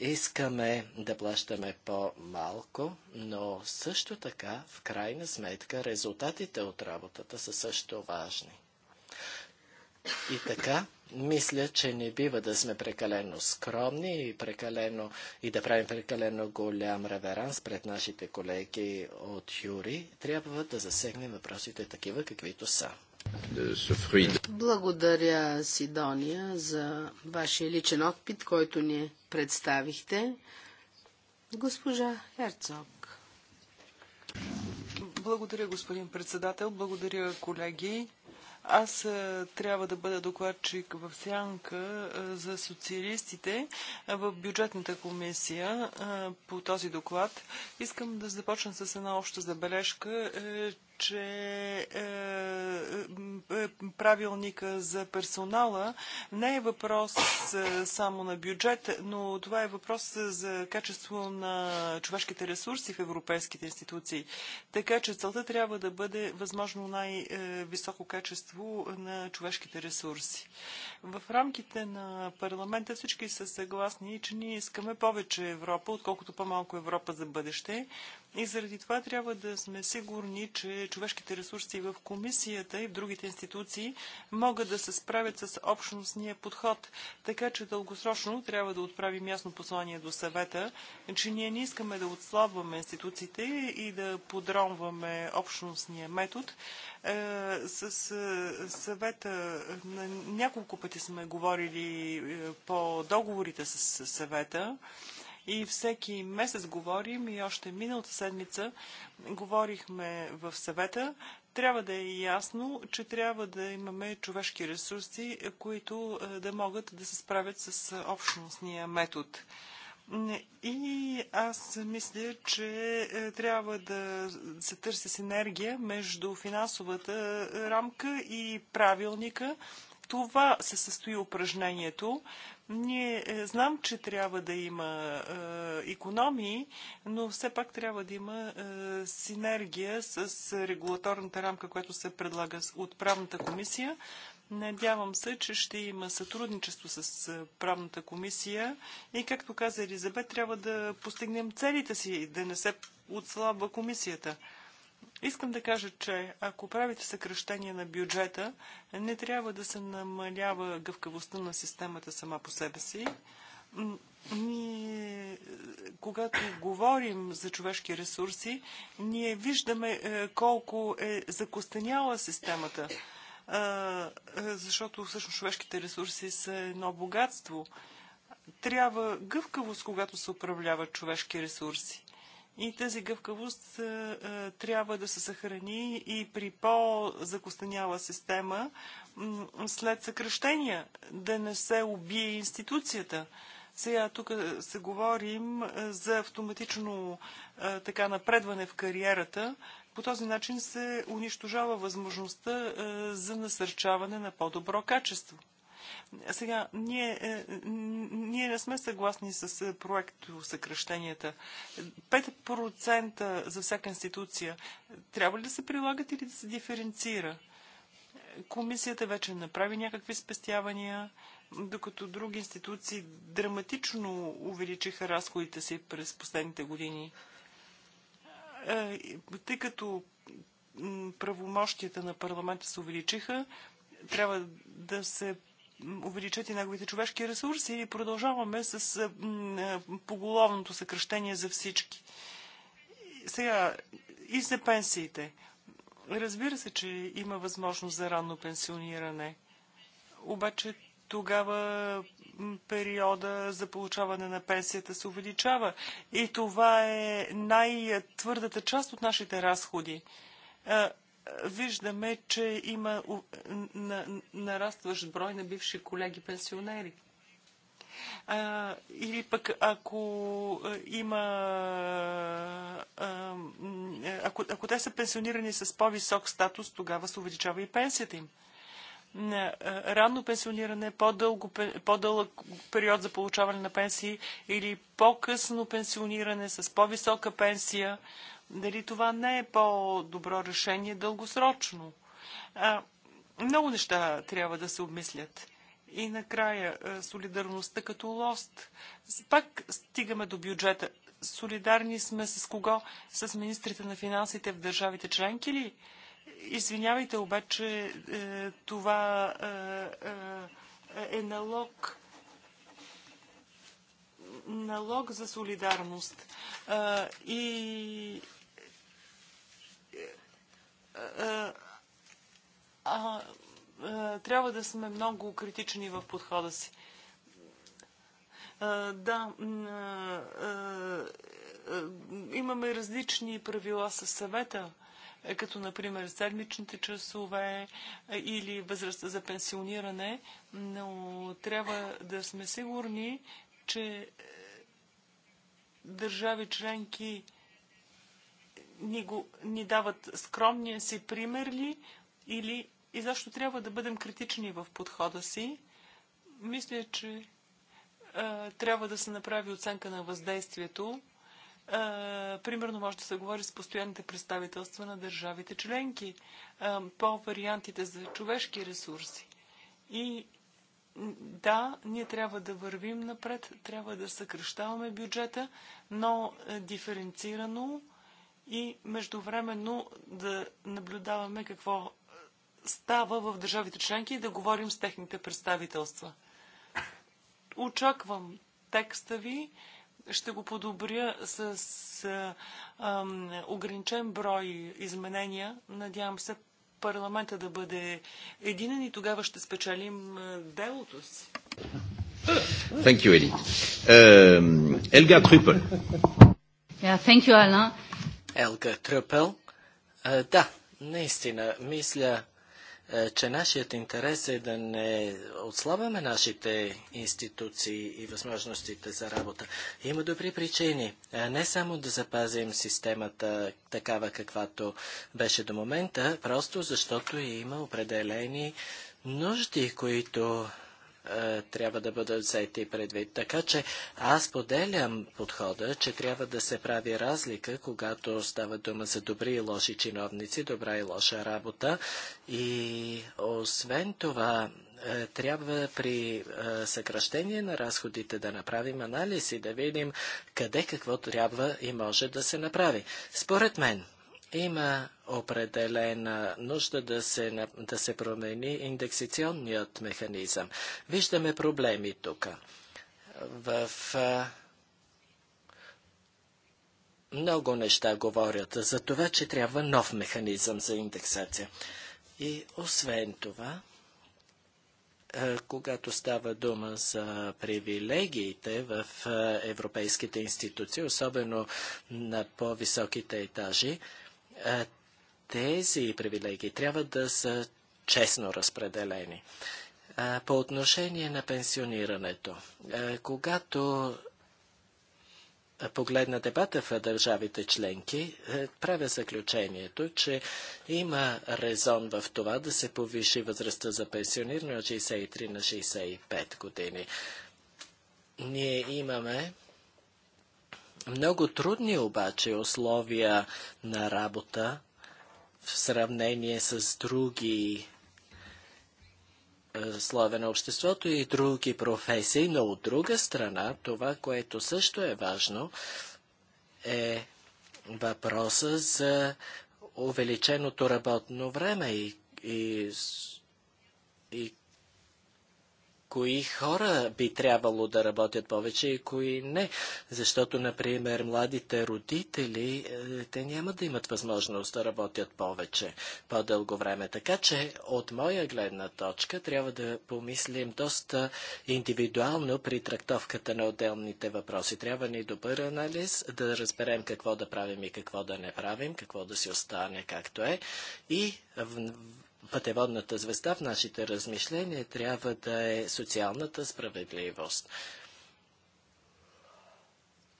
искаме да плащаме по-малко, но също така, в крайна сметка, резултатите от работата са също важни. И така, мисля, че не бива да сме прекалено скромни и, прекалено, и да правим прекалено голям реверанс пред нашите колеги от Юри. Трябва да засегнем въпросите такива, каквито са. Благодаря, Сидония, за вашия личен опит, който ни представихте. Госпожа Херцог. Благодаря, господин председател. Благодаря, колеги. Аз трябва да бъда докладчик в сянка за социалистите в бюджетната комисия по този доклад. Искам да започна с една обща забележка, е, че е, е, е, правилника за персонала не е въпрос само на бюджет, но това е въпрос за качество на човешките ресурси в европейските институции. Така че целта трябва да бъде възможно най-високо качество на човешките ресурси. В рамките на парламента всички са съгласни, че ние искаме повече Европа, отколкото по-малко Европа за бъдеще. И заради това трябва да сме сигурни, че човешките ресурси в комисията и в другите институции могат да се справят с общностния подход. Така че дългосрочно трябва да отправим ясно послание до съвета, че ние не искаме да отслабваме институциите и да подронваме общностния метод. Е, с е, съвета на няколко пъти сме говорили е, по договорите с съвета и всеки месец говорим и още миналата седмица говорихме в съвета. Трябва да е ясно, че трябва да имаме човешки ресурси, които е, да могат да се справят с е, общностния метод. И аз мисля, че е, трябва да се търси синергия между финансовата рамка и правилника. Това се състои упражнението. Ние е, знам, че трябва да има економии, но все пак трябва да има е, синергия с регулаторната рамка, която се предлага от правната комисия. Надявам се, че ще има сътрудничество с е, правната комисия и, както каза Елизабет, трябва да постигнем целите си, да не се отслабва комисията. Искам да кажа, че ако правите съкръщение на бюджета, не трябва да се намалява гъвкавостта на системата сама по себе си. Ние, когато говорим за човешки ресурси, ние виждаме е, колко е закостеняла системата, е, е, защото всъщност човешките ресурси са едно богатство. Трябва гъвкавост, когато се управляват човешки ресурси. И тази гъвкавост трябва да се съхрани и при по-закостеняла система след съкръщения, да не се убие институцията. Сега тук се говорим за автоматично така напредване в кариерата. По този начин се унищожава възможността за насърчаване на по-добро качество. Сега, ние, е, ние не сме съгласни с е, проекто съкръщенията. 5% за всяка институция трябва ли да се прилагат или да се диференцира? Комисията вече направи някакви спестявания, докато други институции драматично увеличиха разходите си през последните години. Е, тъй като правомощията на парламента се увеличиха, трябва да се увеличат и неговите човешки ресурси или продължаваме с поголовното съкръщение за всички. Сега, и за пенсиите. Разбира се, че има възможност за ранно пенсиониране. Обаче тогава периода за получаване на пенсията се увеличава. И това е най-твърдата част от нашите разходи виждаме, че има нарастващ брой на бивши колеги пенсионери. А, или пък ако има. А, ако, ако те са пенсионирани с по-висок статус, тогава се увеличава и пенсията им. Ранно пенсиониране, по-дълго, по-дълъг период за получаване на пенсии или по-късно пенсиониране с по-висока пенсия. Дали това не е по-добро решение дългосрочно? Много неща трябва да се обмислят. И накрая солидарността като лост. Пак стигаме до бюджета. Солидарни сме с кого? С министрите на финансите в държавите членки ли? Извинявайте, обаче е, това е, е, е налог налог за солидарност. И е, а, а, е, трябва да сме много критични в подхода си. А, е, да, а, имаме различни правила със съвета, като например седмичните часове или възрастта за пенсиониране, но трябва да сме сигурни, че държави членки ни, го, ни дават скромния си пример ли или и защо трябва да бъдем критични в подхода си. Мисля, че а, трябва да се направи оценка на въздействието. А, примерно може да се говори с постоянните представителства на държавите членки а, по вариантите за човешки ресурси. И да, ние трябва да вървим напред, трябва да съкръщаваме бюджета, но диференцирано и междувременно да наблюдаваме какво става в държавите членки и да говорим с техните представителства. Очаквам текста ви. Ще го подобря с а, а, ограничен брой изменения. Надявам се парламента да бъде единен и тогава ще спечелим делото си. Thank you, Eli. Uh, Elga Yeah, thank you, Alain. Елга Тръпел. Да, наистина, мисля, че нашият интерес е да не отслабваме нашите институции и възможностите за работа. Има добри причини. Не само да запазим системата такава, каквато беше до момента, просто защото има определени нужди, които е, трябва да бъдат взети предвид. Така че аз поделям подхода, че трябва да се прави разлика, когато става дума за добри и лоши чиновници, добра и лоша работа. И освен това, е, трябва при съкращение съкръщение на разходите да направим анализ и да видим къде какво трябва и може да се направи. Според мен, има определена нужда да се, да се промени индексационният механизъм. Виждаме проблеми тук. В много неща говорят за това, че трябва нов механизъм за индексация. И освен това, когато става дума за привилегиите в европейските институции, особено на по-високите етажи, е, тези привилегии трябва да са честно разпределени. Е, по отношение на пенсионирането, е, когато погледна дебата в държавите членки, правя заключението, че има резон в това да се повиши възрастта за пенсиониране от 63 на 65 години. Ние имаме много трудни обаче условия на работа в сравнение с други е, слове на обществото и други професии, но от друга страна, това, което също е важно, е въпроса за увеличеното работно време и, и, и кои хора би трябвало да работят повече и кои не. Защото, например, младите родители, е, те няма да имат възможност да работят повече по-дълго време. Така че, от моя гледна точка, трябва да помислим доста индивидуално при трактовката на отделните въпроси. Трябва ни добър анализ, да разберем какво да правим и какво да не правим, какво да си остане както е и пътеводната звезда в нашите размишления трябва да е социалната справедливост.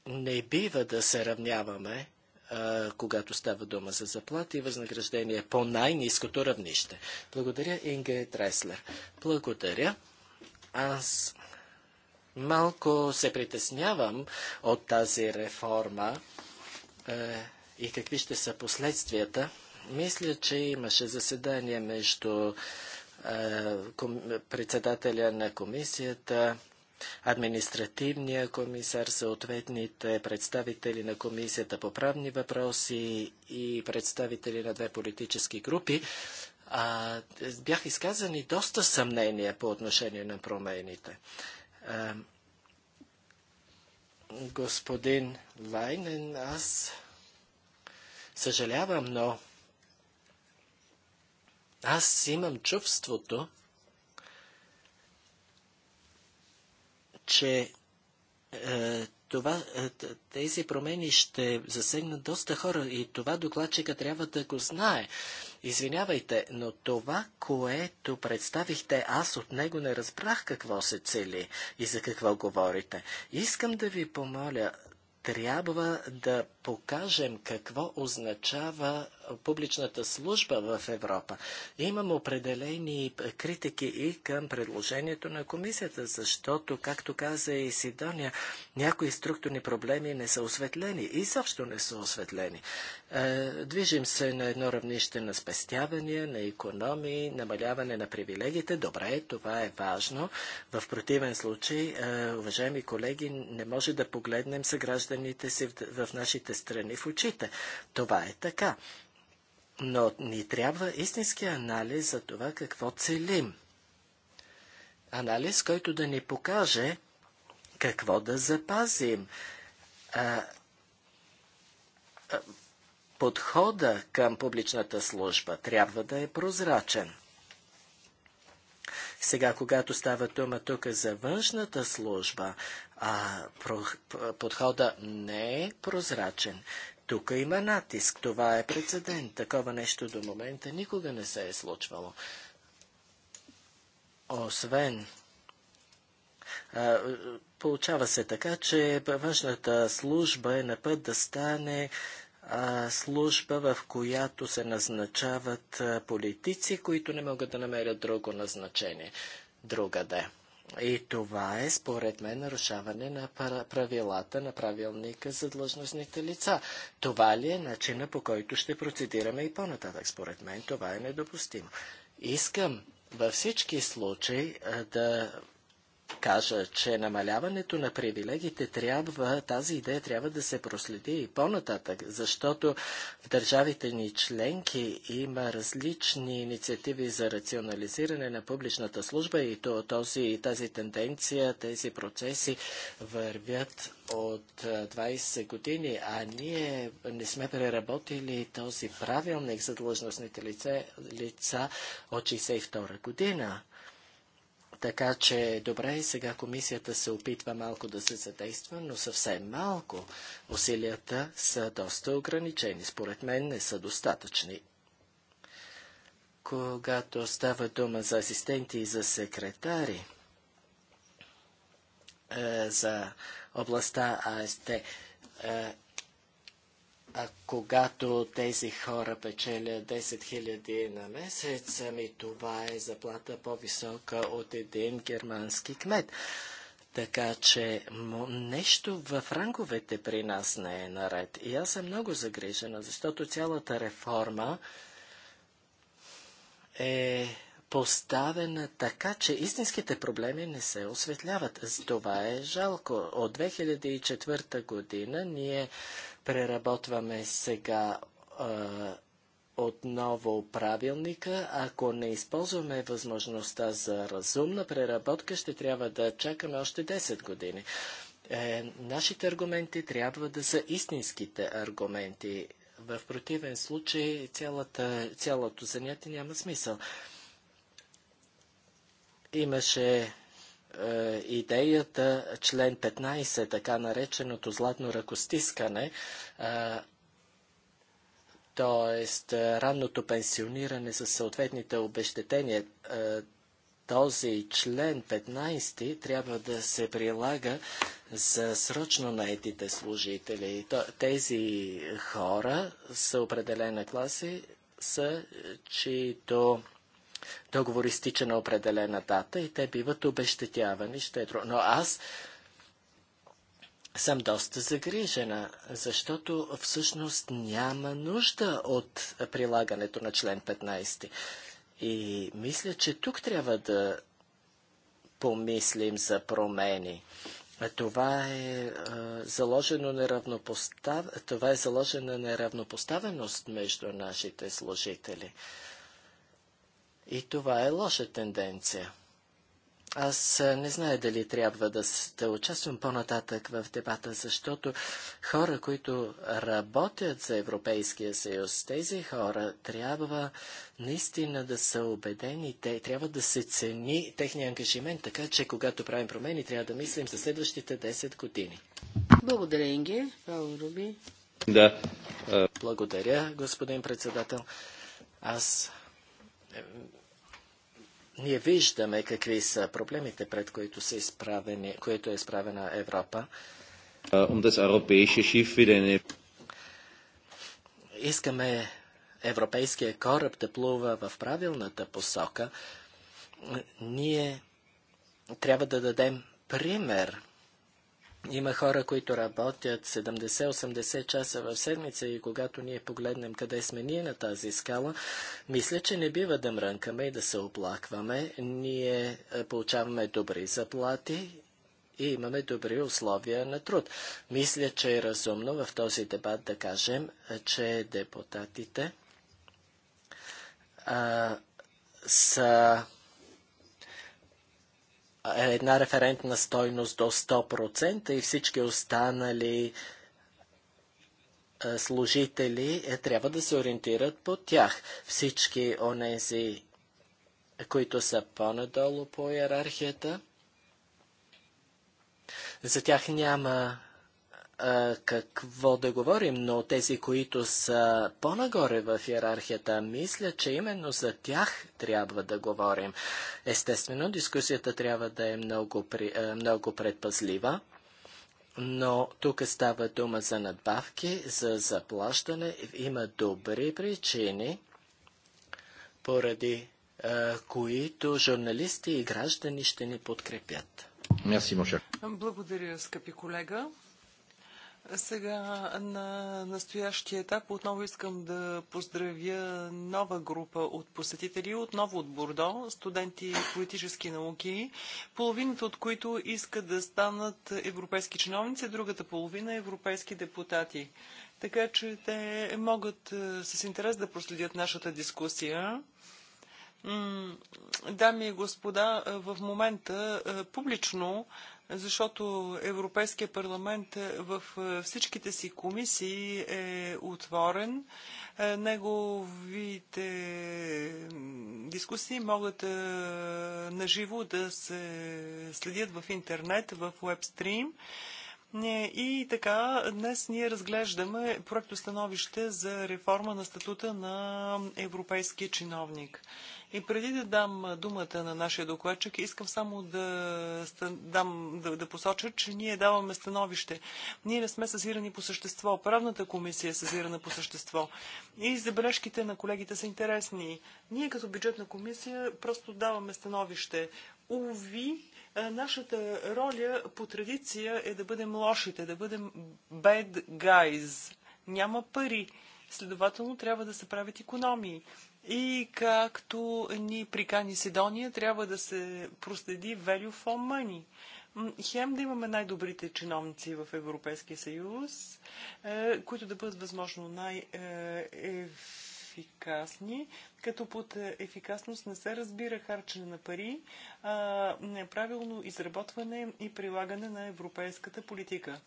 Не бива да се равняваме, а, когато става дума за заплати и възнаграждение по най-низкото равнище. Благодаря, Инге Треслер. Благодаря. Аз малко се притеснявам от тази реформа и какви ще са последствията. Мисля, че имаше заседание между председателя на комисията, административния комисар, съответните представители на комисията по правни въпроси и представители на две политически групи, а, бях изказани доста съмнения по отношение на промените. А, господин Лайнен, аз съжалявам, но аз имам чувството, че е, това, е, тези промени ще засегнат доста хора и това докладчика трябва да го знае. Извинявайте, но това, което представихте, аз от него не разбрах какво се цели и за какво говорите. Искам да ви помоля, трябва да покажем какво означава публичната служба в Европа. Имам определени критики и към предложението на комисията, защото, както каза и Сидония, някои структурни проблеми не са осветлени и също не са осветлени. Е, движим се на едно равнище на спестявания, на економии, намаляване на привилегиите. Добре, това е важно. В противен случай, е, уважаеми колеги, не може да погледнем съгражданите си в нашите страни в очите. Това е така. Но ни трябва истински анализ за това какво целим. Анализ, който да ни покаже какво да запазим. А, а, подхода към публичната служба трябва да е прозрачен. Сега, когато става дума тук за външната служба, а, про, подхода не е прозрачен. Тук има натиск. Това е прецедент. Такова нещо до момента никога не се е случвало. Освен Получава се така, че външната служба е на път да стане а, служба, в която се назначават политици, които не могат да намерят друго назначение друга Да. И това е, според мен, нарушаване на правилата на правилника за длъжностните лица. Това ли е начина по който ще процедираме и по-нататък? Според мен това е недопустимо. Искам във всички случаи да кажа, че намаляването на привилегиите трябва, тази идея трябва да се проследи и по-нататък, защото в държавите ни членки има различни инициативи за рационализиране на публичната служба и то, този, тази тенденция, тези процеси вървят от 20 години, а ние не сме преработили този правилник за длъжностните лица, лица от 62 година. Така че добре и сега комисията се опитва малко да се задейства, но съвсем малко. Усилията са доста ограничени. Според мен не са достатъчни. Когато става дума за асистенти и за секретари, е, за областта АСТ, е, а когато тези хора печелят 10 000 на месец, ами това е заплата по-висока от един германски кмет. Така че нещо в ранговете при нас не е наред. И аз съм много загрижена, защото цялата реформа е поставена така, че истинските проблеми не се осветляват. това е жалко. От 2004 година ние Преработваме сега е, отново правилника. Ако не използваме възможността за разумна преработка, ще трябва да чакаме още 10 години. Е, нашите аргументи трябва да са истинските аргументи. В противен случай цялата, цялото занятие няма смисъл. Имаше е, идеята член 15, така нареченото златно ръкостискане, т.е. Е, ранното пенсиониране със съответните обещетения, е, този член 15 трябва да се прилага за срочно наетите служители. Тези хора са определена класи, са, чието договор изтича на определена дата и те биват обещетявани щедро. Е Но аз съм доста загрижена, защото всъщност няма нужда от прилагането на член 15. И мисля, че тук трябва да помислим за промени. Това е, заложено неравнопостав... това е заложена неравнопоставеност между нашите служители. И това е лоша тенденция. Аз не зная дали трябва да, да участвам по-нататък в дебата, защото хора, които работят за Европейския съюз, тези хора трябва наистина да са убедени, те трябва да се цени техния ангажимент, така че когато правим промени, трябва да мислим за следващите 10 години. Благодаря, Инге. Руби. Да. Благодаря, господин председател. Аз ние виждаме какви са проблемите, пред които, са изправени, които е изправена Европа. Е, е. Искаме европейския кораб да плува в правилната посока. Ние трябва да дадем пример има хора, които работят 70-80 часа в седмица и когато ние погледнем къде сме ние на тази скала, мисля, че не бива да мрънкаме и да се оплакваме. Ние е, получаваме добри заплати и имаме добри условия на труд. Мисля, че е разумно в този дебат да кажем, е, че депутатите а, са е, една референтна стойност до 100% и всички останали е, служители е, трябва да се ориентират по тях. Всички онези, които са по-надолу по иерархията, за тях няма какво да говорим, но тези, които са по-нагоре в иерархията, мисля, че именно за тях трябва да говорим. Естествено, дискусията трябва да е много, при, много предпазлива, но тук става дума за надбавки, за заплащане. Има добри причини, поради които журналисти и граждани ще ни подкрепят. Благодаря, скъпи колега. Сега на настоящия етап отново искам да поздравя нова група от посетители, отново от Бордо, студенти политически науки, половината от които искат да станат европейски чиновници, другата половина европейски депутати. Така че те могат е, с интерес да проследят нашата дискусия. Дами и господа, е, в момента е, публично защото Европейския парламент е, в е, всичките си комисии е отворен. Е, неговите дискусии могат наживо да се следят в интернет, в вебстрим. И така, днес ние разглеждаме проекто становище за реформа на статута на европейския чиновник. И преди да дам думата на нашия докладчик, искам само да, дам, да, да посоча, че ние даваме становище. Ние не сме съзирани по същество. Правната комисия е съзирана по същество. И забележките на колегите са интересни. Ние като бюджетна комисия просто даваме становище. Уви, нашата роля по традиция е да бъдем лошите, да бъдем bad guys. Няма пари. Следователно трябва да се правят економии. И както ни прикани Седония, трябва да се проследи value for money хем да имаме най-добрите чиновници в Европейския съюз, е, които да бъдат възможно най-ефикасни, като под ефикасност не се разбира харчене на пари, а неправилно изработване и прилагане на европейската политика.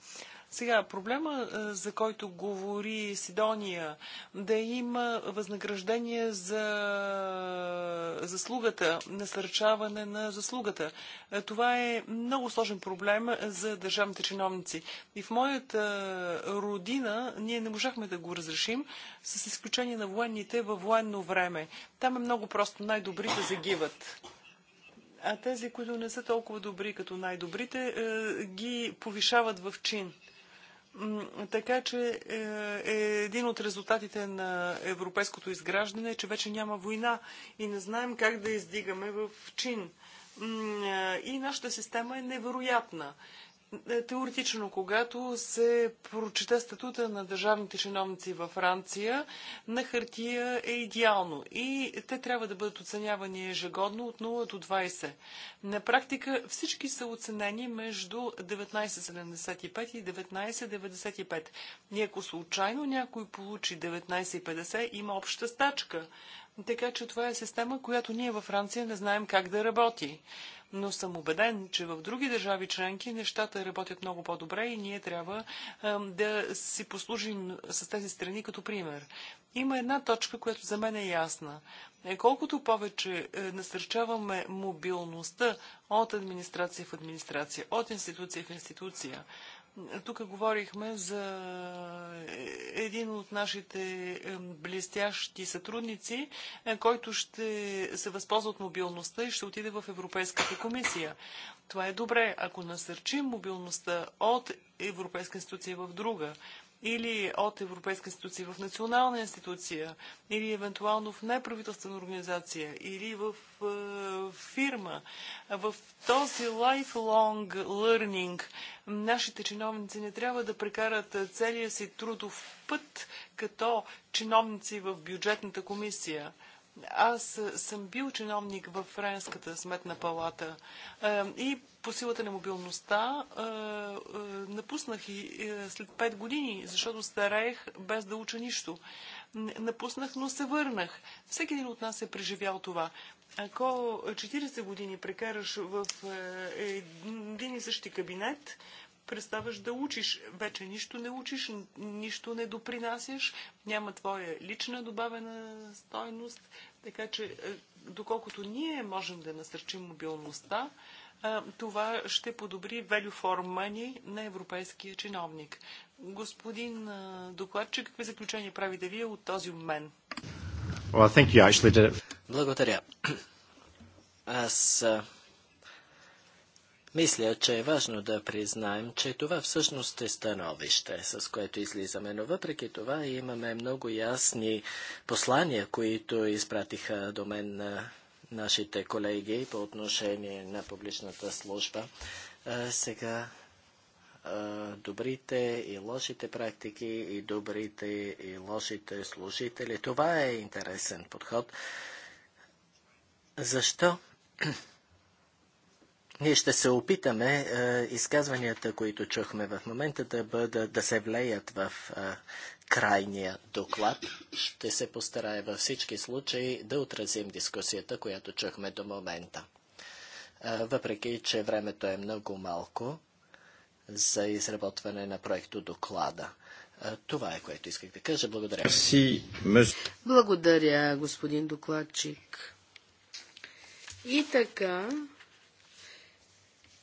Сега, проблема, е, за който говори Сидония, да има възнаграждение за заслугата, насърчаване на заслугата. Е, това е много сложен проблем е, за държавните чиновници. И в моята родина ние не можахме да го разрешим, с изключение на военните във военно време. Там е много просто най-добрите загиват. А тези, които не са толкова добри като най-добрите, ги повишават в чин. Така че е, е, един от резултатите на европейското изграждане е, че вече няма война и не знаем как да издигаме в чин. Е, и нашата система е невероятна. Е, теоретично, когато се прочета статута на държавните чиновници във Франция, на хартия е идеално и те трябва да бъдат оценявани ежегодно от 0 до 20. На практика всички са оценени между 1975 и 1995. И ако случайно някой получи 1950, има обща стачка. Така че това е система, която ние във Франция не знаем как да работи но съм убеден, че в други държави членки нещата работят много по-добре и ние трябва да си послужим с тези страни като пример. Има една точка, която за мен е ясна. Е, колкото повече е, насърчаваме мобилността от администрация в администрация, от институция в институция, тук говорихме за един от нашите е, блестящи сътрудници, е, който ще се възползва от мобилността и ще отиде в Европейската комисия. Това е добре, ако насърчим мобилността от Европейска институция в друга или от европейска институция в национална институция, или евентуално в неправителствена организация, или в е, фирма. В този lifelong learning нашите чиновници не трябва да прекарат целия си трудов път като чиновници в бюджетната комисия. Аз съм бил чиновник в Френската сметна палата е, и по силата на мобилността е, е, напуснах и след 5 години, защото стареех без да уча нищо. Напуснах, но се върнах. Всеки един от нас е преживял това. Ако 40 години прекараш в един и същи кабинет, Представаш да учиш, вече нищо не учиш, нищо не допринасяш, няма твоя лична добавена стойност, така че е, доколкото ние можем да насърчим мобилността, е, това ще подобри value for money на европейския чиновник. Господин е, докладчик, какви заключения правите вие от този мен? Well, Благодаря. Аз мисля, че е важно да признаем, че това всъщност е становище, с което излизаме, но въпреки това имаме много ясни послания, които изпратиха до мен на нашите колеги по отношение на публичната служба. А, сега добрите и лошите практики и добрите и лошите служители. Това е интересен подход. Защо ние ще се опитаме е, изказванията, които чухме в момента, да, бъдат, да се влеят в е, крайния доклад. Ще се постарая във всички случаи да отразим дискусията, която чухме до момента. Е, въпреки, че времето е много малко за изработване на проекто доклада. Е, това е което исках да кажа. Благодаря. Благодаря, господин докладчик. И така,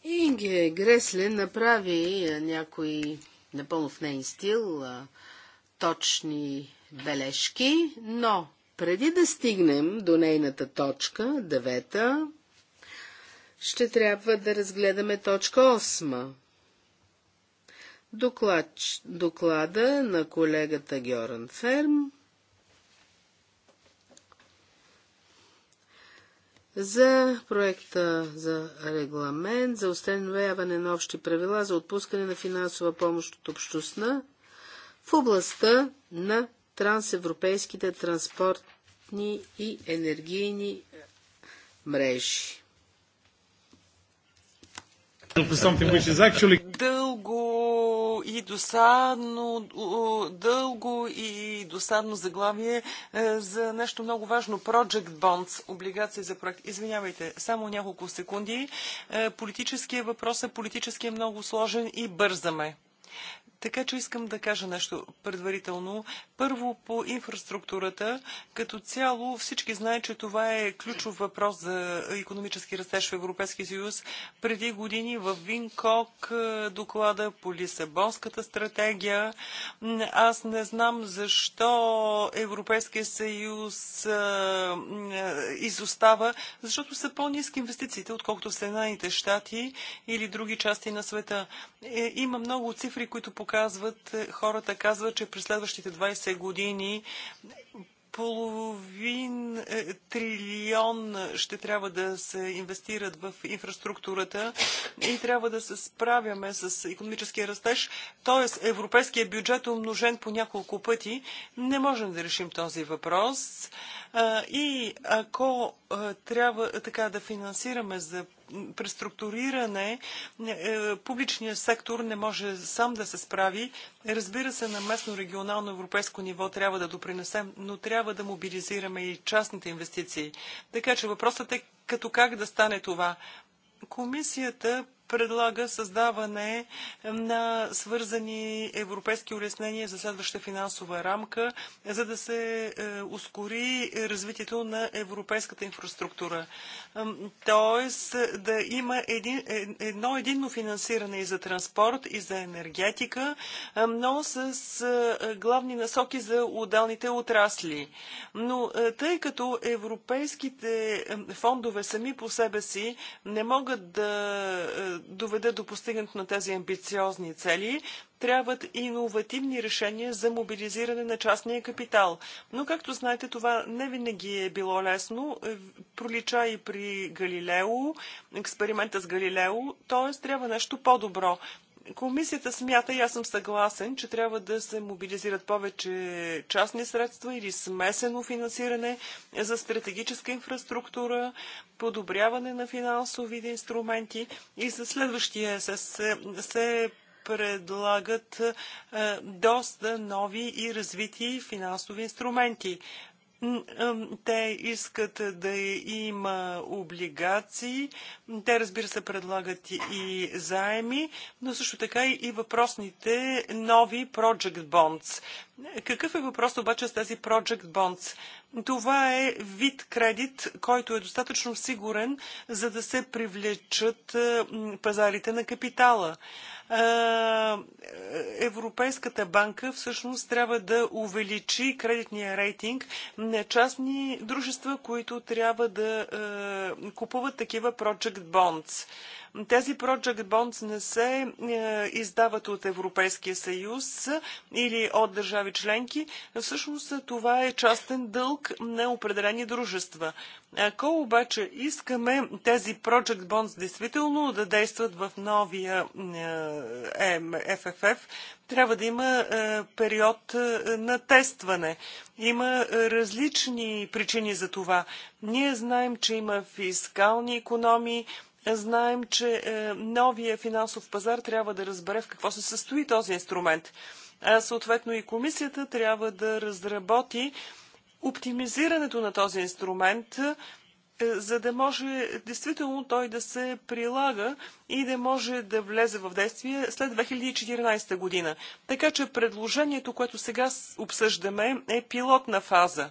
Инге Гресле направи някои, напълно в нейн стил, точни бележки, но преди да стигнем до нейната точка, девета, ще трябва да разгледаме точка 8. Доклад, доклада на колегата Георан Ферм за проекта за регламент за установяване на общи правила за отпускане на финансова помощ от общността в областта на трансевропейските транспортни и енергийни мрежи. Дълго и досадно, дълго и досадно заглавие е, за нещо много важно. Project Bonds, облигация за проект. Извинявайте, само няколко секунди. Е, политическия въпрос е политически е много сложен и бързаме. Така че искам да кажа нещо предварително. Първо по инфраструктурата. Като цяло всички знаят, че това е ключов въпрос за економически растеж в Европейския съюз. Преди години в Винкок е, доклада по Лисабонската стратегия. Аз не знам защо Европейския съюз е, е, изостава, защото са по-низки инвестициите, отколкото в Съединените щати или други части на света. Има много цифри, които показват, казват, хората казват, че през следващите 20 години половин е, трилион ще трябва да се инвестират в инфраструктурата и трябва да се справяме с економическия растеж. Т.е. европейския бюджет е умножен по няколко пъти. Не можем да решим този въпрос. И ако трябва така да финансираме за преструктуриране е, публичният сектор не може сам да се справи. Разбира се, на местно, регионално, европейско ниво трябва да допринесем, но трябва да мобилизираме и частните инвестиции. Така че въпросът е като как да стане това. Комисията предлага създаване на свързани европейски улеснения за следваща финансова рамка, за да се е, ускори развитието на европейската инфраструктура. Тоест да има един, е, едно единно финансиране и за транспорт, и за енергетика, но с е, главни насоки за отделните отрасли. Но тъй като европейските фондове сами по себе си не могат да доведе до постигането на тези амбициозни цели, трябват иновативни решения за мобилизиране на частния капитал. Но, както знаете, това не винаги е било лесно. Е, пролича и при Галилео, експеримента с Галилео, т.е. трябва нещо по-добро. Комисията смята, и аз съм съгласен, че трябва да се мобилизират повече частни средства или смесено финансиране за стратегическа инфраструктура, подобряване на финансовите инструменти и за следващия се, се, се предлагат е, доста нови и развити финансови инструменти. Те искат да има облигации. Те, разбира се, предлагат и заеми, но също така и въпросните нови Project Bonds. Какъв е въпрос обаче с тези Project Bonds? Това е вид кредит, който е достатъчно сигурен, за да се привлечат е, пазарите на капитала. Е, е, Европейската банка всъщност трябва да увеличи кредитния рейтинг на частни дружества, които трябва да купуват такива Project Bonds. Тези Project Bonds не се е, издават от Европейския съюз или от държави членки. Всъщност това е частен дълг на определени дружества. Ако обаче искаме тези Project Bonds действително да действат в новия ФФФ, е, трябва да има е, период на тестване. Има различни причини за това. Ние знаем, че има фискални економии, Знаем, че е, новия финансов пазар трябва да разбере в какво се състои този инструмент. А съответно и комисията трябва да разработи оптимизирането на този инструмент, е, за да може действително той да се прилага и да може да влезе в действие след 2014 година. Така че предложението, което сега обсъждаме, е пилотна фаза.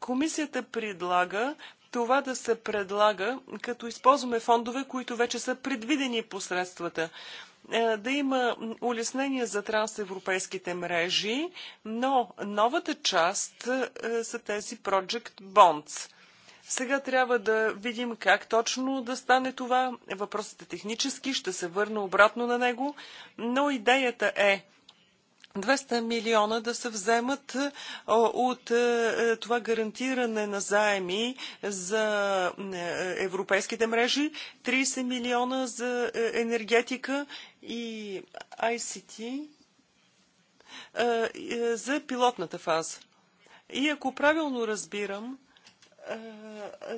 Комисията предлага това да се предлага, като използваме фондове, които вече са предвидени по средствата е, да има улеснения за трансевропейските мрежи, но новата част е, са тези Project Bonds. Сега трябва да видим как точно да стане това. Въпросът е технически, ще се върна обратно на него, но идеята е 200 милиона да се вземат от е, това гарантиране на заеми за е, европейските мрежи, 30 милиона за е, енергетика и ICT за пилотната фаза. И ако правилно разбирам,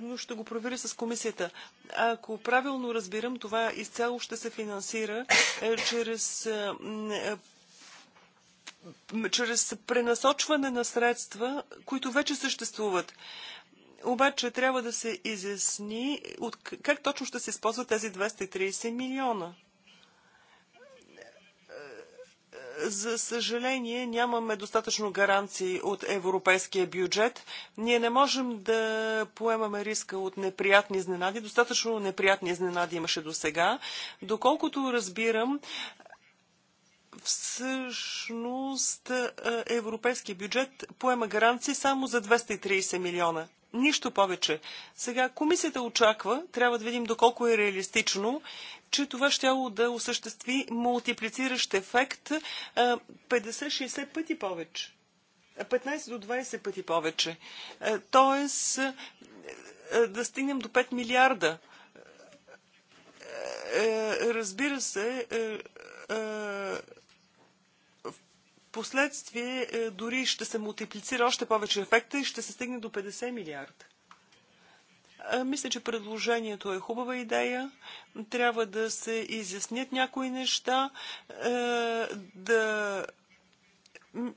но ще го проверя с комисията. Ако правилно разбирам, това изцяло ще се финансира чрез чрез пренасочване на средства, които вече съществуват. Обаче трябва да се изясни от как точно ще се използват тези 230 милиона. За съжаление, нямаме достатъчно гаранции от европейския бюджет. Ние не можем да поемаме риска от неприятни изненади. Достатъчно неприятни изненади имаше до сега. Доколкото разбирам, всъщност е, европейския бюджет поема гаранции само за 230 милиона. Нищо повече. Сега комисията очаква, трябва да видим доколко е реалистично, че това ще да осъществи мултиплициращ ефект 50-60 е, пъти повече. 15 до 20 пъти повече. Е, тоест да стигнем до 5 милиарда. Разбира се, последствие е, дори ще се мултиплицира още повече ефекта и ще се стигне до 50 милиарда. Мисля, че предложението е хубава идея. Трябва да се изяснят някои неща, е, да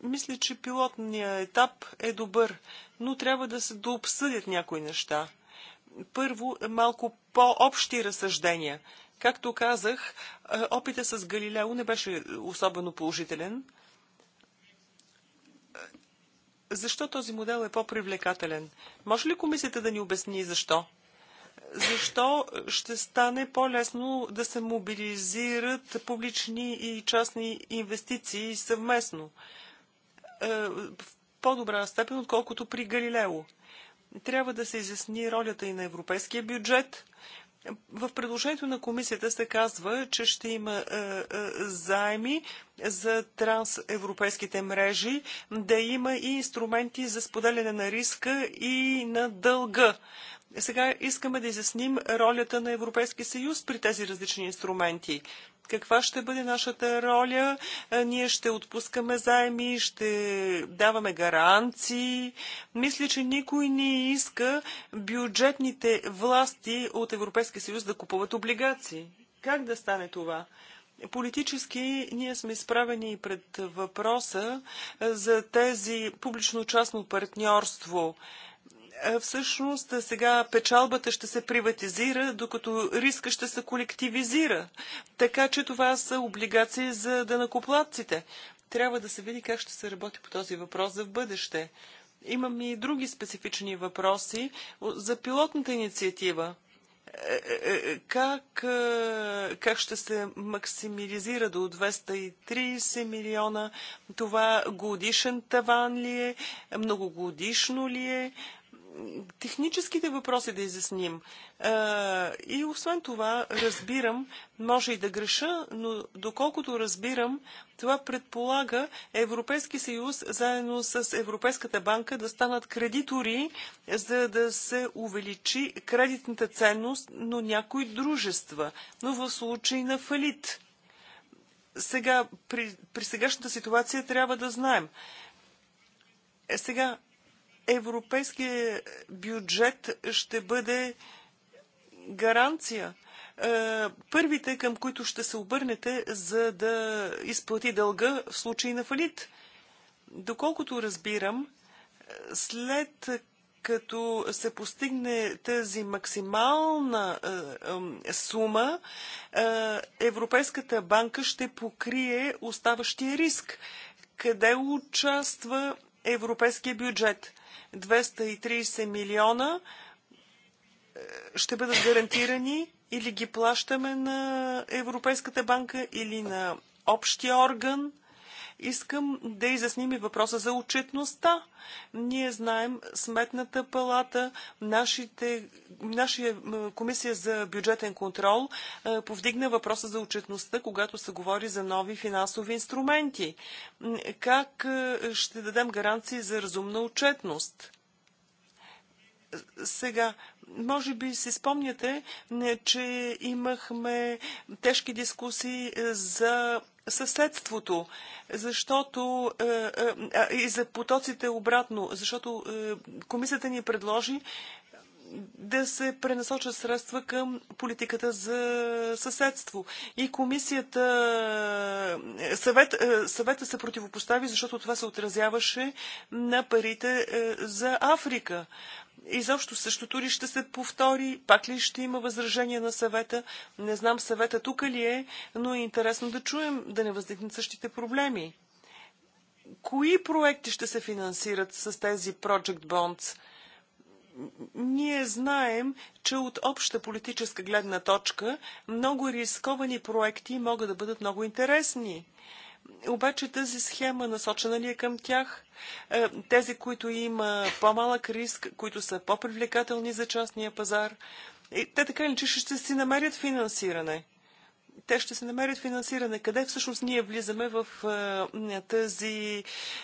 мисля, че пилотният етап е добър, но трябва да се дообсъдят някои неща. Първо, малко по-общи разсъждения. Както казах, е, опита с Галилео не беше особено положителен. Защо този модел е по-привлекателен? Може ли комисията да ни обясни защо? Защо ще стане по-лесно да се мобилизират публични и частни инвестиции съвместно? Е, в по-добра степен, отколкото при Галилео. Трябва да се изясни ролята и на европейския бюджет, в предложението на комисията се казва, че ще има е, е, заеми за трансевропейските мрежи, да има и инструменти за споделяне на риска и на дълга. Сега искаме да изясним ролята на Европейския съюз при тези различни инструменти каква ще бъде нашата роля. Е, ние ще отпускаме заеми, ще даваме гаранции. Мисля, че никой не иска бюджетните власти от Европейския съюз да купуват облигации. Как да стане това? Политически ние сме изправени пред въпроса е, за тези публично-частно партньорство – всъщност сега печалбата ще се приватизира, докато риска ще се колективизира. Така че това са облигации за дънакоплатците. Трябва да се види как ще се работи по този въпрос за в бъдеще. Имам и други специфични въпроси за пилотната инициатива. Е, е, е, как, как ще се максимализира до 230 милиона? Това годишен таван ли е? Многогодишно ли е? техническите въпроси да изясним. Е, и освен това, разбирам, може и да греша, но доколкото разбирам, това предполага Европейски съюз заедно с Европейската банка да станат кредитори, за да се увеличи кредитната ценност на някои дружества, но в случай на фалит. Сега, при, при сегашната ситуация трябва да знаем. Е, сега, европейския бюджет ще бъде гаранция. Е, първите, към които ще се обърнете, за да изплати дълга в случай на фалит. Доколкото разбирам, е, след като се постигне тази максимална е, сума, Европейската банка ще покрие оставащия риск. Къде участва европейския бюджет? 230 милиона е, ще бъдат гарантирани или ги плащаме на Европейската банка, или на общия орган – Искам да изясним и въпроса за отчетността. Ние знаем Сметната палата, нашите, нашия комисия за бюджетен контрол е, повдигна въпроса за отчетността, когато се говори за нови финансови инструменти. Как е, ще дадем гаранции за разумна отчетност? Сега, може би си спомняте, е, че имахме тежки дискусии за съседството, защото е, е, и за потоците обратно, защото е, комисията ни предложи да се пренасочат средства към политиката за съседство. И комисията, е, съвет, е, съвета се противопостави, защото това се отразяваше на парите е, за Африка. Изобщо същото ли ще се повтори? Пак ли ще има възражение на съвета? Не знам съвета тук ли е, но е интересно да чуем, да не възникнат същите проблеми. Кои проекти ще се финансират с тези Project Bonds? ние знаем, че от обща политическа гледна точка много рисковани проекти могат да бъдат много интересни. Обаче тази схема насочена ли е към тях? Е, тези, които има по-малък риск, които са по-привлекателни за частния пазар, те така или че ще си намерят финансиране. Те ще се намерят финансиране. Къде всъщност ние влизаме в е, тази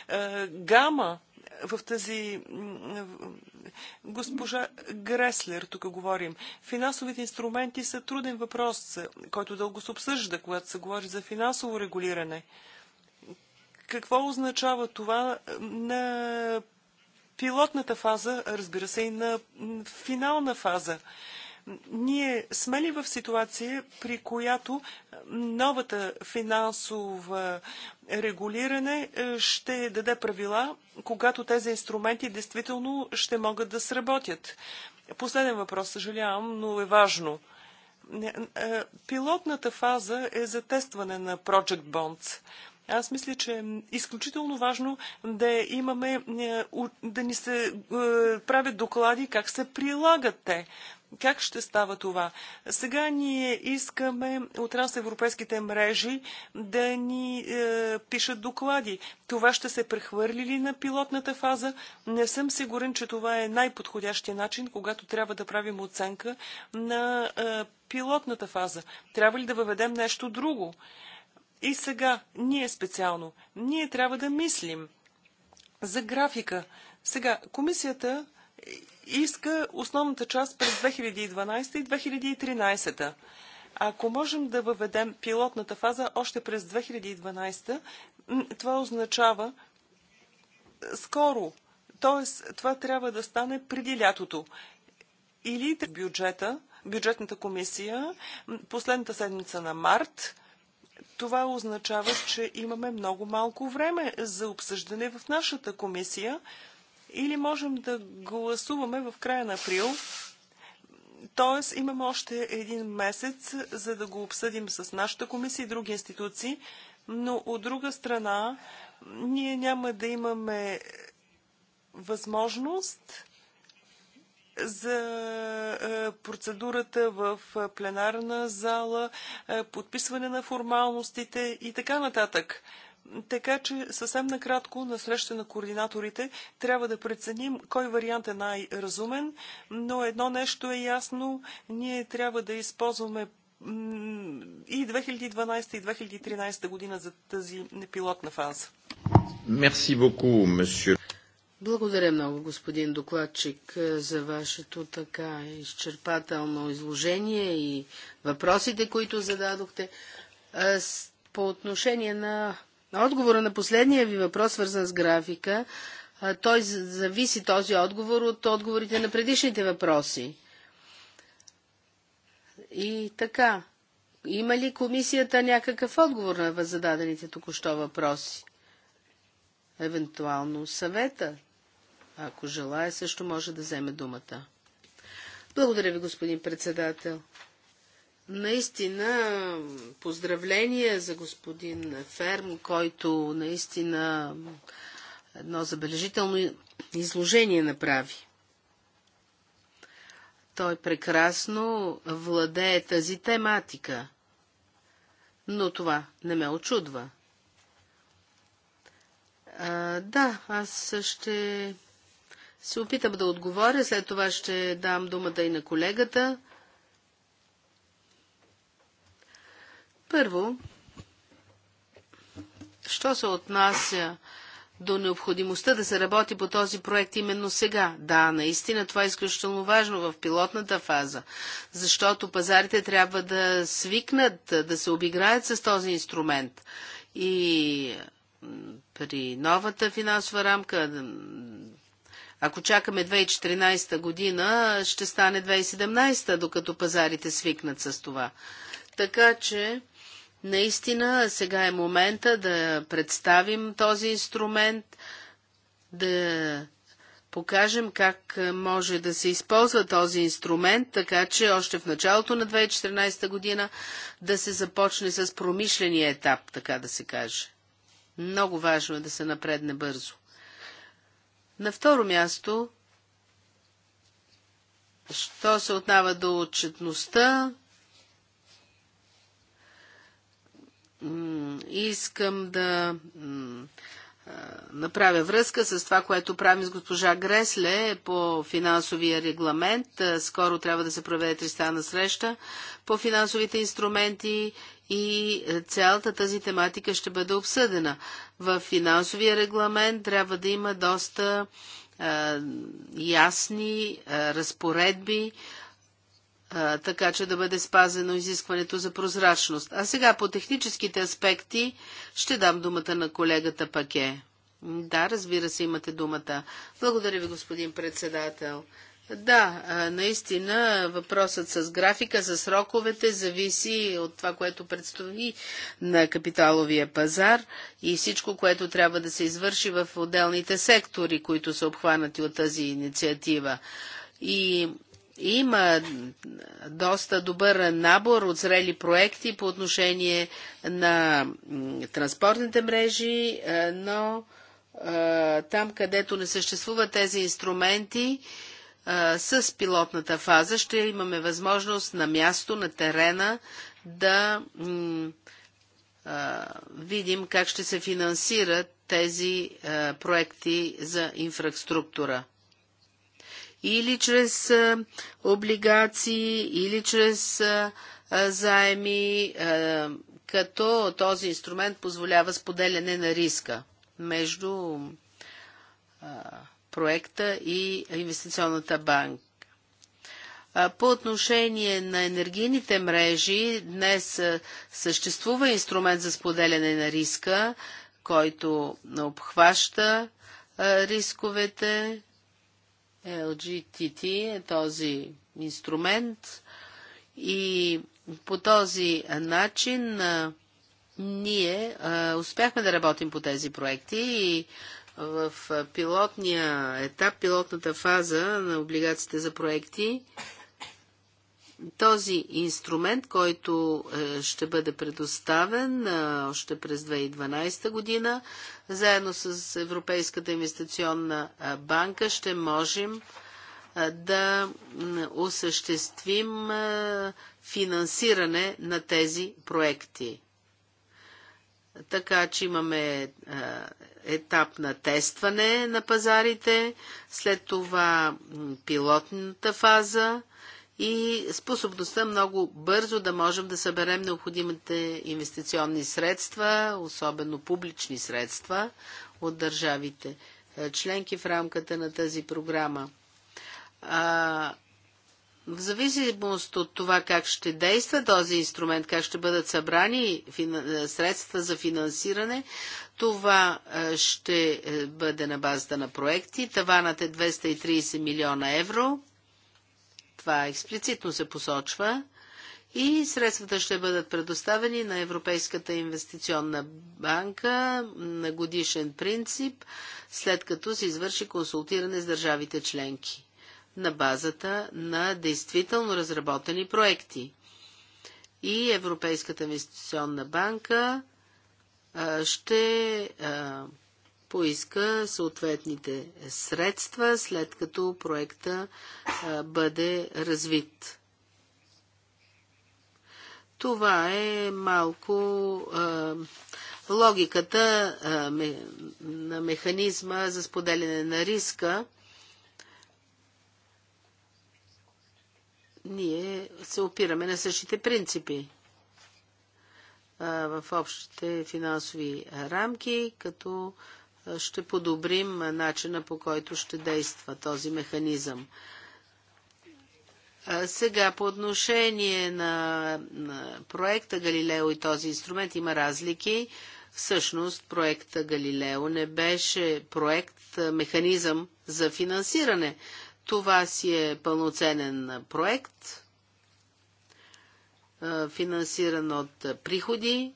е, гама в тази госпожа Греслер, тук говорим. Финансовите инструменти са труден въпрос, който дълго се обсъжда, когато се говори за финансово регулиране. Какво означава това на пилотната фаза, разбира се, и на финална фаза? Ние сме ли в ситуация, при която е, новата финансова регулиране е, ще даде правила, когато тези инструменти действително ще могат да сработят? Последен въпрос, съжалявам, но е важно. Е, пилотната фаза е за тестване на Project Bonds. Аз мисля, че е изключително важно да имаме, да ни се правят доклади как се прилагат те. Как ще става това? Сега ние искаме от трансевропейските мрежи да ни е, пишат доклади. Това ще се прехвърли ли на пилотната фаза? Не съм сигурен, че това е най-подходящия начин, когато трябва да правим оценка на е, пилотната фаза. Трябва ли да въведем нещо друго? И сега, ние специално, ние трябва да мислим за графика. Сега, комисията иска основната част през 2012 и 2013. Ако можем да въведем пилотната фаза още през 2012, това означава е, скоро. Т.е. това трябва да стане преди лятото. Или бюджета, бюджетната комисия, последната седмица на март, това означава, че имаме много малко време за обсъждане в нашата комисия. Или можем да гласуваме в края на април. Тоест имаме още един месец, за да го обсъдим с нашата комисия и други институции. Но от друга страна, ние няма да имаме възможност за е, процедурата в пленарна зала, е, подписване на формалностите и така нататък. Така че съвсем накратко на среща на координаторите трябва да преценим кой вариант е най-разумен, но едно нещо е ясно, ние трябва да използваме и 2012 и 2013 година за тази непилотна фаза. Мерси боку, Благодаря много, господин докладчик, е, за вашето така изчерпателно изложение и въпросите, които зададохте. Е, по отношение на отговора на последния ви въпрос, свързан с графика, той зависи този отговор от отговорите на предишните въпроси. И така, има ли комисията някакъв отговор на зададените току-що въпроси? Евентуално съвета, ако желая, също може да вземе думата. Благодаря ви, господин председател. Наистина, поздравление за господин Ферм, който наистина едно забележително изложение направи. Той прекрасно владее тази тематика, но това не ме очудва. А, да, аз ще се опитам да отговоря, след това ще дам думата и на колегата. Първо, що се отнася до необходимостта да се работи по този проект именно сега. Да, наистина това е изключително важно в пилотната фаза, защото пазарите трябва да свикнат, да се обиграят с този инструмент. И при новата финансова рамка, ако чакаме 2014 година, ще стане 2017, докато пазарите свикнат с това. Така че Наистина сега е момента да представим този инструмент, да покажем как може да се използва този инструмент, така че още в началото на 2014 година да се започне с промишления етап, така да се каже. Много важно е да се напредне бързо. На второ място, що се отнава до отчетността, искам да направя връзка с това, което правим с госпожа Гресле по финансовия регламент. Скоро трябва да се проведе тристана среща по финансовите инструменти и цялата тази тематика ще бъде обсъдена. В финансовия регламент трябва да има доста ясни разпоредби а, така че да бъде спазено изискването за прозрачност. А сега по техническите аспекти ще дам думата на колегата Паке. Да, разбира се, имате думата. Благодаря ви, господин председател. Да, наистина въпросът с графика, с сроковете зависи от това, което предстои на капиталовия пазар и всичко, което трябва да се извърши в отделните сектори, които са обхванати от тази инициатива. И има доста добър набор от зрели проекти по отношение на транспортните мрежи, е, но е, там, където не съществуват тези инструменти, е, с пилотната фаза ще имаме възможност на място, на терена да видим как ще се финансират тези проекти за инфраструктура или чрез облигации, или чрез заеми, като този инструмент позволява споделяне на риска между проекта и инвестиционната банка. По отношение на енергийните мрежи, днес съществува инструмент за споделяне на риска, който обхваща рисковете LGTT е този инструмент и по този начин ние успяхме да работим по тези проекти и в пилотния етап, пилотната фаза на облигациите за проекти този инструмент, който е, ще бъде предоставен е, още през 2012 година, заедно с Европейската инвестиционна е, банка ще можем да осъществим финансиране на тези проекти. Така че имаме етап на тестване на пазарите, след това пилотната фаза и способността много бързо да можем да съберем необходимите инвестиционни средства, особено публични средства от държавите е, членки в рамката на тази програма. А, в зависимост от това как ще действа този инструмент, как ще бъдат събрани е, средства за финансиране, това е, ще бъде на базата на проекти. Таванът е 230 милиона евро това експлицитно се посочва и средствата ще бъдат предоставени на Европейската инвестиционна банка на годишен принцип, след като се извърши консултиране с държавите членки на базата на действително разработени проекти. И Европейската инвестиционна банка ще поиска съответните средства, след като проекта бъде развит. Това е малко а, логиката а, ме, на механизма за споделяне на риска. Ние се опираме на същите принципи в общите финансови рамки, като ще подобрим начина по който ще действа този механизъм. Сега, по отношение на, проекта Галилео и този инструмент има разлики. Всъщност, проекта Галилео не беше проект, механизъм за финансиране. Това си е пълноценен проект, финансиран от приходи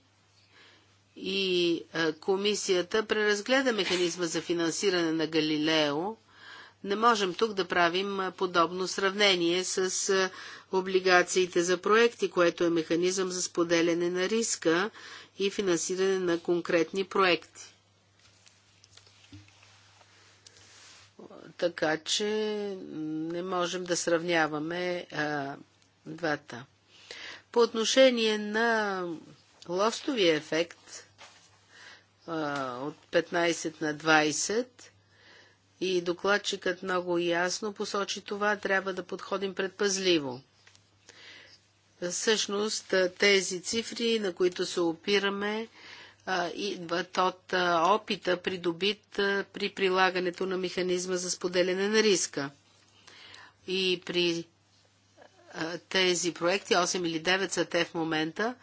и е, комисията преразгледа механизма за финансиране на Галилео, не можем тук да правим е, подобно сравнение с е, облигациите за проекти, което е механизъм за споделяне на риска и финансиране на конкретни проекти. Така че не можем да сравняваме а, двата. По отношение на лостовия ефект, от 15 на 20 и докладчикът много ясно посочи това, трябва да подходим предпазливо. Всъщност тези цифри, на които се опираме, идват от опита придобит при прилагането на механизма за споделяне на риска. И при тези проекти, 8 или 9 са те в момента,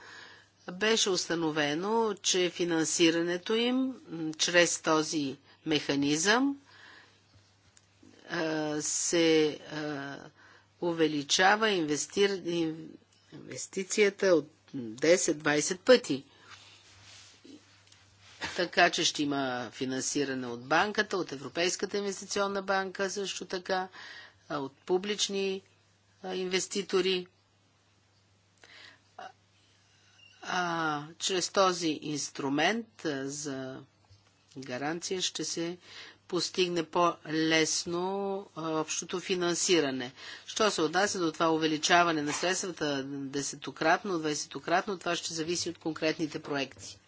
беше установено, че финансирането им чрез този механизъм се увеличава инвестицията от 10-20 пъти. Така че ще има финансиране от банката, от Европейската инвестиционна банка също така, от публични инвеститори. А чрез този инструмент за гаранция ще се постигне по-лесно общото финансиране. Що се отнася до това увеличаване на средствата десетократно, кратно това ще зависи от конкретните проекти.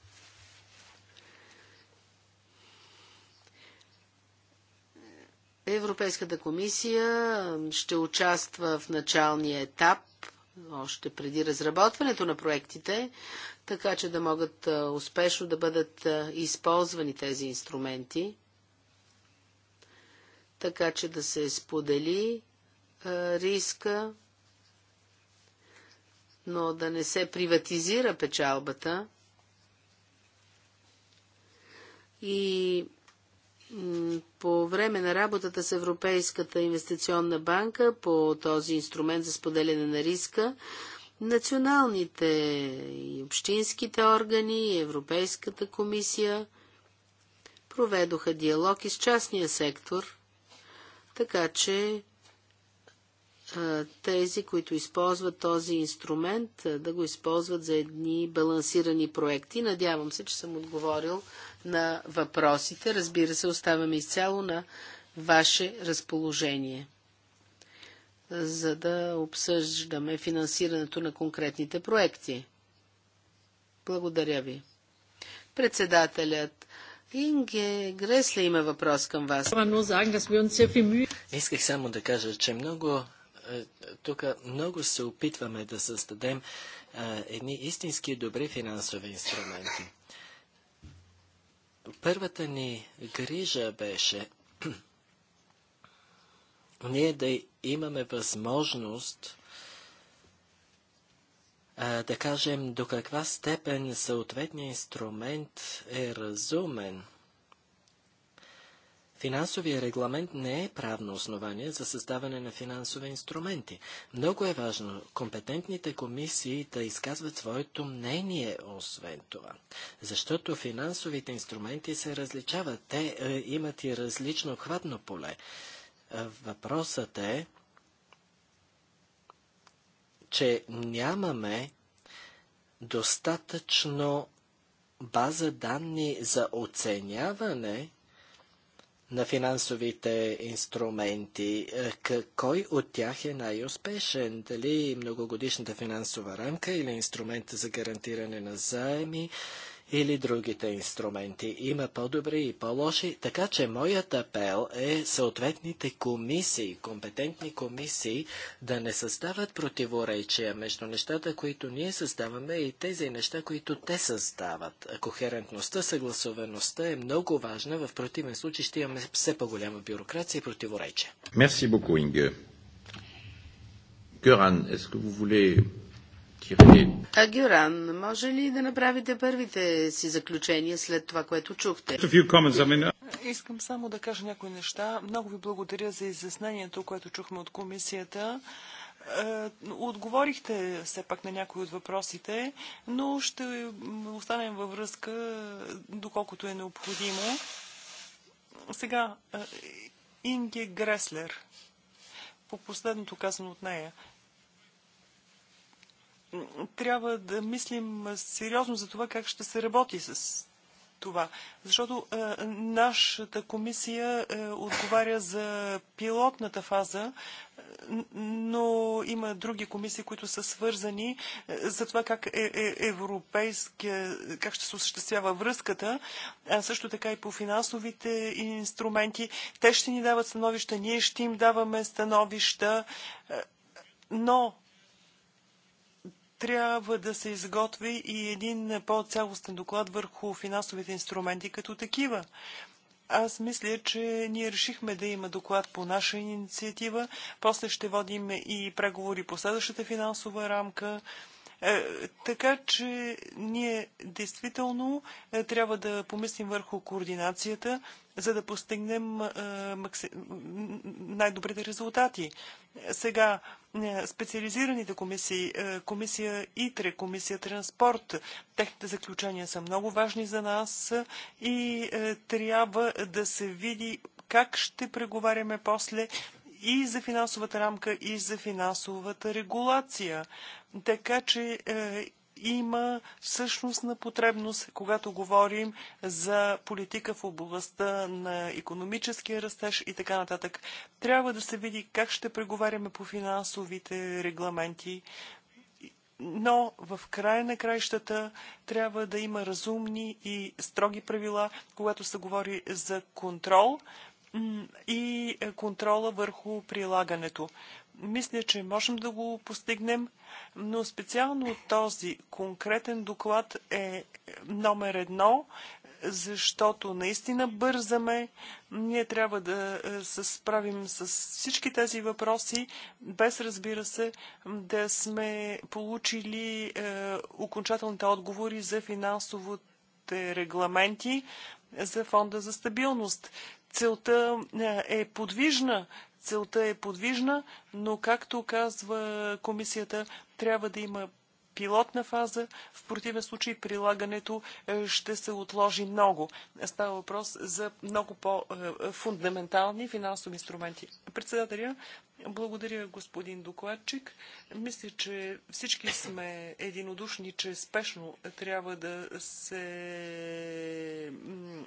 Европейската комисия ще участва в началния етап още преди разработването на проектите, така че да могат успешно да бъдат използвани тези инструменти, така че да се сподели риска, но да не се приватизира печалбата и по време на работата с Европейската инвестиционна банка по този инструмент за споделяне на риска, националните и общинските органи и Европейската комисия проведоха диалог и с частния сектор, така че тези, които използват този инструмент, да го използват за едни балансирани проекти. Надявам се, че съм отговорил на въпросите. Разбира се, оставаме изцяло на ваше разположение, за да обсъждаме финансирането на конкретните проекти. Благодаря ви. Председателят Инге Гресле има въпрос към вас. Исках само да кажа, че много е, тук много се опитваме да създадем а, е, едни истински добри финансови инструменти. Първата ни грижа беше ние да имаме възможност а, да кажем до каква степен съответният инструмент е разумен – Финансовия регламент не е правно основание за създаване на финансови инструменти. Много е важно компетентните комисии да изказват своето мнение освен това, защото финансовите инструменти се различават. Те е, имат и различно обхватно поле. Е, въпросът е, че нямаме достатъчно база данни за оценяване на финансовите инструменти. Е, кой от тях е най-успешен? Дали многогодишната финансова рамка или инструмента за гарантиране на заеми или другите инструменти. Има по-добри и по-лоши, така че моят апел е съответните комисии, компетентни комисии, да не създават противоречия между нещата, които ние създаваме и тези неща, които те създават. Кохерентността, съгласоваността е много важна, в противен случай ще имаме все по-голяма бюрокрация и противоречия. Мерси beaucoup, Инге. Göran, est-ce voulez а Гюран, може ли да направите първите си заключения след това, което чухте? Uh, Искам само да кажа някои неща. Много ви благодаря за изяснението, което чухме от комисията. Е, отговорихте все пак на някои от въпросите, но ще останем във връзка доколкото е необходимо. Сега, е, Инге Греслер, по последното казано от нея, трябва да мислим сериозно за това как ще се работи с това. Защото а, е, нашата комисия а, е, отговаря за пилотната фаза, е, но има други комисии, които са свързани а, за това как е, е, европейския, как ще се осъществява връзката, а също така и по финансовите инструменти. Те ще ни дават становища, ние ще им даваме становища, а, но трябва да се изготви и един по-цялостен доклад върху финансовите инструменти като такива. Аз мисля, че ние решихме да има доклад по наша инициатива. После ще водим и преговори по следващата финансова рамка. Е, така че ние действително е, трябва да помислим върху координацията, за да постигнем е, най-добрите резултати. Сега специализираните комисии, комисия ИТРЕ, комисия Транспорт, техните заключения са много важни за нас и трябва да се види как ще преговаряме после и за финансовата рамка, и за финансовата регулация. Така че е, има всъщност на потребност, когато говорим за политика в областта на економическия растеж и така нататък. Трябва да се види как ще преговаряме по финансовите регламенти, но в края на краищата трябва да има разумни и строги правила, когато се говори за контрол и контрола върху прилагането. Мисля, че можем да го постигнем, но специално този конкретен доклад е номер едно, защото наистина бързаме. Ние трябва да е, се справим с всички тези въпроси, без разбира се да сме получили е, окончателните отговори за финансовото регламенти, за фонда за стабилност. Целта е, е подвижна. Целта е подвижна, но както казва комисията, трябва да има пилотна фаза. В противен случай прилагането е, ще се отложи много. Става въпрос за много по-фундаментални е, финансови инструменти. Председателя, благодаря господин докладчик. Мисля, че всички сме единодушни, че спешно трябва да се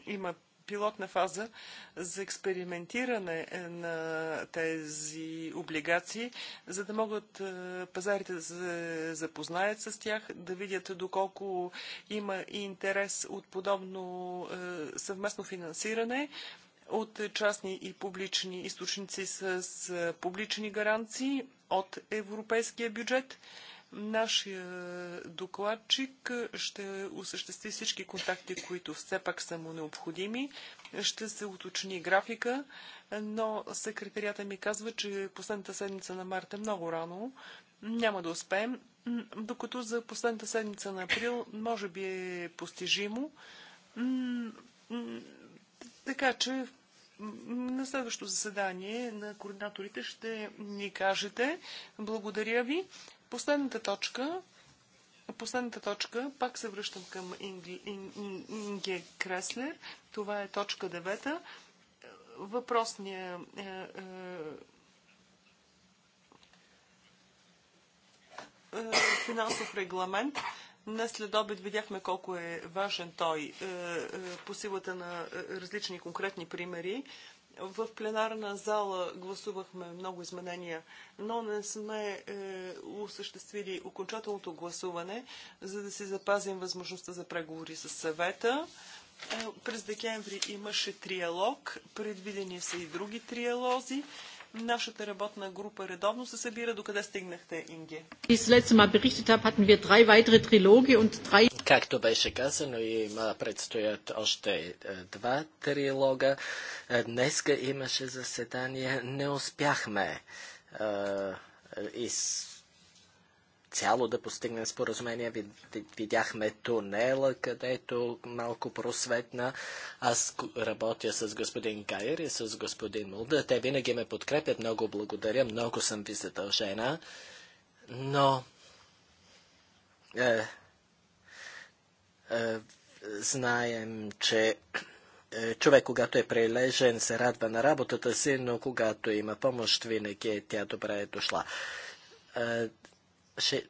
има пилотна фаза за експериментиране е, на тези облигации, за да могат е, пазарите да се запознаят с тях, да видят доколко има и интерес от подобно е, съвместно финансиране от частни и публични източници с публични гаранции от европейския бюджет – Нашия докладчик ще осъществи всички контакти, които все пак са му необходими. Ще се уточни графика, но секретарията ми казва, че последната седмица на март е много рано. Няма да успеем, докато за последната седмица на април може би е постижимо. Така че на следващото заседание на координаторите ще ни кажете. Благодаря ви. Последната точка, последната точка, пак се връщам към Инге Креслер. Това е точка 9. Въпросния е, е, е, финансов регламент. На следобед видяхме колко е важен той е, е, по силата на различни конкретни примери. В пленарна зала гласувахме много изменения, но не сме е, осъществили окончателното гласуване, за да си запазим възможността за преговори с съвета. Е, през декември имаше триалог, предвидени са и други триалози. Нашата работна група редовно се събира. Докъде стигнахте, Инге? Както беше казано, има предстоят още е, два трилога. Е, днеска имаше заседание. Не успяхме е, е из цяло да постигнем споразумение. Видяхме тунела, където малко просветна. Аз работя с господин Гайер и с господин Мулда. Те винаги ме подкрепят. Много благодаря. Много съм ви задължена. Но е, е, знаем, че е, човек, когато е прилежен, се радва на работата си, но когато има помощ, винаги е тя добре е дошла. Е, ще...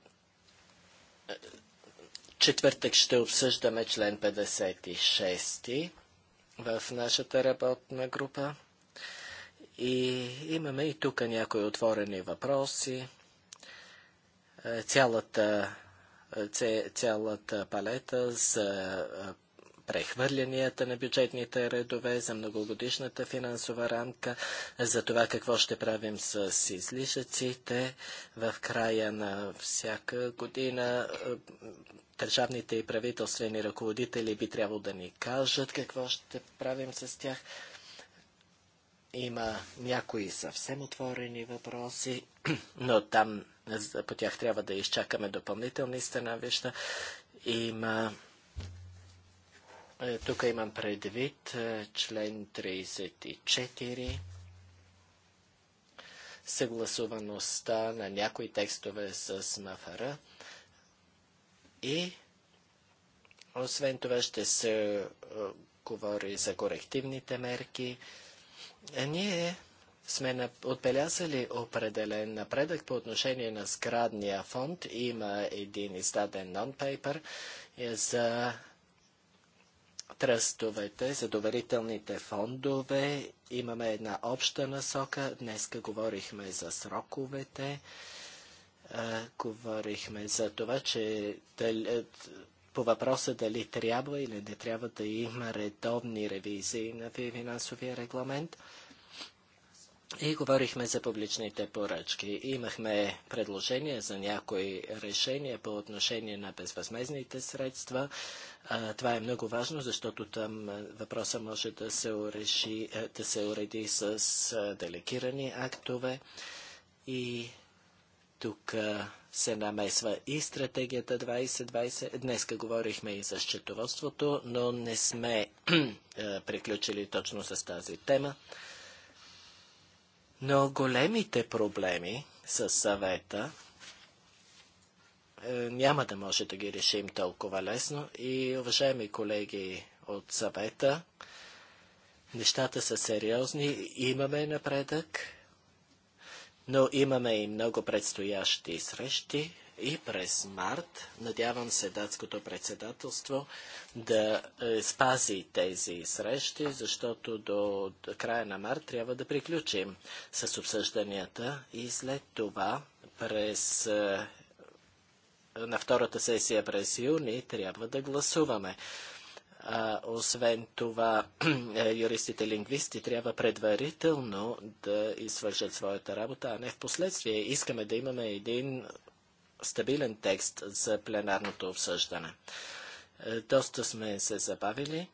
Четвъртък ще обсъждаме член 56 в нашата работна група. И имаме и тук някои отворени въпроси. Цялата цялата палета за прехвърлянията на бюджетните редове, за многогодишната финансова рамка, за това какво ще правим с излишъците в края на всяка година. Държавните и правителствени ръководители би трябвало да ни кажат какво ще правим с тях. Има някои съвсем отворени въпроси, но там по тях трябва да изчакаме допълнителни становища. Има е, тук имам предвид е, член 34 съгласуваността на някои текстове с МФР и освен това ще се е, говори за корективните мерки. Ние сме отбелязали определен напредък по отношение на сградния фонд. Има един издаден нон-пейпер е, за тръстовете, за доверителните фондове. Имаме една обща насока. Днеска говорихме за сроковете. Е, говорихме за това, че е, по въпроса дали трябва или не трябва да има редовни ревизии на финансовия регламент. И говорихме за публичните поръчки. Имахме предложения за някои решения по отношение на безвъзмезните средства. Това е много важно, защото там въпроса може да се, уреши, да се уреди с делегирани актове. И тук се намесва и стратегията 2020. Днеска говорихме и за счетоводството, но не сме приключили точно с тази тема. Но големите проблеми с съвета е, няма да може да ги решим толкова лесно. И, уважаеми колеги от съвета, нещата са сериозни, имаме напредък, но имаме и много предстоящи срещи и през март. Надявам се датското председателство да е, спази тези срещи, защото до, края на март трябва да приключим с обсъжданията и след това през е, на втората сесия през юни трябва да гласуваме. А, освен това, е, юристите лингвисти трябва предварително да извършат своята работа, а не в последствие. Искаме да имаме един стабилен текст за пленарното обсъждане. Е, доста сме се забавили,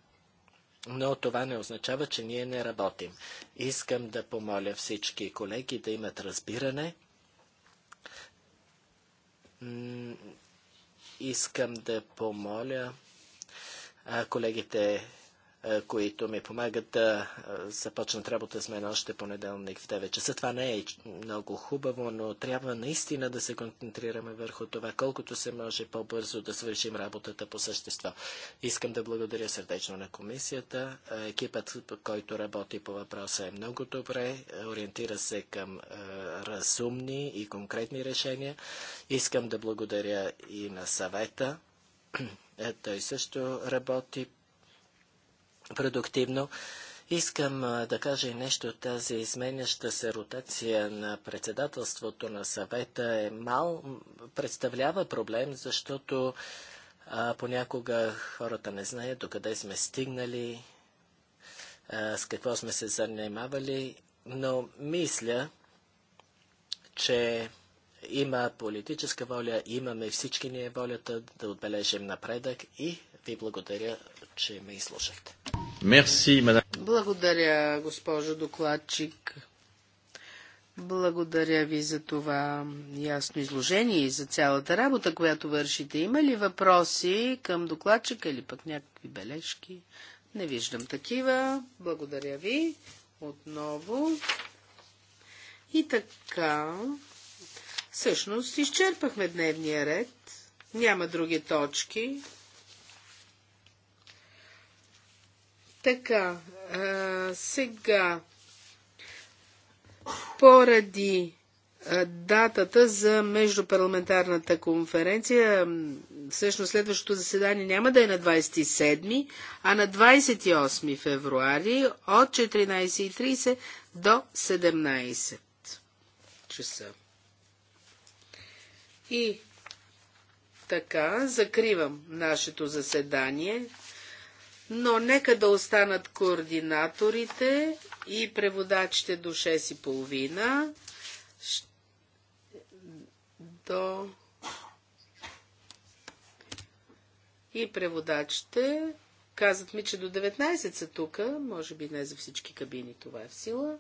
но това не означава, че ние не работим. Искам да помоля всички колеги да имат разбиране. Искам да помоля колегите които ми помагат да започнат работа с мен още понеделник в 9 часа. Това не е много хубаво, но трябва наистина да се концентрираме върху това, колкото се може по-бързо да свършим работата по същество. Искам да благодаря сърдечно на комисията. Екипът, който работи по въпроса е много добре, ориентира се към разумни и конкретни решения. Искам да благодаря и на съвета. Той също работи продуктивно. Искам да кажа и нещо. Тази изменяща се ротация на председателството на съвета е мал, представлява проблем, защото а, понякога хората не знаят докъде сме стигнали, а, с какво сме се занимавали, но мисля, че има политическа воля, имаме всички ние волята да отбележим напредък и ви благодаря, че ме изслушахте. Мерси, мадам. Благодаря, госпожо докладчик. Благодаря ви за това ясно изложение и за цялата работа, която вършите. Има ли въпроси към докладчика или пък някакви бележки? Не виждам такива. Благодаря ви отново. И така, всъщност изчерпахме дневния ред. Няма други точки. Така, а, сега, поради датата за междупарламентарната конференция. Всъщност следващото заседание няма да е на 27, а на 28 февруари от 14.30 до 17 часа. И така, закривам нашето заседание но нека да останат координаторите и преводачите до 6 и половина. До... И преводачите казват ми, че до 19 са тук, може би не за всички кабини това е в сила,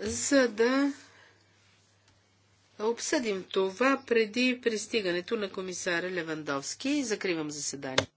за да обсъдим това преди пристигането на комисаря Левандовски. Закривам заседанието.